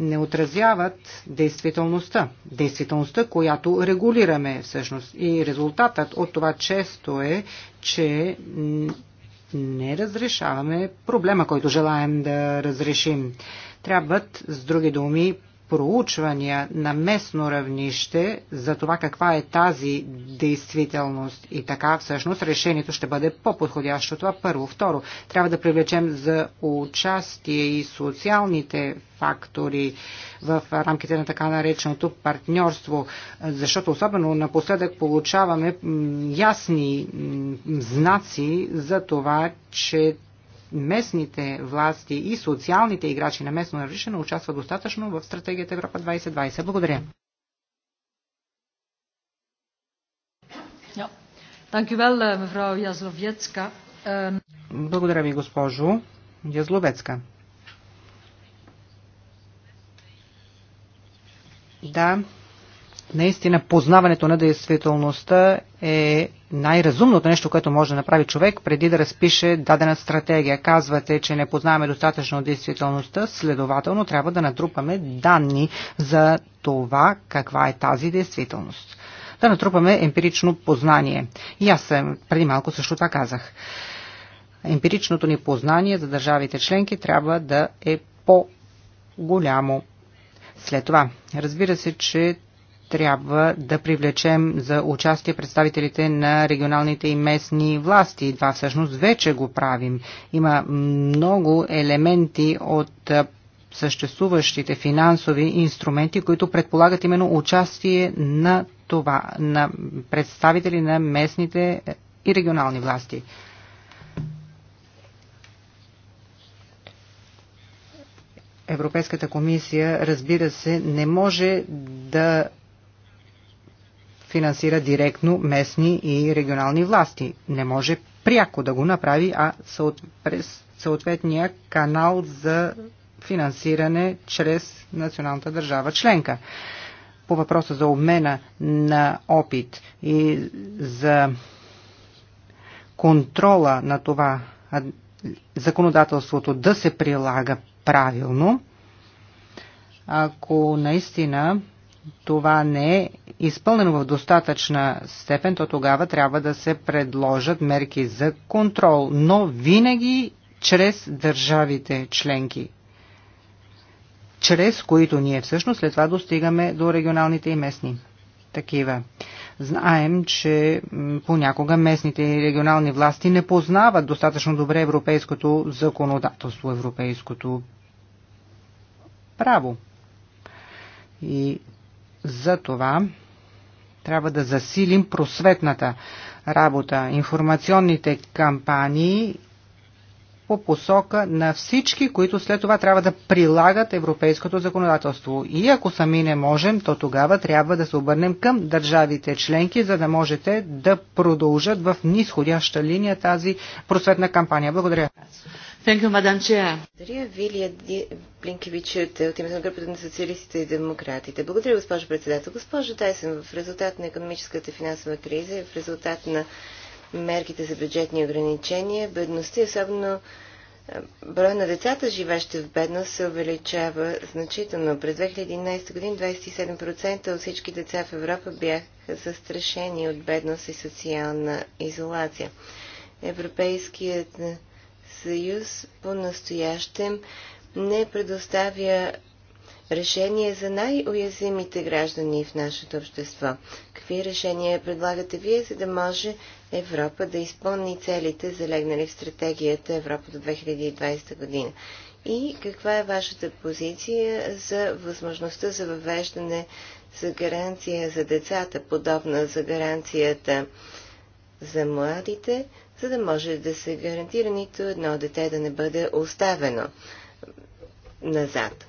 Не отразяват действителността. Действителността, която регулираме всъщност. И резултатът от това често е, че не разрешаваме проблема, който желаем да разрешим. Трябват, с други думи, проучвания на местно равнище за това каква е тази действителност и така всъщност решението ще бъде по-подходящо. Това първо. Второ, трябва да привлечем за участие и социалните фактори в рамките на така нареченото партньорство, защото особено напоследък получаваме ясни знаци за това, че местните власти и социалните играчи на местно равнище не участват достатъчно в стратегията Европа 2020. Благодаря. Eh, ehm, Благодаря ви, госпожо Язловецка. Да, наистина познаването на действителността е най-разумното нещо, което може да направи човек преди да разпише дадена стратегия. Казвате, че не познаваме достатъчно действителността, следователно трябва да натрупаме данни за това каква е тази действителност. Да натрупаме емпирично познание. И аз преди малко също това казах. Емпиричното ни познание за държавите членки трябва да е по-голямо. След това, разбира се, че трябва да привлечем за участие представителите на регионалните и местни власти. Това всъщност вече го правим. Има много елементи от съществуващите финансови инструменти, които предполагат именно участие на това, на представители на местните и регионални власти. Европейската комисия, разбира се, не може да финансира директно местни и регионални власти. Не може пряко да го направи, а през съответния канал за финансиране чрез националната държава членка. По въпроса за обмена на опит и за контрола на това законодателството да се прилага правилно, ако наистина това не е изпълнено в достатъчна степен, то тогава трябва да се предложат мерки за контрол, но винаги чрез държавите членки, чрез които ние всъщност след това достигаме до регионалните и местни такива. Знаем, че понякога местните и регионални власти не познават достатъчно добре европейското законодателство, европейското право. И за това трябва да засилим просветната работа, информационните кампании по посока на всички, които след това трябва да прилагат европейското законодателство. И ако сами не можем, то тогава трябва да се обърнем към държавите членки, за да можете да продължат в нисходяща линия тази просветна кампания. Благодаря. Thank you, Madam Chair. Благодаря, Вилия Блинкевич от името на групата на социалистите и демократите. Благодаря, госпожо председател. Госпожо Тайсен, в резултат на економическата финансова криза и в резултат на мерките за бюджетни ограничения, бедността и особено броя на децата, живещи в бедност, се увеличава значително. През 2011 година 27% от всички деца в Европа бяха застрашени от бедност и социална изолация. Европейският съюз по-настоящем не предоставя решение за най-уязвимите граждани в нашето общество. Какви решения предлагате вие, за да може Европа да изпълни целите, залегнали в стратегията Европа до 2020 година? И каква е вашата позиция за възможността за въвеждане за гаранция за децата, подобна за гаранцията за младите, за да може да се гарантира нито едно дете да не бъде оставено назад.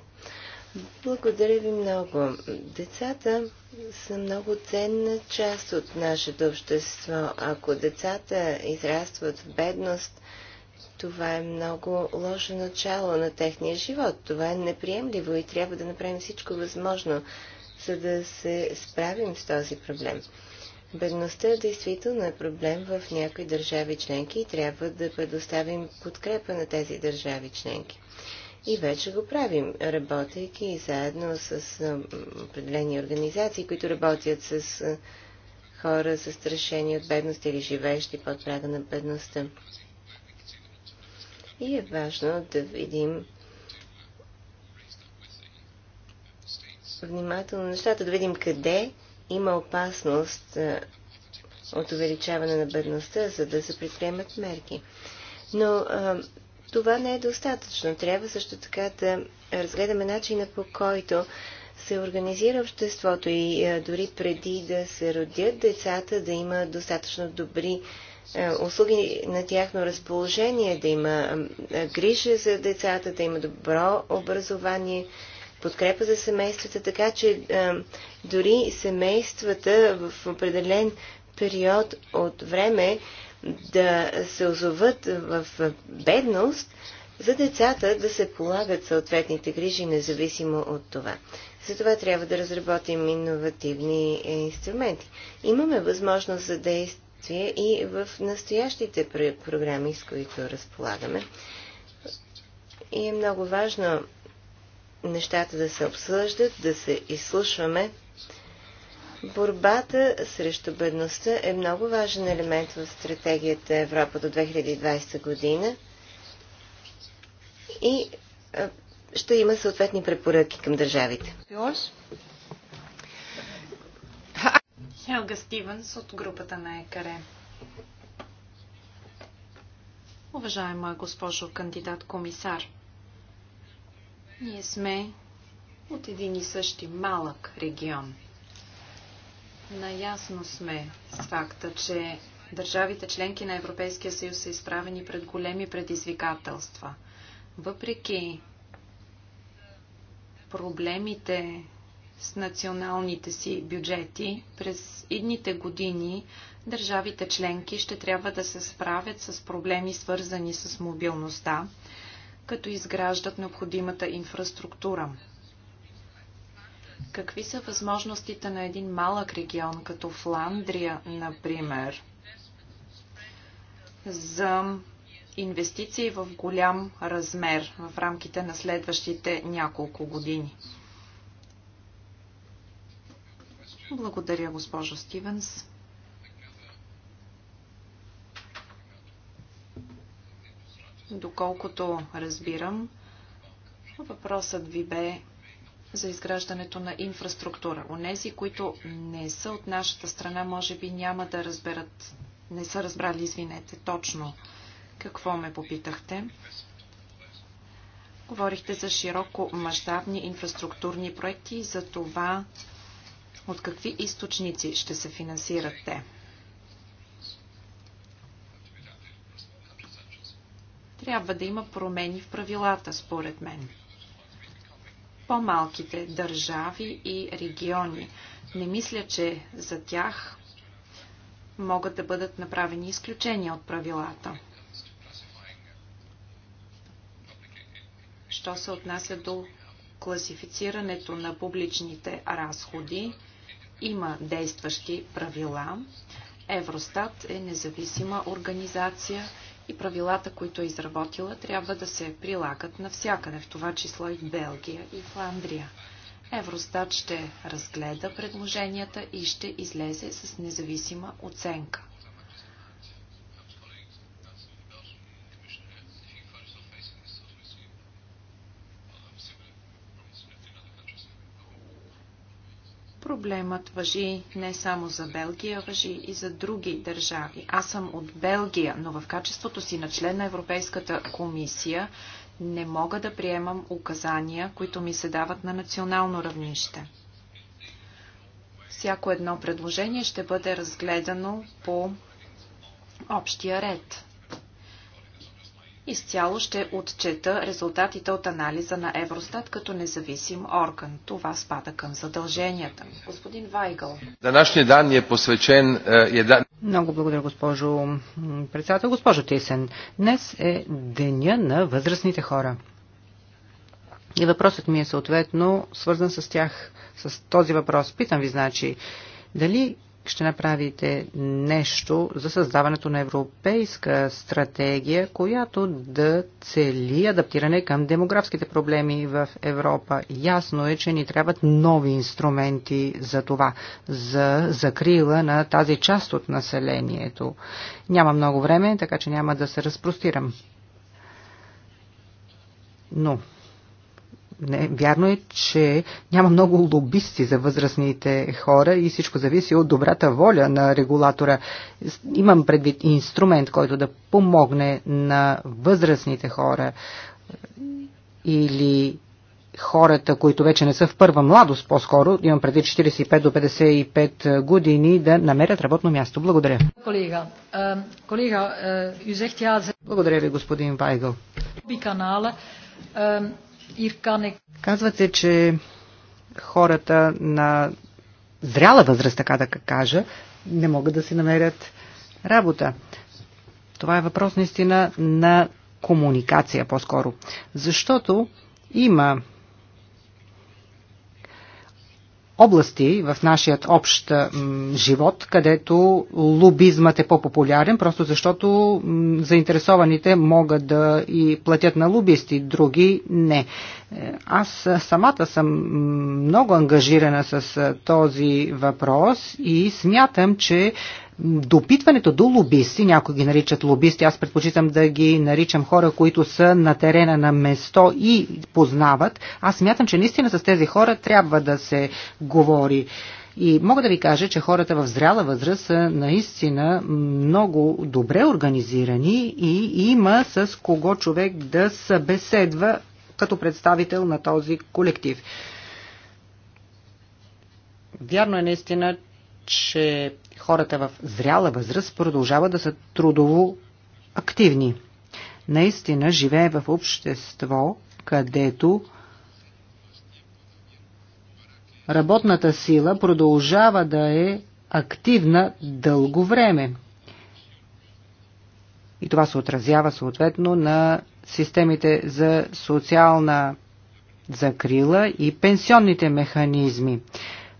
Благодаря ви много. Децата са много ценна част от нашето общество. Ако децата израстват в бедност, това е много лошо начало на техния живот. Това е неприемливо и трябва да направим всичко възможно, за да се справим с този проблем. Бедността действително е проблем в някои държави членки и трябва да предоставим подкрепа на тези държави членки. И вече го правим, работейки заедно с определени организации, които работят с хора застрашени от бедност или живеещи под прага на бедността. И е важно да видим внимателно нещата, да видим къде има опасност от увеличаване на бедността, за да се предприемат мерки. Но а, това не е достатъчно. Трябва също така да разгледаме начина по който се организира обществото и а, дори преди да се родят децата, да има достатъчно добри а, услуги на тяхно разположение, да има а, грижа за децата, да има добро образование. А, подкрепа за семействата, така че дори семействата в определен период от време да се озоват в бедност, за децата да се полагат съответните грижи, независимо от това. Затова трябва да разработим иновативни инструменти. Имаме възможност за действие и в настоящите програми, с които разполагаме. И е много важно нещата да се обсъждат, да се изслушваме. Борбата срещу бедността е много важен елемент в стратегията Европа до 2020 година и ще има съответни препоръки към държавите. Хелга Стивенс от групата на ЕКАРЕ. Уважаема госпожо кандидат комисар, ние сме от един и същи малък регион. Наясно сме с факта, че държавите членки на Европейския съюз са изправени пред големи предизвикателства. Въпреки проблемите с националните си бюджети, през идните години държавите членки ще трябва да се справят с проблеми, свързани с мобилността, като изграждат необходимата инфраструктура. Какви са възможностите на един малък регион, като Фландрия, например, за инвестиции в голям размер в рамките на следващите няколко години? Благодаря, госпожо Стивенс. Доколкото разбирам, въпросът ви бе за изграждането на инфраструктура. Онези, които не са от нашата страна, може би няма да разберат, не са разбрали, извинете, точно какво ме попитахте. Говорихте за широко мащабни инфраструктурни проекти и за това от какви източници ще се финансират те. Трябва да има промени в правилата, според мен. По-малките държави и региони. Не мисля, че за тях могат да бъдат направени изключения от правилата. Що се отнася до класифицирането на публичните разходи, има действащи правила. Евростат е независима организация – и правилата, които е изработила, трябва да се прилагат навсякъде, в това число и в Белгия и Фландрия. Евростат ще разгледа предложенията и ще излезе с независима оценка. Проблемът въжи не само за Белгия, въжи и за други държави. Аз съм от Белгия, но в качеството си на член на Европейската комисия не мога да приемам указания, които ми се дават на национално равнище. Всяко едно предложение ще бъде разгледано по общия ред. Изцяло ще отчета резултатите от анализа на Евростат като независим орган. Това спада към задълженията Господин Вайгъл. Данашния дан е посвечен... Е е... Много благодаря, госпожо председател. Госпожо Тисен, днес е деня на възрастните хора. И въпросът ми е съответно свързан с тях, с този въпрос. Питам ви, значи, дали ще направите нещо за създаването на европейска стратегия, която да цели адаптиране към демографските проблеми в Европа. Ясно е, че ни трябват нови инструменти за това, за закрила на тази част от населението. Няма много време, така че няма да се разпростирам. Но не, вярно е, че няма много лобисти за възрастните хора и всичко зависи от добрата воля на регулатора. Имам предвид инструмент, който да помогне на възрастните хора или хората, които вече не са в първа младост, по-скоро, имам преди 45 до 55 години, да намерят работно място. Благодаря. Колега, е, колега, е, Благодаря ви, господин Вайгъл. Е, Казвате, че хората на зряла възраст, така да кажа, не могат да си намерят работа. Това е въпрос наистина на комуникация по-скоро. Защото има области в нашият общ живот, където лобизмът е по-популярен, просто защото заинтересованите могат да и платят на лобисти, други не. Е, аз самата съм много ангажирана с е, този въпрос и смятам, че допитването до лобисти, някои ги наричат лобисти, аз предпочитам да ги наричам хора, които са на терена на место и познават, аз смятам, че наистина с тези хора трябва да се говори. И мога да ви кажа, че хората в зряла възраст са наистина много добре организирани и има с кого човек да събеседва като представител на този колектив. Вярно е наистина, че хората в зряла възраст продължават да са трудово активни. Наистина живее в общество, където работната сила продължава да е активна дълго време. И това се отразява съответно на системите за социална закрила и пенсионните механизми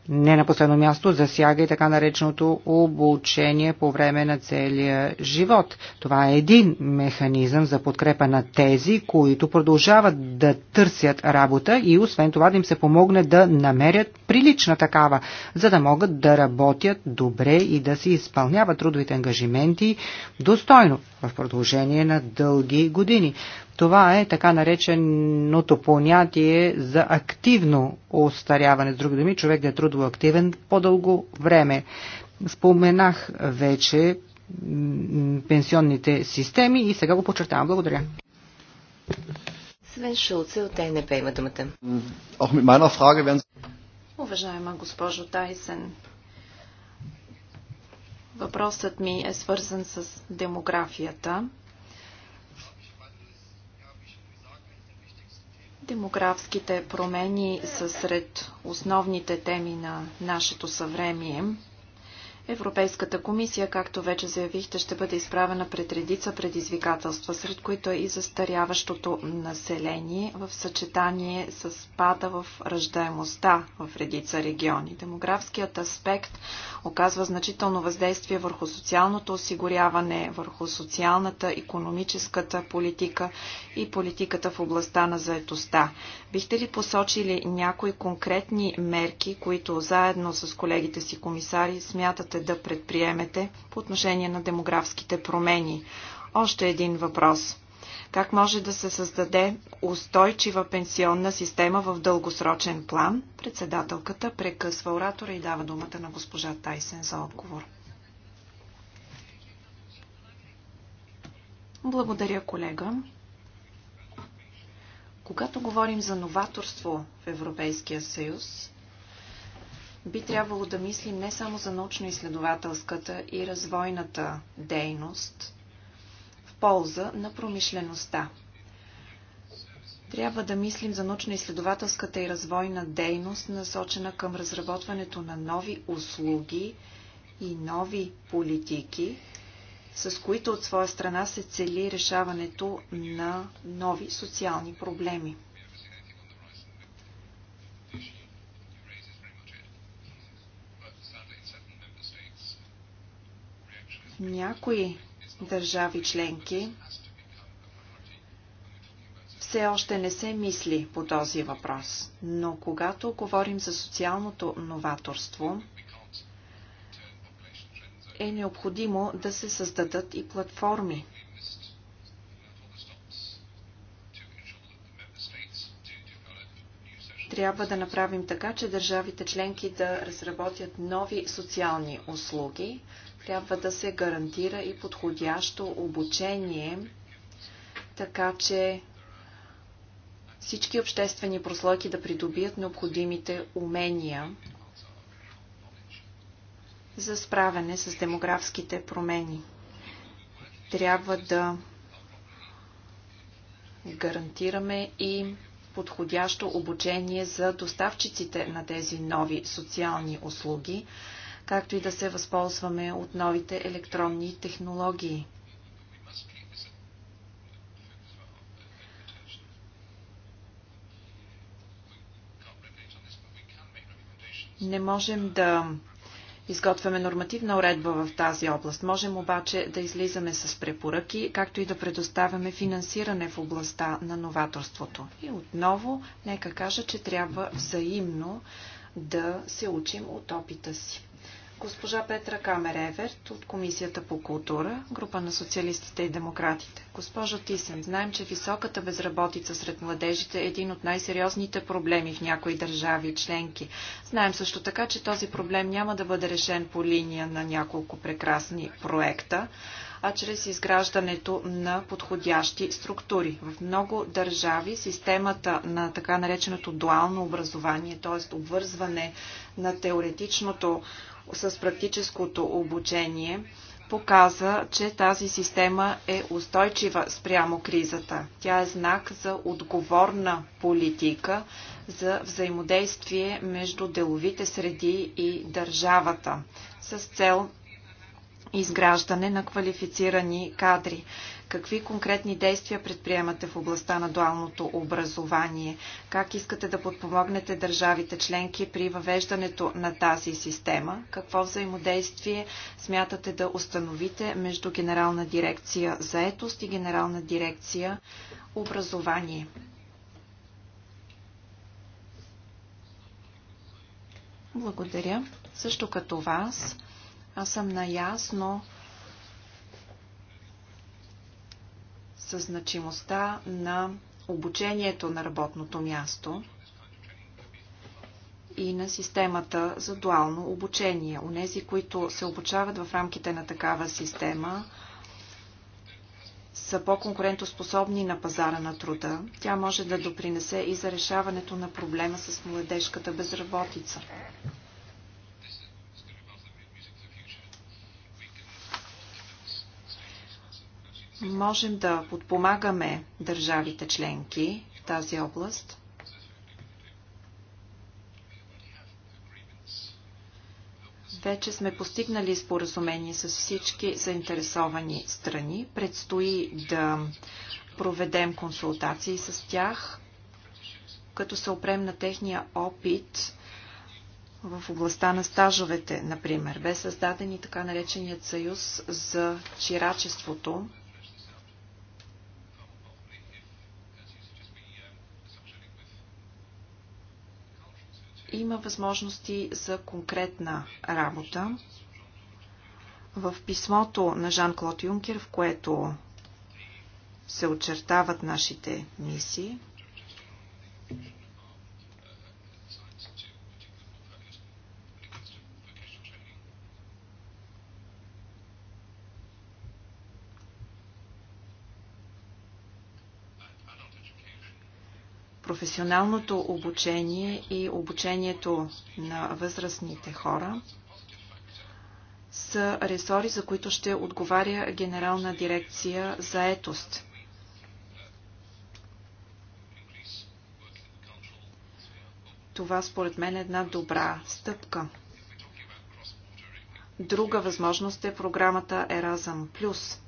не на последно място засяга и така нареченото обучение по време на целия живот. Това е един механизъм за подкрепа на тези, които продължават да търсят работа и освен това да им се помогне да намерят прилична такава, за да могат да работят добре и да си изпълняват трудовите ангажименти достойно в продължение на дълги години. Това е така нареченото понятие за активно устаряване С други думи, човек да е трудово активен по-дълго време. Споменах вече пенсионните системи и сега го подчертавам. Благодаря. Свен Шулце от ЕНП има думата. Уважаема госпожо Тайсен, въпросът ми е свързан с демографията. Демографските промени са сред основните теми на нашето съвремие. Европейската комисия, както вече заявихте, ще бъде изправена пред редица предизвикателства, сред които е и застаряващото население в съчетание с пада в ръждаемостта в редица региони. Демографският аспект оказва значително въздействие върху социалното осигуряване, върху социалната, економическата политика и политиката в областта на заетостта. Бихте ли посочили някои конкретни мерки, които заедно с колегите си комисари смятат възнамерявате да предприемете по отношение на демографските промени? Още един въпрос. Как може да се създаде устойчива пенсионна система в дългосрочен план? Председателката прекъсва оратора и дава думата на госпожа Тайсен за отговор. Благодаря, колега. Когато говорим за новаторство в Европейския съюз, би трябвало да мислим не само за научно-изследователската и развойната дейност в полза на промишлеността. Трябва да мислим за научно-изследователската и развойна дейност, насочена към разработването на нови услуги и нови политики, с които от своя страна се цели решаването на нови социални проблеми. Някои държави членки все още не се мисли по този въпрос, но когато говорим за социалното новаторство, е необходимо да се създадат и платформи. Трябва да направим така, че държавите членки да разработят нови социални услуги, трябва да се гарантира и подходящо обучение, така че всички обществени прослойки да придобият необходимите умения за справяне с демографските промени. Трябва да гарантираме и подходящо обучение за доставчиците на тези нови социални услуги, както и да се възползваме от новите електронни технологии. Не можем да изготвяме нормативна уредба в тази област. Можем обаче да излизаме с препоръки, както и да предоставяме финансиране в областта на новаторството. И отново, нека кажа, че трябва взаимно да се учим от опита си госпожа Петра Камер-Еверт от Комисията по култура, група на социалистите и демократите. Госпожо Тисен, знаем, че високата безработица сред младежите е един от най-сериозните проблеми в някои държави и членки. Знаем също така, че този проблем няма да бъде решен по линия на няколко прекрасни проекта, а чрез изграждането на подходящи структури. В много държави системата на така нареченото дуално образование, т.е. обвързване на теоретичното с практическото обучение показа, че тази система е устойчива спрямо кризата. Тя е знак за отговорна политика за взаимодействие между деловите среди и държавата с цел изграждане на квалифицирани кадри. Какви конкретни действия предприемате в областта на дуалното образование? Как искате да подпомогнете държавите членки при въвеждането на тази система? Какво взаимодействие смятате да установите между Генерална дирекция заетост и Генерална дирекция образование? Благодаря. Също като вас, аз съм наясно За значимостта на обучението на работното място и на системата за дуално обучение. Онези, които се обучават в рамките на такава система, са по-конкурентоспособни на пазара на труда. Тя може да допринесе и за решаването на проблема с младежката безработица. Можем да подпомагаме държавите членки в тази област. Вече сме постигнали споразумение с всички заинтересовани страни. Предстои да проведем консултации с тях, като се опрем на техния опит в областта на стажовете, например. Бе създаден и така нареченият съюз за чирачеството. има възможности за конкретна работа. В писмото на Жан-Клод Юнкер, в което се очертават нашите мисии, професионалното обучение и обучението на възрастните хора са ресори, за които ще отговаря Генерална дирекция за етост. Това според мен е една добра стъпка. Друга възможност е програмата Erasmus+.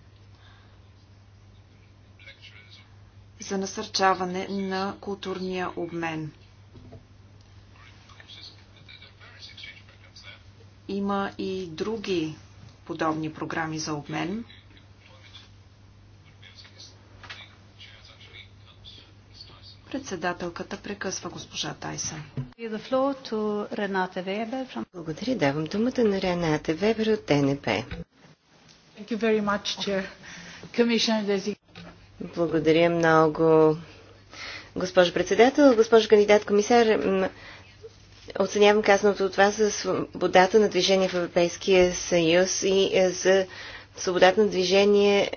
за насърчаване на културния обмен. Има и други подобни програми за обмен. Председателката прекъсва госпожа Тайсън. Благодаря. Давам думата на Рената Вебер от ТНП. Благодаря много. Госпожо председател, госпожо кандидат комисар, оценявам казаното от вас за свободата на движение в Европейския съюз и е, за свободата на движение е,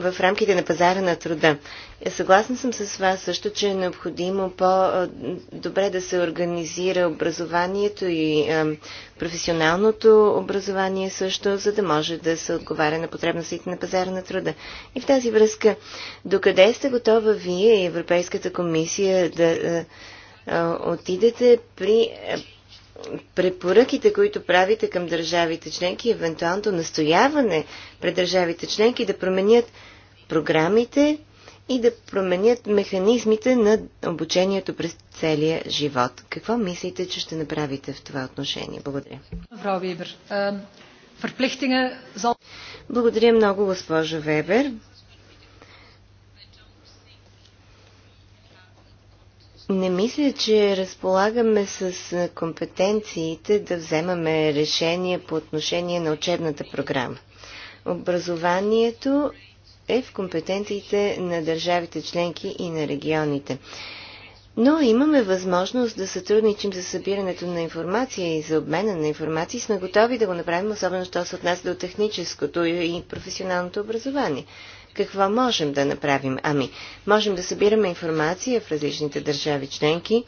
в рамките на пазара на труда. Е, съгласна съм с вас също, че е необходимо по-добре да се организира образованието и е, професионалното образование също, за да може да се отговаря на потребностите на пазара на труда. И в тази връзка, докъде сте готова вие и Европейската комисия да е, отидете при препоръките, които правите към държавите членки, евентуалното настояване пред държавите членки да променят програмите и да променят механизмите на обучението през целия живот. Какво мислите, че ще направите в това отношение? Благодаря. Благодаря много, госпожо Вебер. Не мисля, че разполагаме с компетенциите да вземаме решение по отношение на учебната програма. Образованието е в компетенциите на държавите членки и на регионите. Но имаме възможност да сътрудничим за събирането на информация и за обмена на информация и сме готови да го направим, особено що се отнася до техническото и професионалното образование. Какво можем да направим? Ами, можем да събираме информация в различните държави членки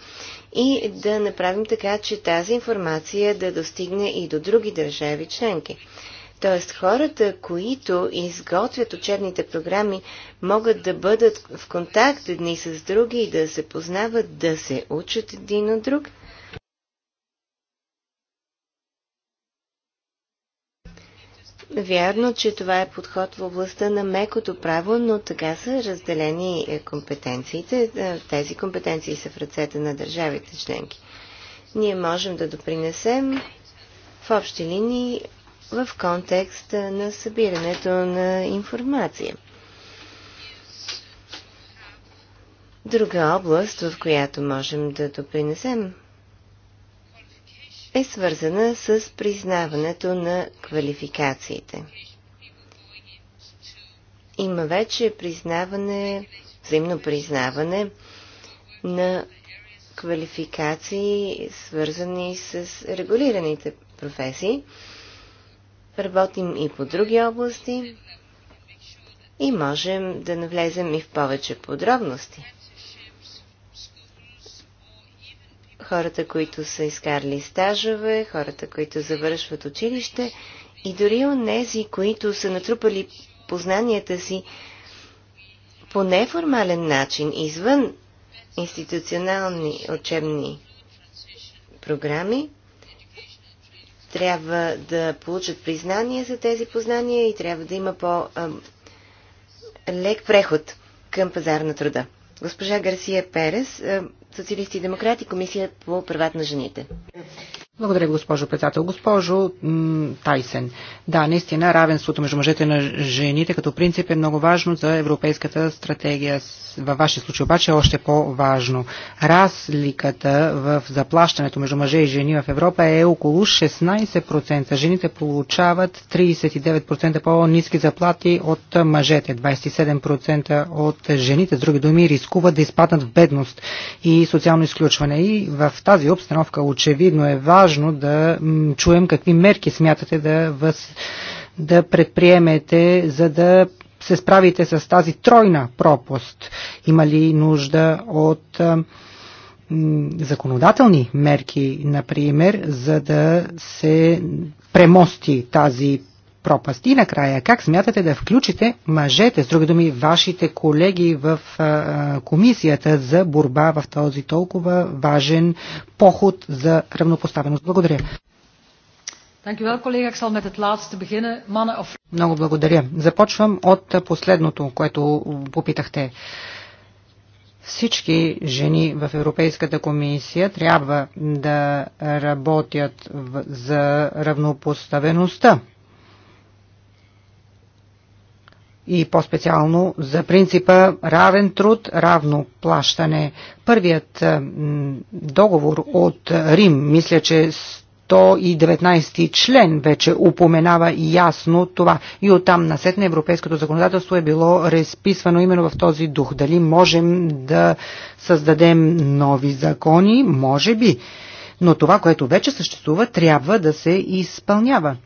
и да направим така, че тази информация да достигне и до други държави членки. Тоест, хората, които изготвят учебните програми, могат да бъдат в контакт едни с други, и да се познават, да се учат един от друг. Вярно, че това е подход в областта на мекото право, но така са разделени е, компетенциите. Е, тези компетенции са в ръцете на държавите членки. Ние можем да допринесем в общи линии в контекст на събирането на информация. Друга област, в която можем да допринесем, е свързана с признаването на квалификациите. Има вече признаване, взаимно признаване на квалификации, свързани с регулираните професии, работим и по други области и можем да навлезем и в повече подробности. Хората, които са изкарли стажове, хората, които завършват училище и дори нези, които са натрупали познанията си по неформален начин, извън институционални учебни програми, трябва да получат признание за тези познания и трябва да има по-лек преход към пазар на труда. Госпожа Гарсия Перес, социалисти и демократи, Комисия по правата на жените. Благодаря, госпожо председател. Госпожо Тайсен, да, наистина равенството между мъжете на жените като принцип е много важно за европейската стратегия. Във вашия случай обаче е още по-важно. Разликата в заплащането между мъже и жени в Европа е около 16%. Жените получават 39% по-низки заплати от мъжете, 27% от жените. С други думи, рискуват да изпаднат в бедност и социално изключване. И в тази обстановка очевидно е важно важно да чуем какви мерки смятате да, въз, да предприемете, за да се справите с тази тройна пропуст? Има ли нужда от законодателни мерки, например, за да се премости тази пропаст. И накрая, как смятате да включите мъжете, с други думи, вашите колеги в а, комисията за борба в този толкова важен поход за равнопоставеност? Благодаря. Много благодаря. Започвам от последното, което попитахте. Всички жени в Европейската комисия трябва да работят за равнопоставеността и по-специално за принципа равен труд, равно плащане. Първият договор от Рим, мисля, че 119 член вече упоменава ясно това. И оттам сет на европейското законодателство е било разписвано именно в този дух. Дали можем да създадем нови закони? Може би. Но това, което вече съществува, трябва да се изпълнява.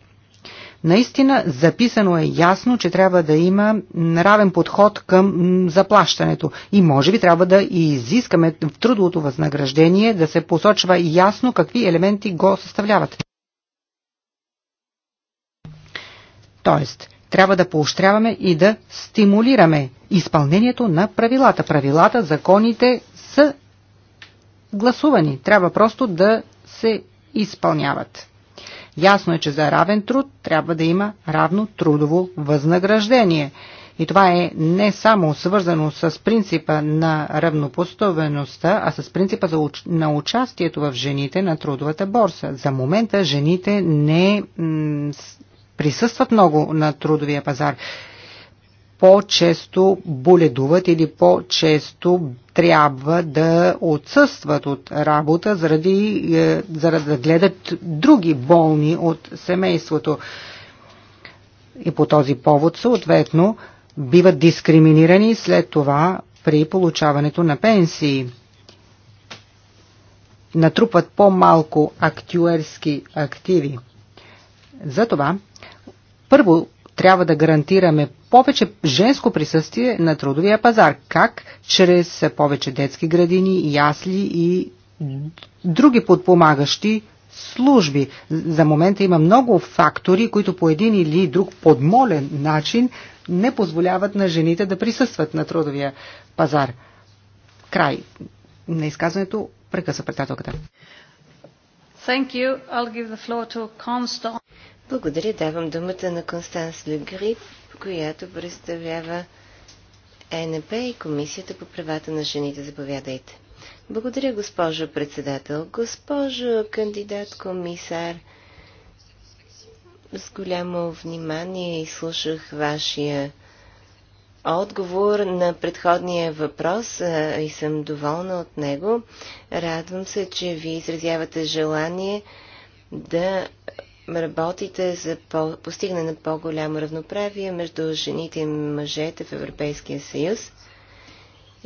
Наистина записано е ясно, че трябва да има равен подход към заплащането и може би трябва да изискаме в трудовото възнаграждение да се посочва ясно какви елементи го съставляват. Тоест, трябва да поощряваме и да стимулираме изпълнението на правилата. Правилата, законите са гласувани. Трябва просто да се изпълняват. Ясно е, че за равен труд трябва да има равно трудово възнаграждение. И това е не само свързано с принципа на равнопоставеността, а с принципа на участието в жените на трудовата борса. За момента жените не присъстват много на трудовия пазар. По-често боледуват или по-често трябва да отсъстват от работа, заради, е, заради да гледат други болни от семейството. И по този повод, съответно, биват дискриминирани след това при получаването на пенсии. Натрупват по-малко актюерски активи. Затова, първо, трябва да гарантираме повече женско присъствие на трудовия пазар. Как? Чрез повече детски градини, ясли и други подпомагащи служби. За момента има много фактори, които по един или друг подмолен начин не позволяват на жените да присъстват на трудовия пазар. Край на изказването прекъсва председателката. Thank you. I'll give the floor to Constance. Благодаря. Давам думата на Констанс Легрип, която представлява ЕНП и Комисията по правата на жените. Заповядайте. Благодаря, госпожо председател. Госпожо кандидат комисар, с голямо внимание изслушах вашия отговор на предходния въпрос и съм доволна от него. Радвам се, че ви изразявате желание да работите за по- постигане на по-голямо равноправие между жените и мъжете в Европейския съюз?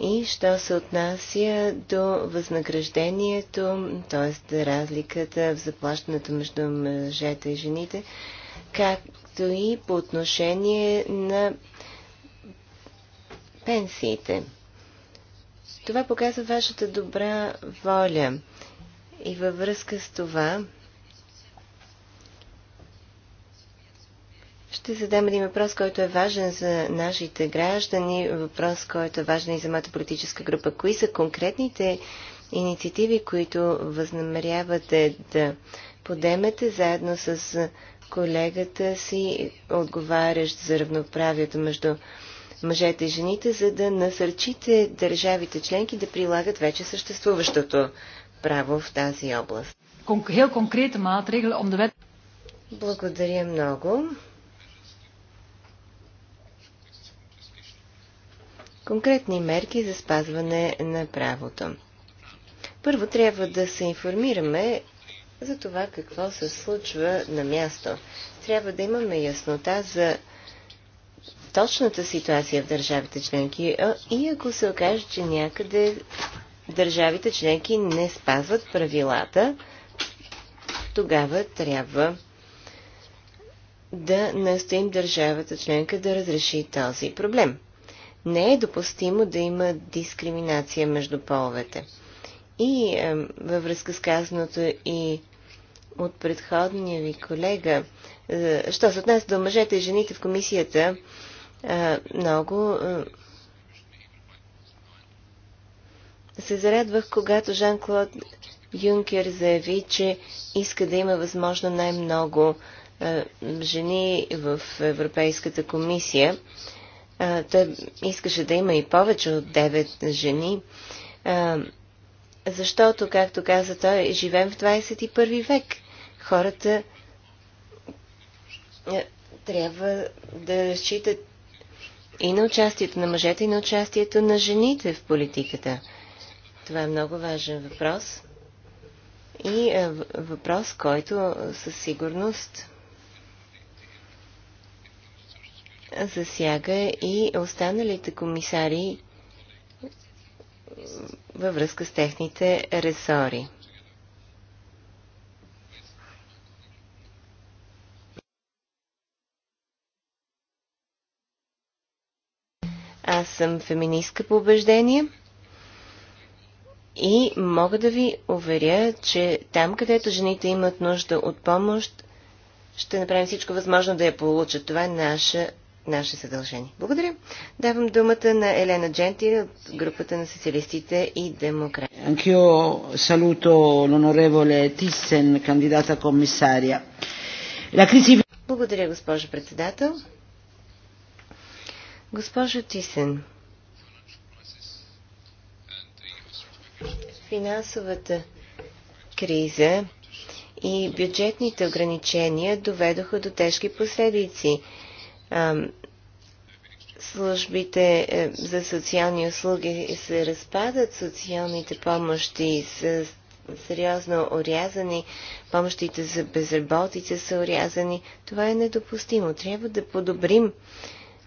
И що се отнася до възнаграждението, т.е. разликата в заплащането между мъжете и жените, както и по отношение на пенсиите. Това показва вашата добра воля. И във връзка с това, Ще задам един въпрос, който е важен за нашите граждани, въпрос, който е важен и за моята политическа група. Кои са конкретните инициативи, които възнамерявате да подемете заедно с колегата си, отговарящ за равноправието между мъжете и жените, за да насърчите държавите членки да прилагат вече съществуващото право в тази област? Благодаря много. конкретни мерки за спазване на правото. Първо трябва да се информираме за това какво се случва на място. Трябва да имаме яснота за точната ситуация в държавите членки и ако се окаже, че някъде държавите членки не спазват правилата, тогава трябва да настоим държавата членка да разреши този проблем не е допустимо да има дискриминация между половете. И е, във връзка с казаното и от предходния ви колега, е, що се отнася до мъжете и жените в комисията, е, много е, се зарадвах, когато Жан-Клод Юнкер заяви, че иска да има възможно най-много е, жени в Европейската комисия. А, той искаше да има и повече от 9 жени, а, защото, както каза той, живеем в 21 век. Хората а, трябва да разчитат и на участието на мъжете, и на участието на жените в политиката. Това е много важен въпрос. И въпрос, който със сигурност засяга и останалите комисари във връзка с техните ресори. Аз съм феминистка по убеждение и мога да ви уверя, че там, където жените имат нужда от помощ, ще направим всичко възможно да я получат. Това е наша наше задължение. Благодаря. Давам думата на Елена Дженти от групата на социалистите и демократи. Анкио салуто лонореволе Тисен, кандидата комисария. Благодаря, госпожо председател. Госпожо Тисен, финансовата криза и бюджетните ограничения доведоха до тежки последици службите е, за социални услуги се разпадат, социалните помощи са сериозно орязани, помощите за безработица са орязани. Това е недопустимо. Трябва да подобрим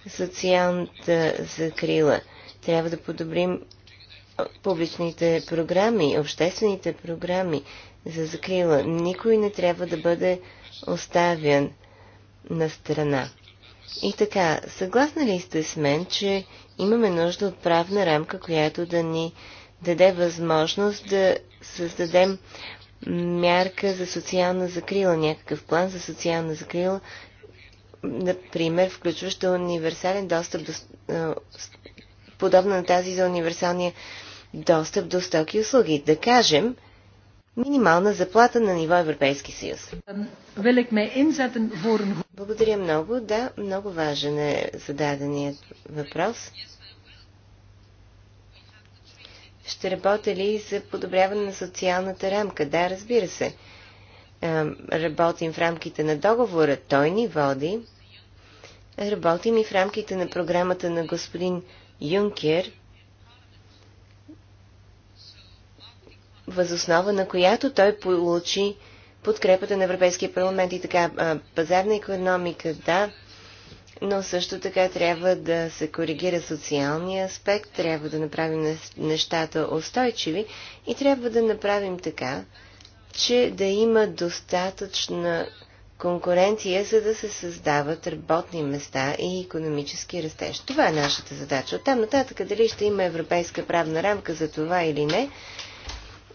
социалната закрила. Трябва да подобрим публичните програми, обществените програми за закрила. Никой не трябва да бъде оставен на страна. И така, съгласна ли сте с мен, че имаме нужда от правна рамка, която да ни даде възможност да създадем мярка за социална закрила, някакъв план за социална закрила, например, включваща е универсален достъп до, подобна на тази за универсалния достъп до стоки и услуги. Да кажем, минимална заплата на ниво Европейски съюз. Благодаря много. Да, много важен е зададеният въпрос. Ще работя ли за подобряване на социалната рамка? Да, разбира се. Работим в рамките на договора. Той ни води. Работим и в рамките на програмата на господин Юнкер – възоснова на която той получи подкрепата на Европейския парламент и така. Пазарна економика, да, но също така трябва да се коригира социалния аспект, трябва да направим нещата устойчиви и трябва да направим така, че да има достатъчна конкуренция, за да се създават работни места и економически растеж. Това е нашата задача. От там нататък дали ще има европейска правна рамка за това или не,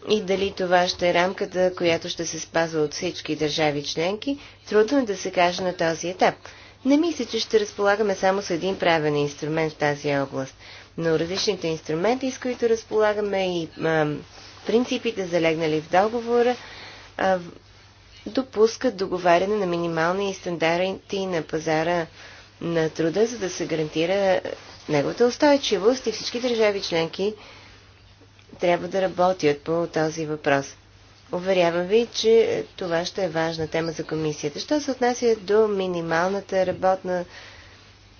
и дали това ще е рамката, която ще се спазва от всички държави членки, трудно е да се каже на този етап. Не мисля, че ще разполагаме само с един правен инструмент в тази област, но различните инструменти, с които разполагаме и а, принципите, залегнали в договора, а, допускат договаряне на минимални стандарти на пазара на труда, за да се гарантира неговата устойчивост и всички държави членки трябва да работят по този въпрос. Уверявам ви, че това ще е важна тема за комисията. Що се отнася до минималната работна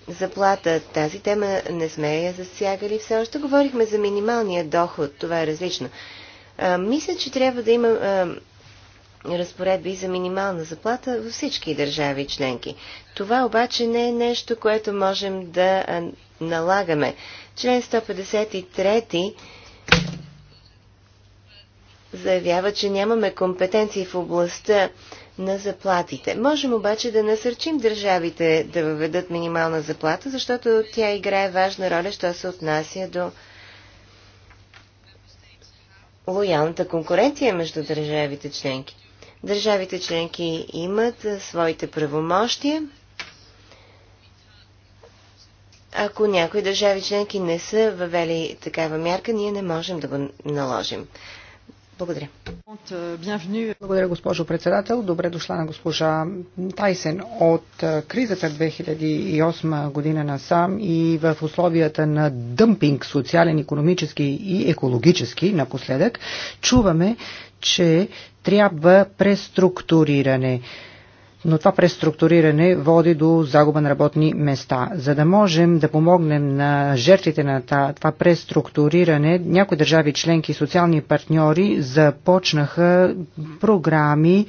заплата, тази тема не сме я засягали. Все още говорихме за минималния доход. Това е различно. А, мисля, че трябва да има а, разпоредби за минимална заплата във всички държави членки. Това обаче не е нещо, което можем да налагаме. Член 153 заявява, че нямаме компетенции в областта на заплатите. Можем обаче да насърчим държавите да въведат минимална заплата, защото тя играе важна роля, що се отнася до лоялната конкуренция между държавите членки. Държавите членки имат своите правомощия. Ако някои държави членки не са въвели такава мярка, ние не можем да го наложим. Благодаря. Благодаря, госпожо председател. Добре дошла на госпожа Тайсен. От е, кризата 2008 година насам и в условията на дъмпинг социален, економически и екологически напоследък, чуваме, че трябва преструктуриране но това преструктуриране води до загуба на работни места. За да можем да помогнем на жертвите на това преструктуриране, някои държави членки и социални партньори започнаха програми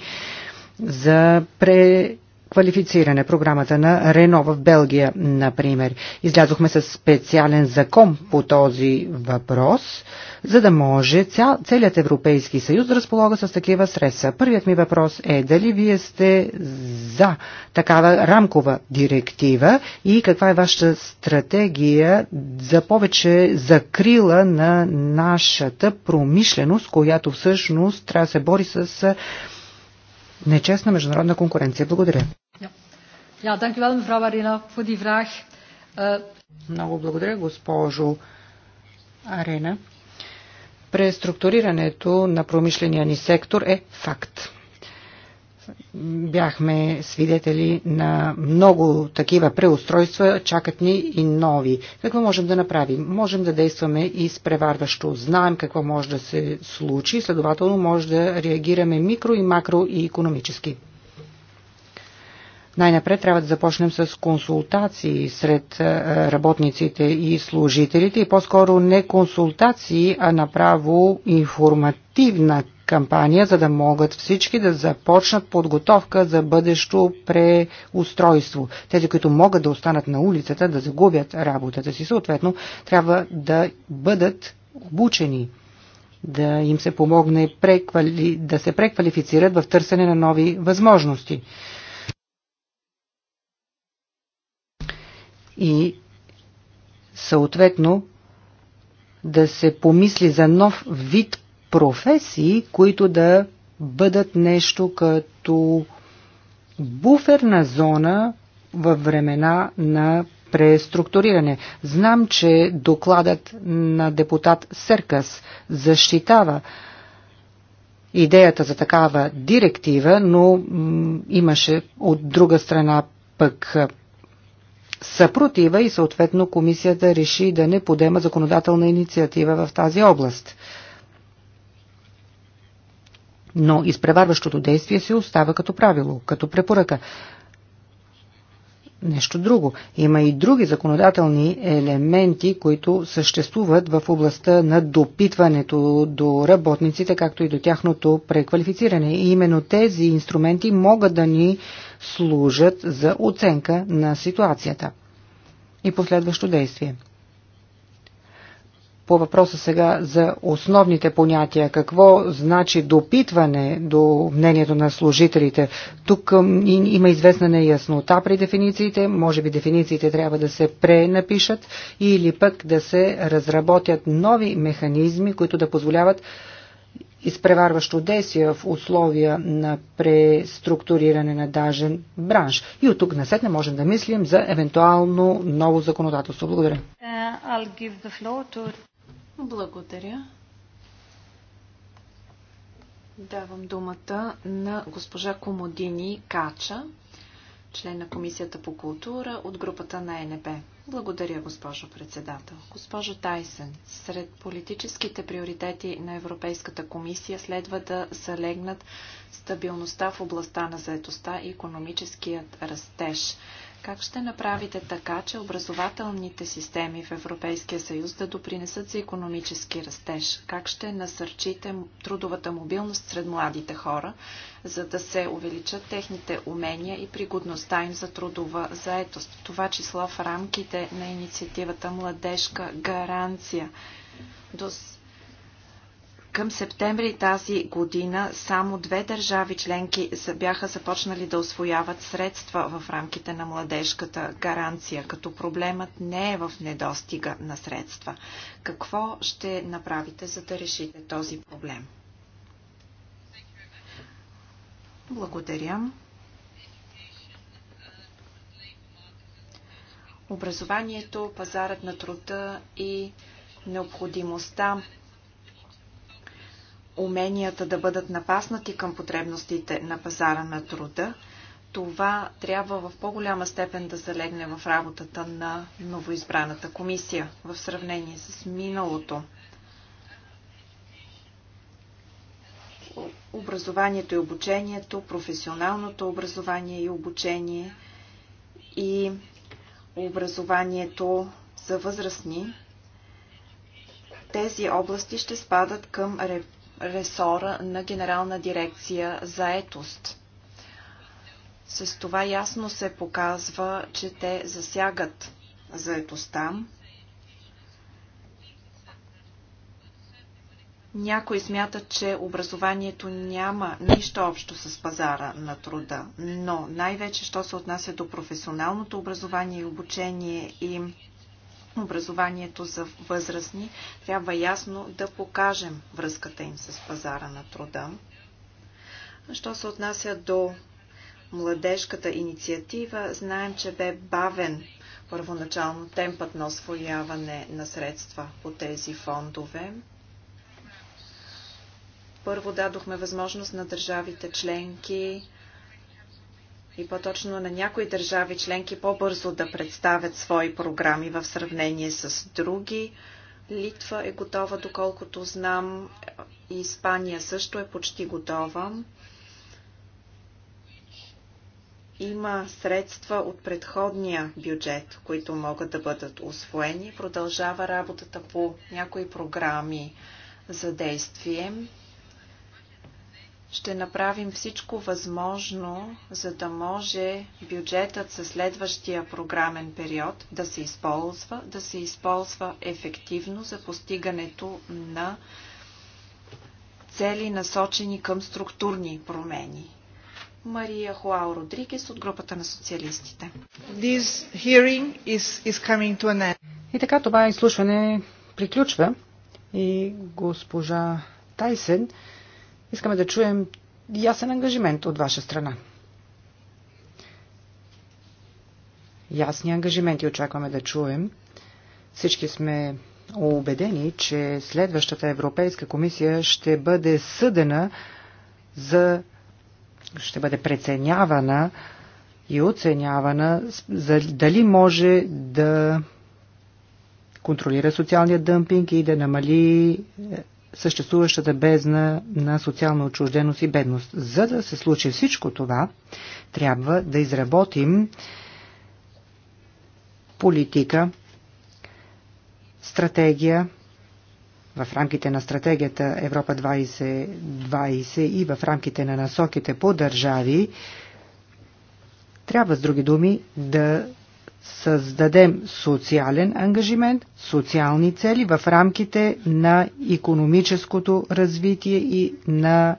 за пре квалифициране, програмата на Рено в Белгия, например. Излязохме с специален закон по този въпрос, за да може цял, целият Европейски съюз да разполага с такива средства. Първият ми въпрос е дали вие сте за такава рамкова директива и каква е вашата стратегия за повече закрила на нашата промишленост, която всъщност трябва да се бори с нечестна международна конкуренция. Благодаря. Ja, dankjewel mevrouw Arena voor die vraag. Е, много благодаря, госпожо Арена. Преструктурирането на промишления ни сектор е факт бяхме свидетели на много такива преустройства, чакат ни и нови. Какво можем да направим? Можем да действаме и преварващо. Знаем какво може да се случи, следователно може да реагираме микро и макро и економически. Най-напред трябва да започнем с консултации сред работниците и служителите и по-скоро не консултации, а направо информативна кампания, за да могат всички да започнат подготовка за бъдещо преустройство. Тези, които могат да останат на улицата, да загубят работата си, съответно, трябва да бъдат обучени да им се помогне преквали... да се преквалифицират в търсене на нови възможности. И съответно да се помисли за нов вид професии, които да бъдат нещо като буферна зона във времена на преструктуриране. Знам, че докладът на депутат Серкас защитава идеята за такава директива, но имаше от друга страна пък съпротива и съответно комисията реши да не подема законодателна инициатива в тази област но изпреварващото действие се остава като правило, като препоръка. Нещо друго. Има и други законодателни елементи, които съществуват в областта на допитването до работниците, както и до тяхното преквалифициране. И именно тези инструменти могат да ни служат за оценка на ситуацията и последващо действие по въпроса сега за основните понятия. Какво значи допитване до мнението на служителите? Тук има известна неяснота при дефинициите. Може би дефинициите трябва да се пренапишат или пък да се разработят нови механизми, които да позволяват изпреварващо действие в условия на преструктуриране на дажен бранш. И от тук насетне можем да мислим за евентуално ново законодателство. Благодаря. Uh, to... Благодаря. Давам думата на госпожа Комодини Кача, член на Комисията по култура от групата на ЕНБ. Благодаря, госпожо председател. Госпожо Тайсен, сред политическите приоритети на Европейската комисия следва да залегнат стабилността в областта на заетостта и економическият растеж. Как ще направите така, че образователните системи в Европейския съюз да допринесат за економически растеж? Как ще насърчите трудовата мобилност сред младите хора, за да се увеличат техните умения и пригодността им за трудова заетост? Това число в рамките на инициативата Младежка гаранция. До към септември тази година само две държави членки бяха започнали да освояват средства в рамките на младежката гаранция, като проблемът не е в недостига на средства. Какво ще направите, за да решите този проблем? Благодаря. Образованието, пазарът на труда и необходимостта уменията да бъдат напаснати към потребностите на пазара на труда, това трябва в по-голяма степен да залегне в работата на новоизбраната комисия в сравнение с миналото. Образованието и обучението, професионалното образование и обучение и образованието за възрастни, тези области ще спадат към ресора на Генерална дирекция за етост. С това ясно се показва, че те засягат заетостта. Някои смятат, че образованието няма нищо общо с пазара на труда, но най-вече, що се отнася до професионалното образование и обучение им, образованието за възрастни, трябва ясно да покажем връзката им с пазара на труда. Що се отнася до младежката инициатива, знаем, че бе бавен първоначално темпът на освояване на средства по тези фондове. Първо дадохме възможност на държавите членки и по-точно на някои държави членки по-бързо да представят свои програми в сравнение с други. Литва е готова, доколкото знам, и Испания също е почти готова. Има средства от предходния бюджет, които могат да бъдат освоени. Продължава работата по някои програми за действие ще направим всичко възможно, за да може бюджетът със следващия програмен период да се използва, да се използва ефективно за постигането на цели насочени към структурни промени. Мария Хуао Родригес от групата на социалистите. Is, is и така това изслушване приключва и госпожа Тайсен Искаме да чуем ясен ангажимент от ваша страна. Ясни ангажименти очакваме да чуем. Всички сме убедени, че следващата Европейска комисия ще бъде съдена за ще бъде преценявана и оценявана за дали може да контролира социалния дъмпинг и да намали съществуващата бездна на социална отчужденост и бедност. За да се случи всичко това, трябва да изработим политика, стратегия, в рамките на стратегията Европа 2020 20 и в рамките на насоките по държави, трябва с други думи да създадем социален ангажимент, социални цели в рамките на економическото развитие и на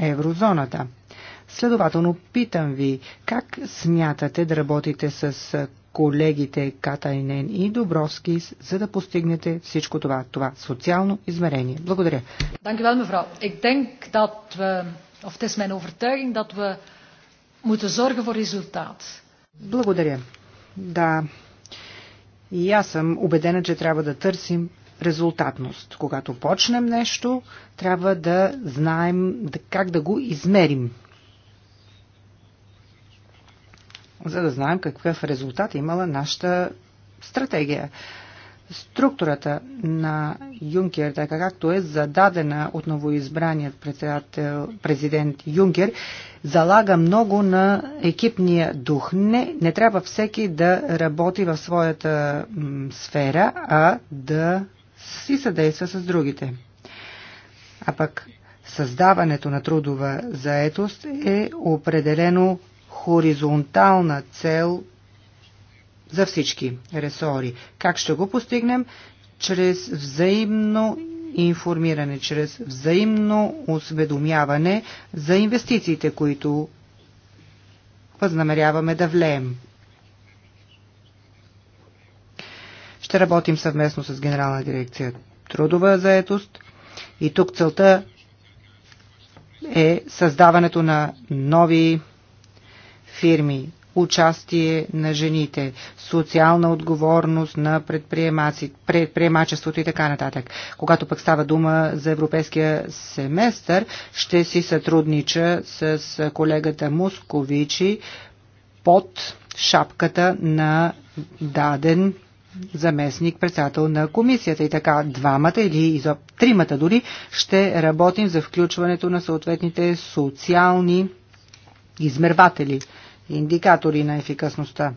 еврозоната. Следователно питам ви, как смятате да работите с колегите Катайнен и Добровски, за да постигнете всичко това, това социално измерение? Благодаря. Dank u wel, mevrouw. Ik denk dat we, of het is mijn overtuiging dat we moeten zorgen voor резултат. Благодаря. Да, и аз съм убедена, че трябва да търсим резултатност. Когато почнем нещо, трябва да знаем как да го измерим. За да знаем какъв резултат е имала нашата стратегия структурата на Юнкер, така както е зададена от новоизбраният председател, президент Юнкер, залага много на екипния дух. Не, не трябва всеки да работи в своята м, сфера, а да си съдейства с другите. А пък създаването на трудова заетост е определено хоризонтална цел за всички ресори. Как ще го постигнем? Чрез взаимно информиране, чрез взаимно осведомяване за инвестициите, които възнамеряваме да влеем. Ще работим съвместно с Генерална дирекция Трудова заетост и тук целта е създаването на нови фирми, участие на жените, социална отговорност на предприемачеството и така нататък. Когато пък става дума за европейския семестър, ще си сътруднича с колегата Московичи под шапката на даден заместник председател на комисията. И така двамата или тримата дори ще работим за включването на съответните социални измерватели индикатори на ефикасността.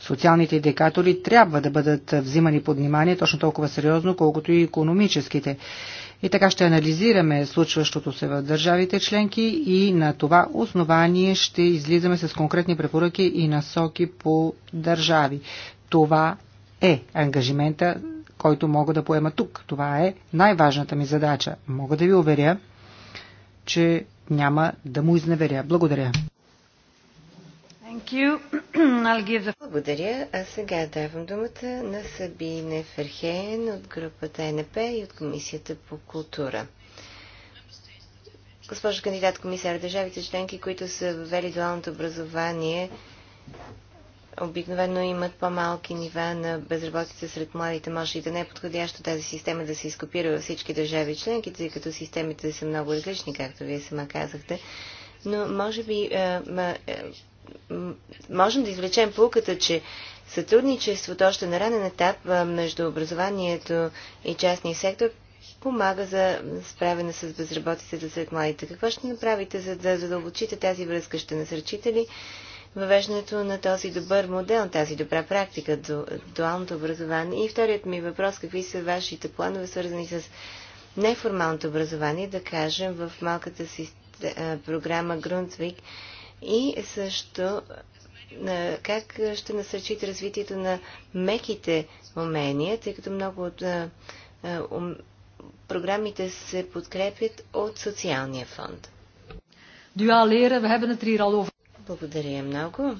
Социалните индикатори трябва да бъдат взимани под внимание точно толкова сериозно, колкото и економическите. И така ще анализираме случващото се в държавите членки и на това основание ще излизаме с конкретни препоръки и насоки по държави. Това е ангажимента, който мога да поема тук. Това е най-важната ми задача. Мога да ви уверя, че няма да му изневеря. Благодаря. Благодаря. А сега давам думата на Сабине Ферхен от групата НП и от Комисията по култура. Госпожо кандидат комисар, държавите членки, които са въвели дуалното образование, обикновено имат по-малки нива на безработица сред младите. Може и да не е подходящо тази система да се изкопира във всички държави членки, тъй като системите са много различни, както вие сама казахте. Но може би е, е, можем да извлечем полката, че сътрудничеството още на ранен етап е, между образованието и частния сектор помага за справяне с безработицата сред младите. Какво ще направите, за да задълбочите тази връзка? Ще насърчите ли въвеждането на този добър модел, тази добра практика, дуалното образование? И вторият ми въпрос, какви са вашите планове, свързани с неформалното образование, да кажем, в малката си е, програма Грунтвик и също е, как ще насърчите развитието на меките умения, тъй като много от е, програмите се подкрепят от социалния фонд. Duaal we hebben het er hier al over. Благодаря много.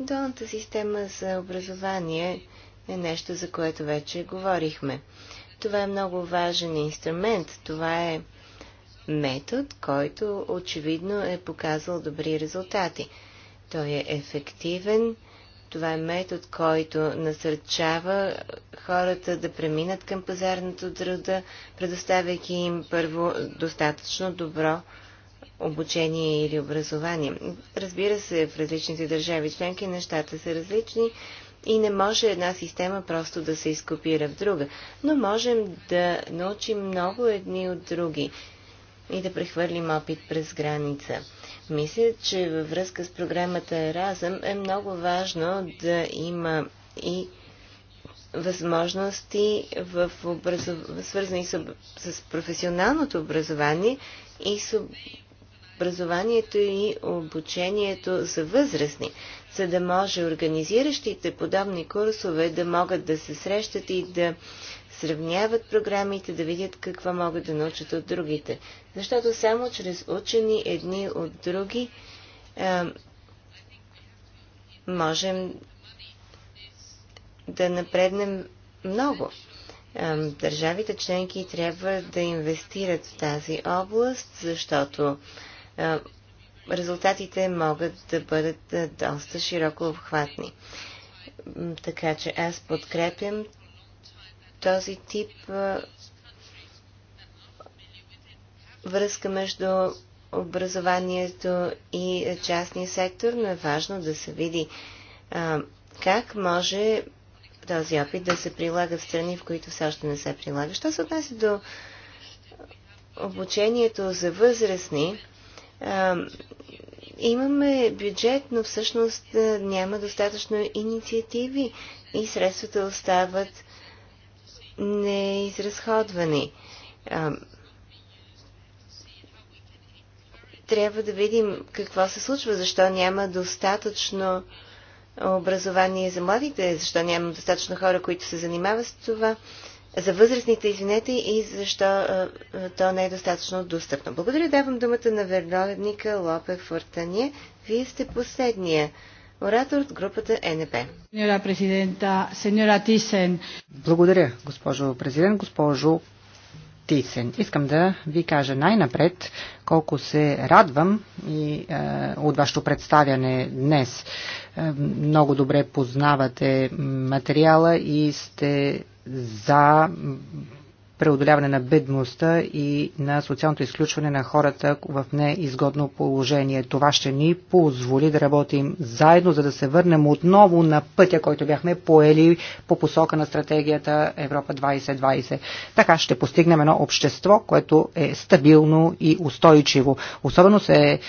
Долната система за образование е нещо, за което вече говорихме. Това е много важен инструмент. Това е метод, който очевидно е показал добри резултати. Той е ефективен. Това е метод, който насърчава хората да преминат към пазарното труда, предоставяйки им първо достатъчно добро обучение или образование. Разбира се, в различните държави членки нещата са различни и не може една система просто да се изкопира в друга, но можем да научим много едни от други и да прехвърлим опит през граница. Мисля, че във връзка с програмата Разъм е много важно да има и възможности в образов... свързани с... с професионалното образование и с образованието и обучението за възрастни, за да може организиращите подобни курсове да могат да се срещат и да сравняват програмите, да видят какво могат да научат от другите. Защото само чрез учени едни от други е, можем да напреднем много. държавите членки трябва да инвестират в тази област, защото резултатите могат да бъдат доста широко обхватни. Така че аз подкрепям този тип връзка между образованието и частния сектор, но е важно да се види как може този опит да се прилага в страни, в които все още не се прилага. Що се отнася до обучението за възрастни, имаме бюджет, но всъщност няма достатъчно инициативи и средствата остават неизразходвани. трябва да видим какво се случва, защо няма достатъчно образование за младите, защо няма достатъчно хора, които се занимават с това за възрастните, извинете, и защо а, то не е достатъчно достъпно. Благодаря, давам думата на Вероника Лопе Фортания. Вие сте последния оратор от групата НП. Благодаря, госпожо президент, госпожо Тисен. Искам да ви кажа най-напред колко се радвам и е, от вашето представяне днес. Е, много добре познавате материала и сте за преодоляване на бедността и на социалното изключване на хората в неизгодно положение. Това ще ни позволи да работим заедно, за да се върнем отново на пътя, който бяхме поели по посока на стратегията Европа 2020. Така ще постигнем едно общество, което е стабилно и устойчиво. Особено се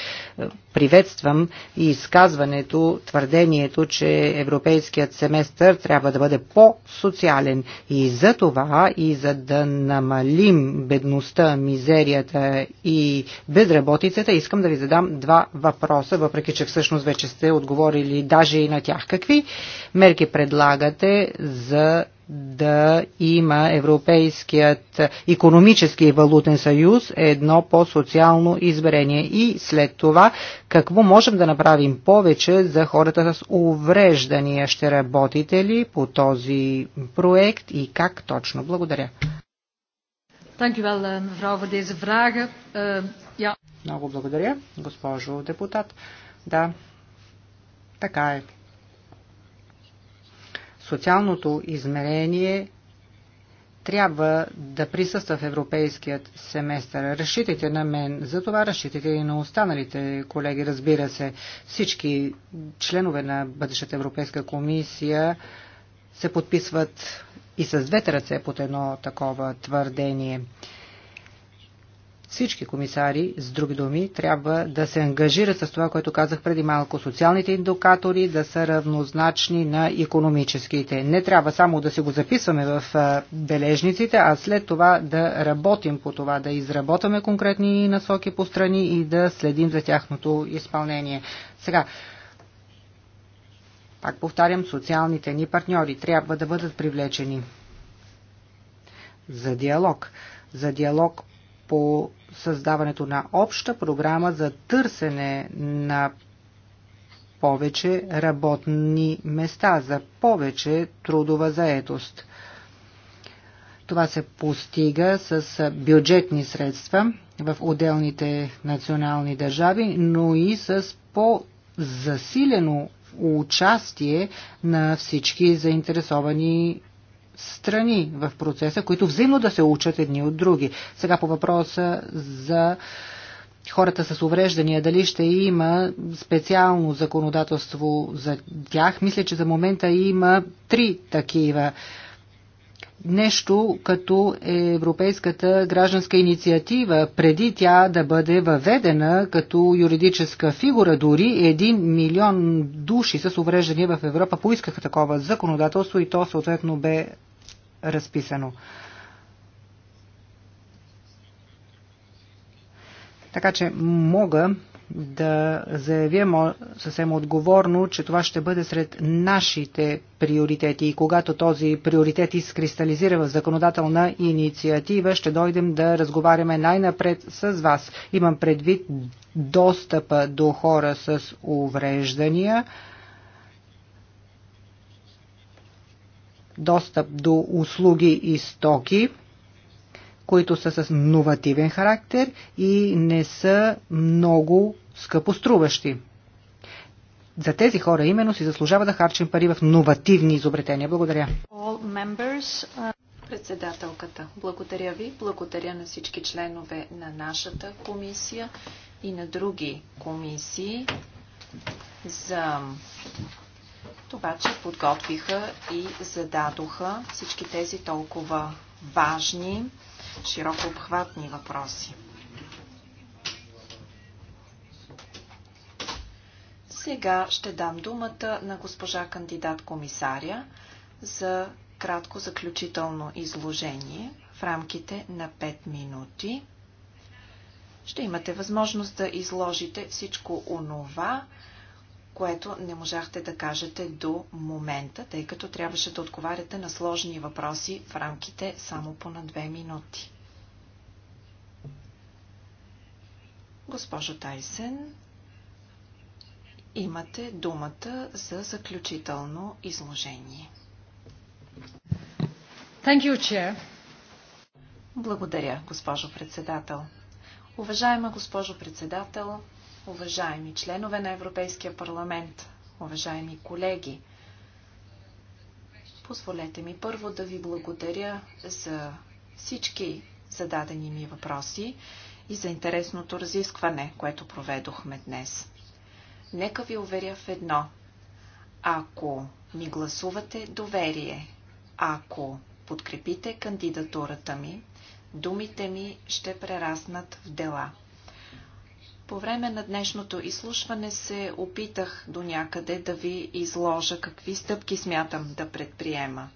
приветствам и изказването, твърдението, че европейският семестър трябва да бъде по-социален. И за това, и за да намалим бедността, мизерията и безработицата, искам да ви задам два въпроса, въпреки че всъщност вече сте отговорили даже и на тях. Какви мерки предлагате за да има Европейският економически и валутен съюз е едно по-социално измерение. И след това какво можем да направим повече за хората с увреждания? Ще работите ли по този проект и как точно? Благодаря. Eh, eh, Много благодаря, госпожо депутат. Да, така е социалното измерение трябва да присъства в европейският семестър. Разчитайте на мен, за това разчитайте и на останалите колеги, разбира се. Всички членове на бъдещата Европейска комисия се подписват и с двете ръце под едно такова твърдение. Всички комисари, с други думи, трябва да се ангажират с това, което казах преди малко. Социалните индикатори да са равнозначни на економическите. Не трябва само да се го записваме в бележниците, а след това да работим по това, да изработваме конкретни насоки по страни и да следим за тяхното изпълнение. Сега, пак повтарям, социалните ни партньори трябва да бъдат привлечени за диалог. За диалог по създаването на обща програма за търсене на повече работни места, за повече трудова заетост. Това се постига с бюджетни средства в отделните национални държави, но и с по-засилено участие на всички заинтересовани страни в процеса, които взаимно да се учат едни от други. Сега по въпроса за хората с увреждания, дали ще има специално законодателство за тях. Мисля, че за момента има три такива нещо като Европейската гражданска инициатива, преди тя да бъде въведена като юридическа фигура. Дори един милион души с увреждания в Европа поискаха такова законодателство и то съответно бе разписано. Така че мога да заявя съвсем отговорно, че това ще бъде сред нашите приоритети. И когато този приоритет изкристализира в законодателна инициатива, ще дойдем да разговаряме най-напред с вас. Имам предвид достъпа до хора с увреждания, достъп до услуги и стоки, които са с новативен характер и не са много скъпоструващи. За тези хора именно си заслужава да харчим пари в новативни изобретения. Благодаря. Uh, председателката, благодаря ви. Благодаря на всички членове на нашата комисия и на други комисии за това, че подготвиха и зададоха всички тези толкова важни широко обхватни въпроси. Сега ще дам думата на госпожа кандидат комисаря за кратко заключително изложение в рамките на 5 минути. Ще имате възможност да изложите всичко онова, което не можахте да кажете до момента, тъй като трябваше да отговаряте на сложни въпроси в рамките само по на две минути. Госпожо Тайсен, имате думата за заключително изложение. Thank you, chair. Благодаря, госпожо председател. Уважаема госпожо председател, уважаеми членове на Европейския парламент, уважаеми колеги. Позволете ми първо да ви благодаря за всички зададени ми въпроси и за интересното разискване, което проведохме днес. Нека ви уверя в едно. Ако ми гласувате доверие, ако подкрепите кандидатурата ми, думите ми ще прераснат в дела – по време на днешното изслушване се опитах до някъде да ви изложа какви стъпки смятам да предприема,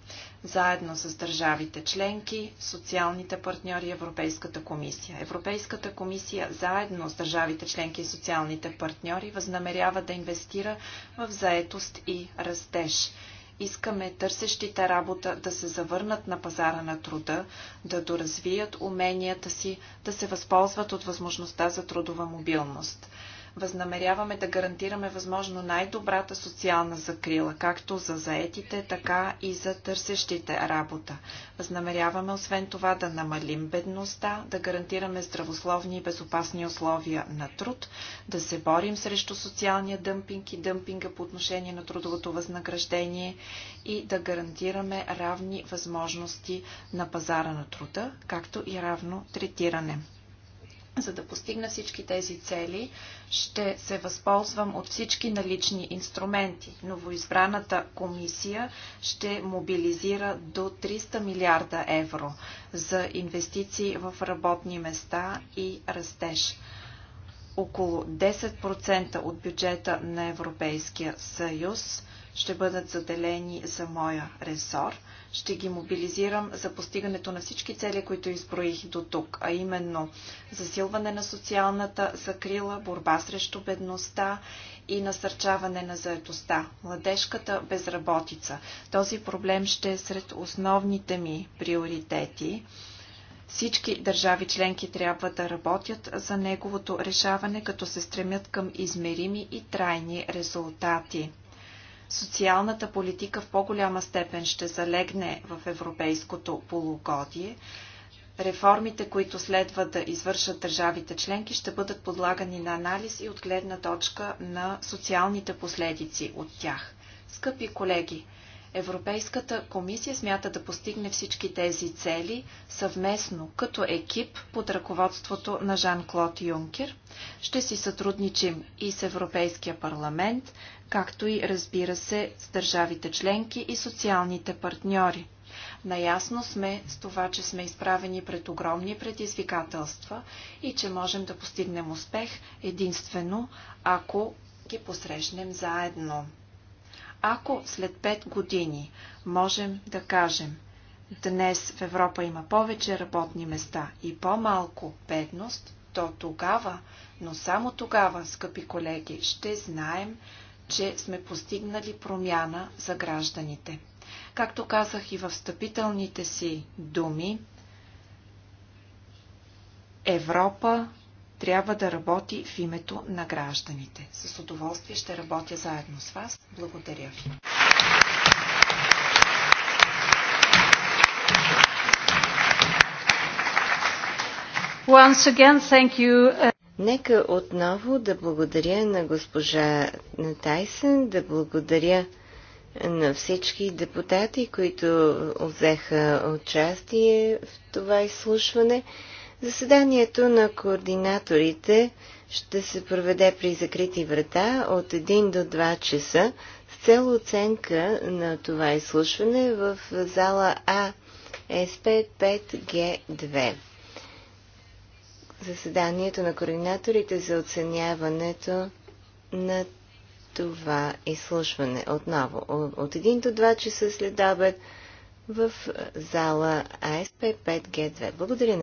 заедно с държавите членки, социалните партньори и Европейската комисия. Европейската комисия заедно с държавите членки и социалните партньори възнамерява да инвестира в заетост и растеж. Искаме търсещите работа да се завърнат на пазара на труда, да доразвият уменията си, да се възползват от възможността за трудова мобилност. Възнамеряваме да гарантираме възможно най-добрата социална закрила, както за заетите, така и за търсещите работа. Възнамеряваме освен това да намалим бедността, да гарантираме здравословни и безопасни условия на труд, да се борим срещу социалния дъмпинг и дъмпинга по отношение на трудовото възнаграждение и да гарантираме равни възможности на пазара на труда, както и равно третиране. За да постигна всички тези цели, ще се възползвам от всички налични инструменти. Новоизбраната комисия ще мобилизира до 300 милиарда евро за инвестиции в работни места и растеж. Около 10% от бюджета на Европейския съюз ще бъдат заделени за моя ресор – ще ги мобилизирам за постигането на всички цели, които изброих до тук, а именно засилване на социалната закрила, борба срещу бедността и насърчаване на заедостта, младежката безработица. Този проблем ще е сред основните ми приоритети. Всички държави членки трябва да работят за неговото решаване, като се стремят към измерими и трайни резултати социалната политика в по-голяма степен ще залегне в европейското полугодие. Реформите, които следва да извършат държавите членки, ще бъдат подлагани на анализ и от гледна точка на социалните последици от тях. Скъпи колеги, Европейската комисия смята да постигне всички тези цели съвместно като екип под ръководството на Жан-Клод Юнкер. Ще си сътрудничим и с Европейския парламент, както и разбира се с държавите членки и социалните партньори. Наясно сме с това, че сме изправени пред огромни предизвикателства и че можем да постигнем успех единствено, ако ги посрещнем заедно. Ако след 5 години можем да кажем, днес в Европа има повече работни места и по-малко бедност, то тогава, но само тогава, скъпи колеги, ще знаем, че сме постигнали промяна за гражданите. Както казах и в встъпителните си думи, Европа трябва да работи в името на гражданите. С удоволствие ще работя заедно с вас. Благодаря ви. Once again, thank you. Uh, Нека отново да благодаря на госпожа Тайсен. да благодаря на всички депутати, които взеха участие в това изслушване. Заседанието на координаторите ще се проведе при закрити врата от 1 до 2 часа с цел оценка на това изслушване в зала А СП 5G2. Заседанието на координаторите за оценяването на това изслушване отново от 1 до 2 часа след обед в зала АСП 5G2. Благодаря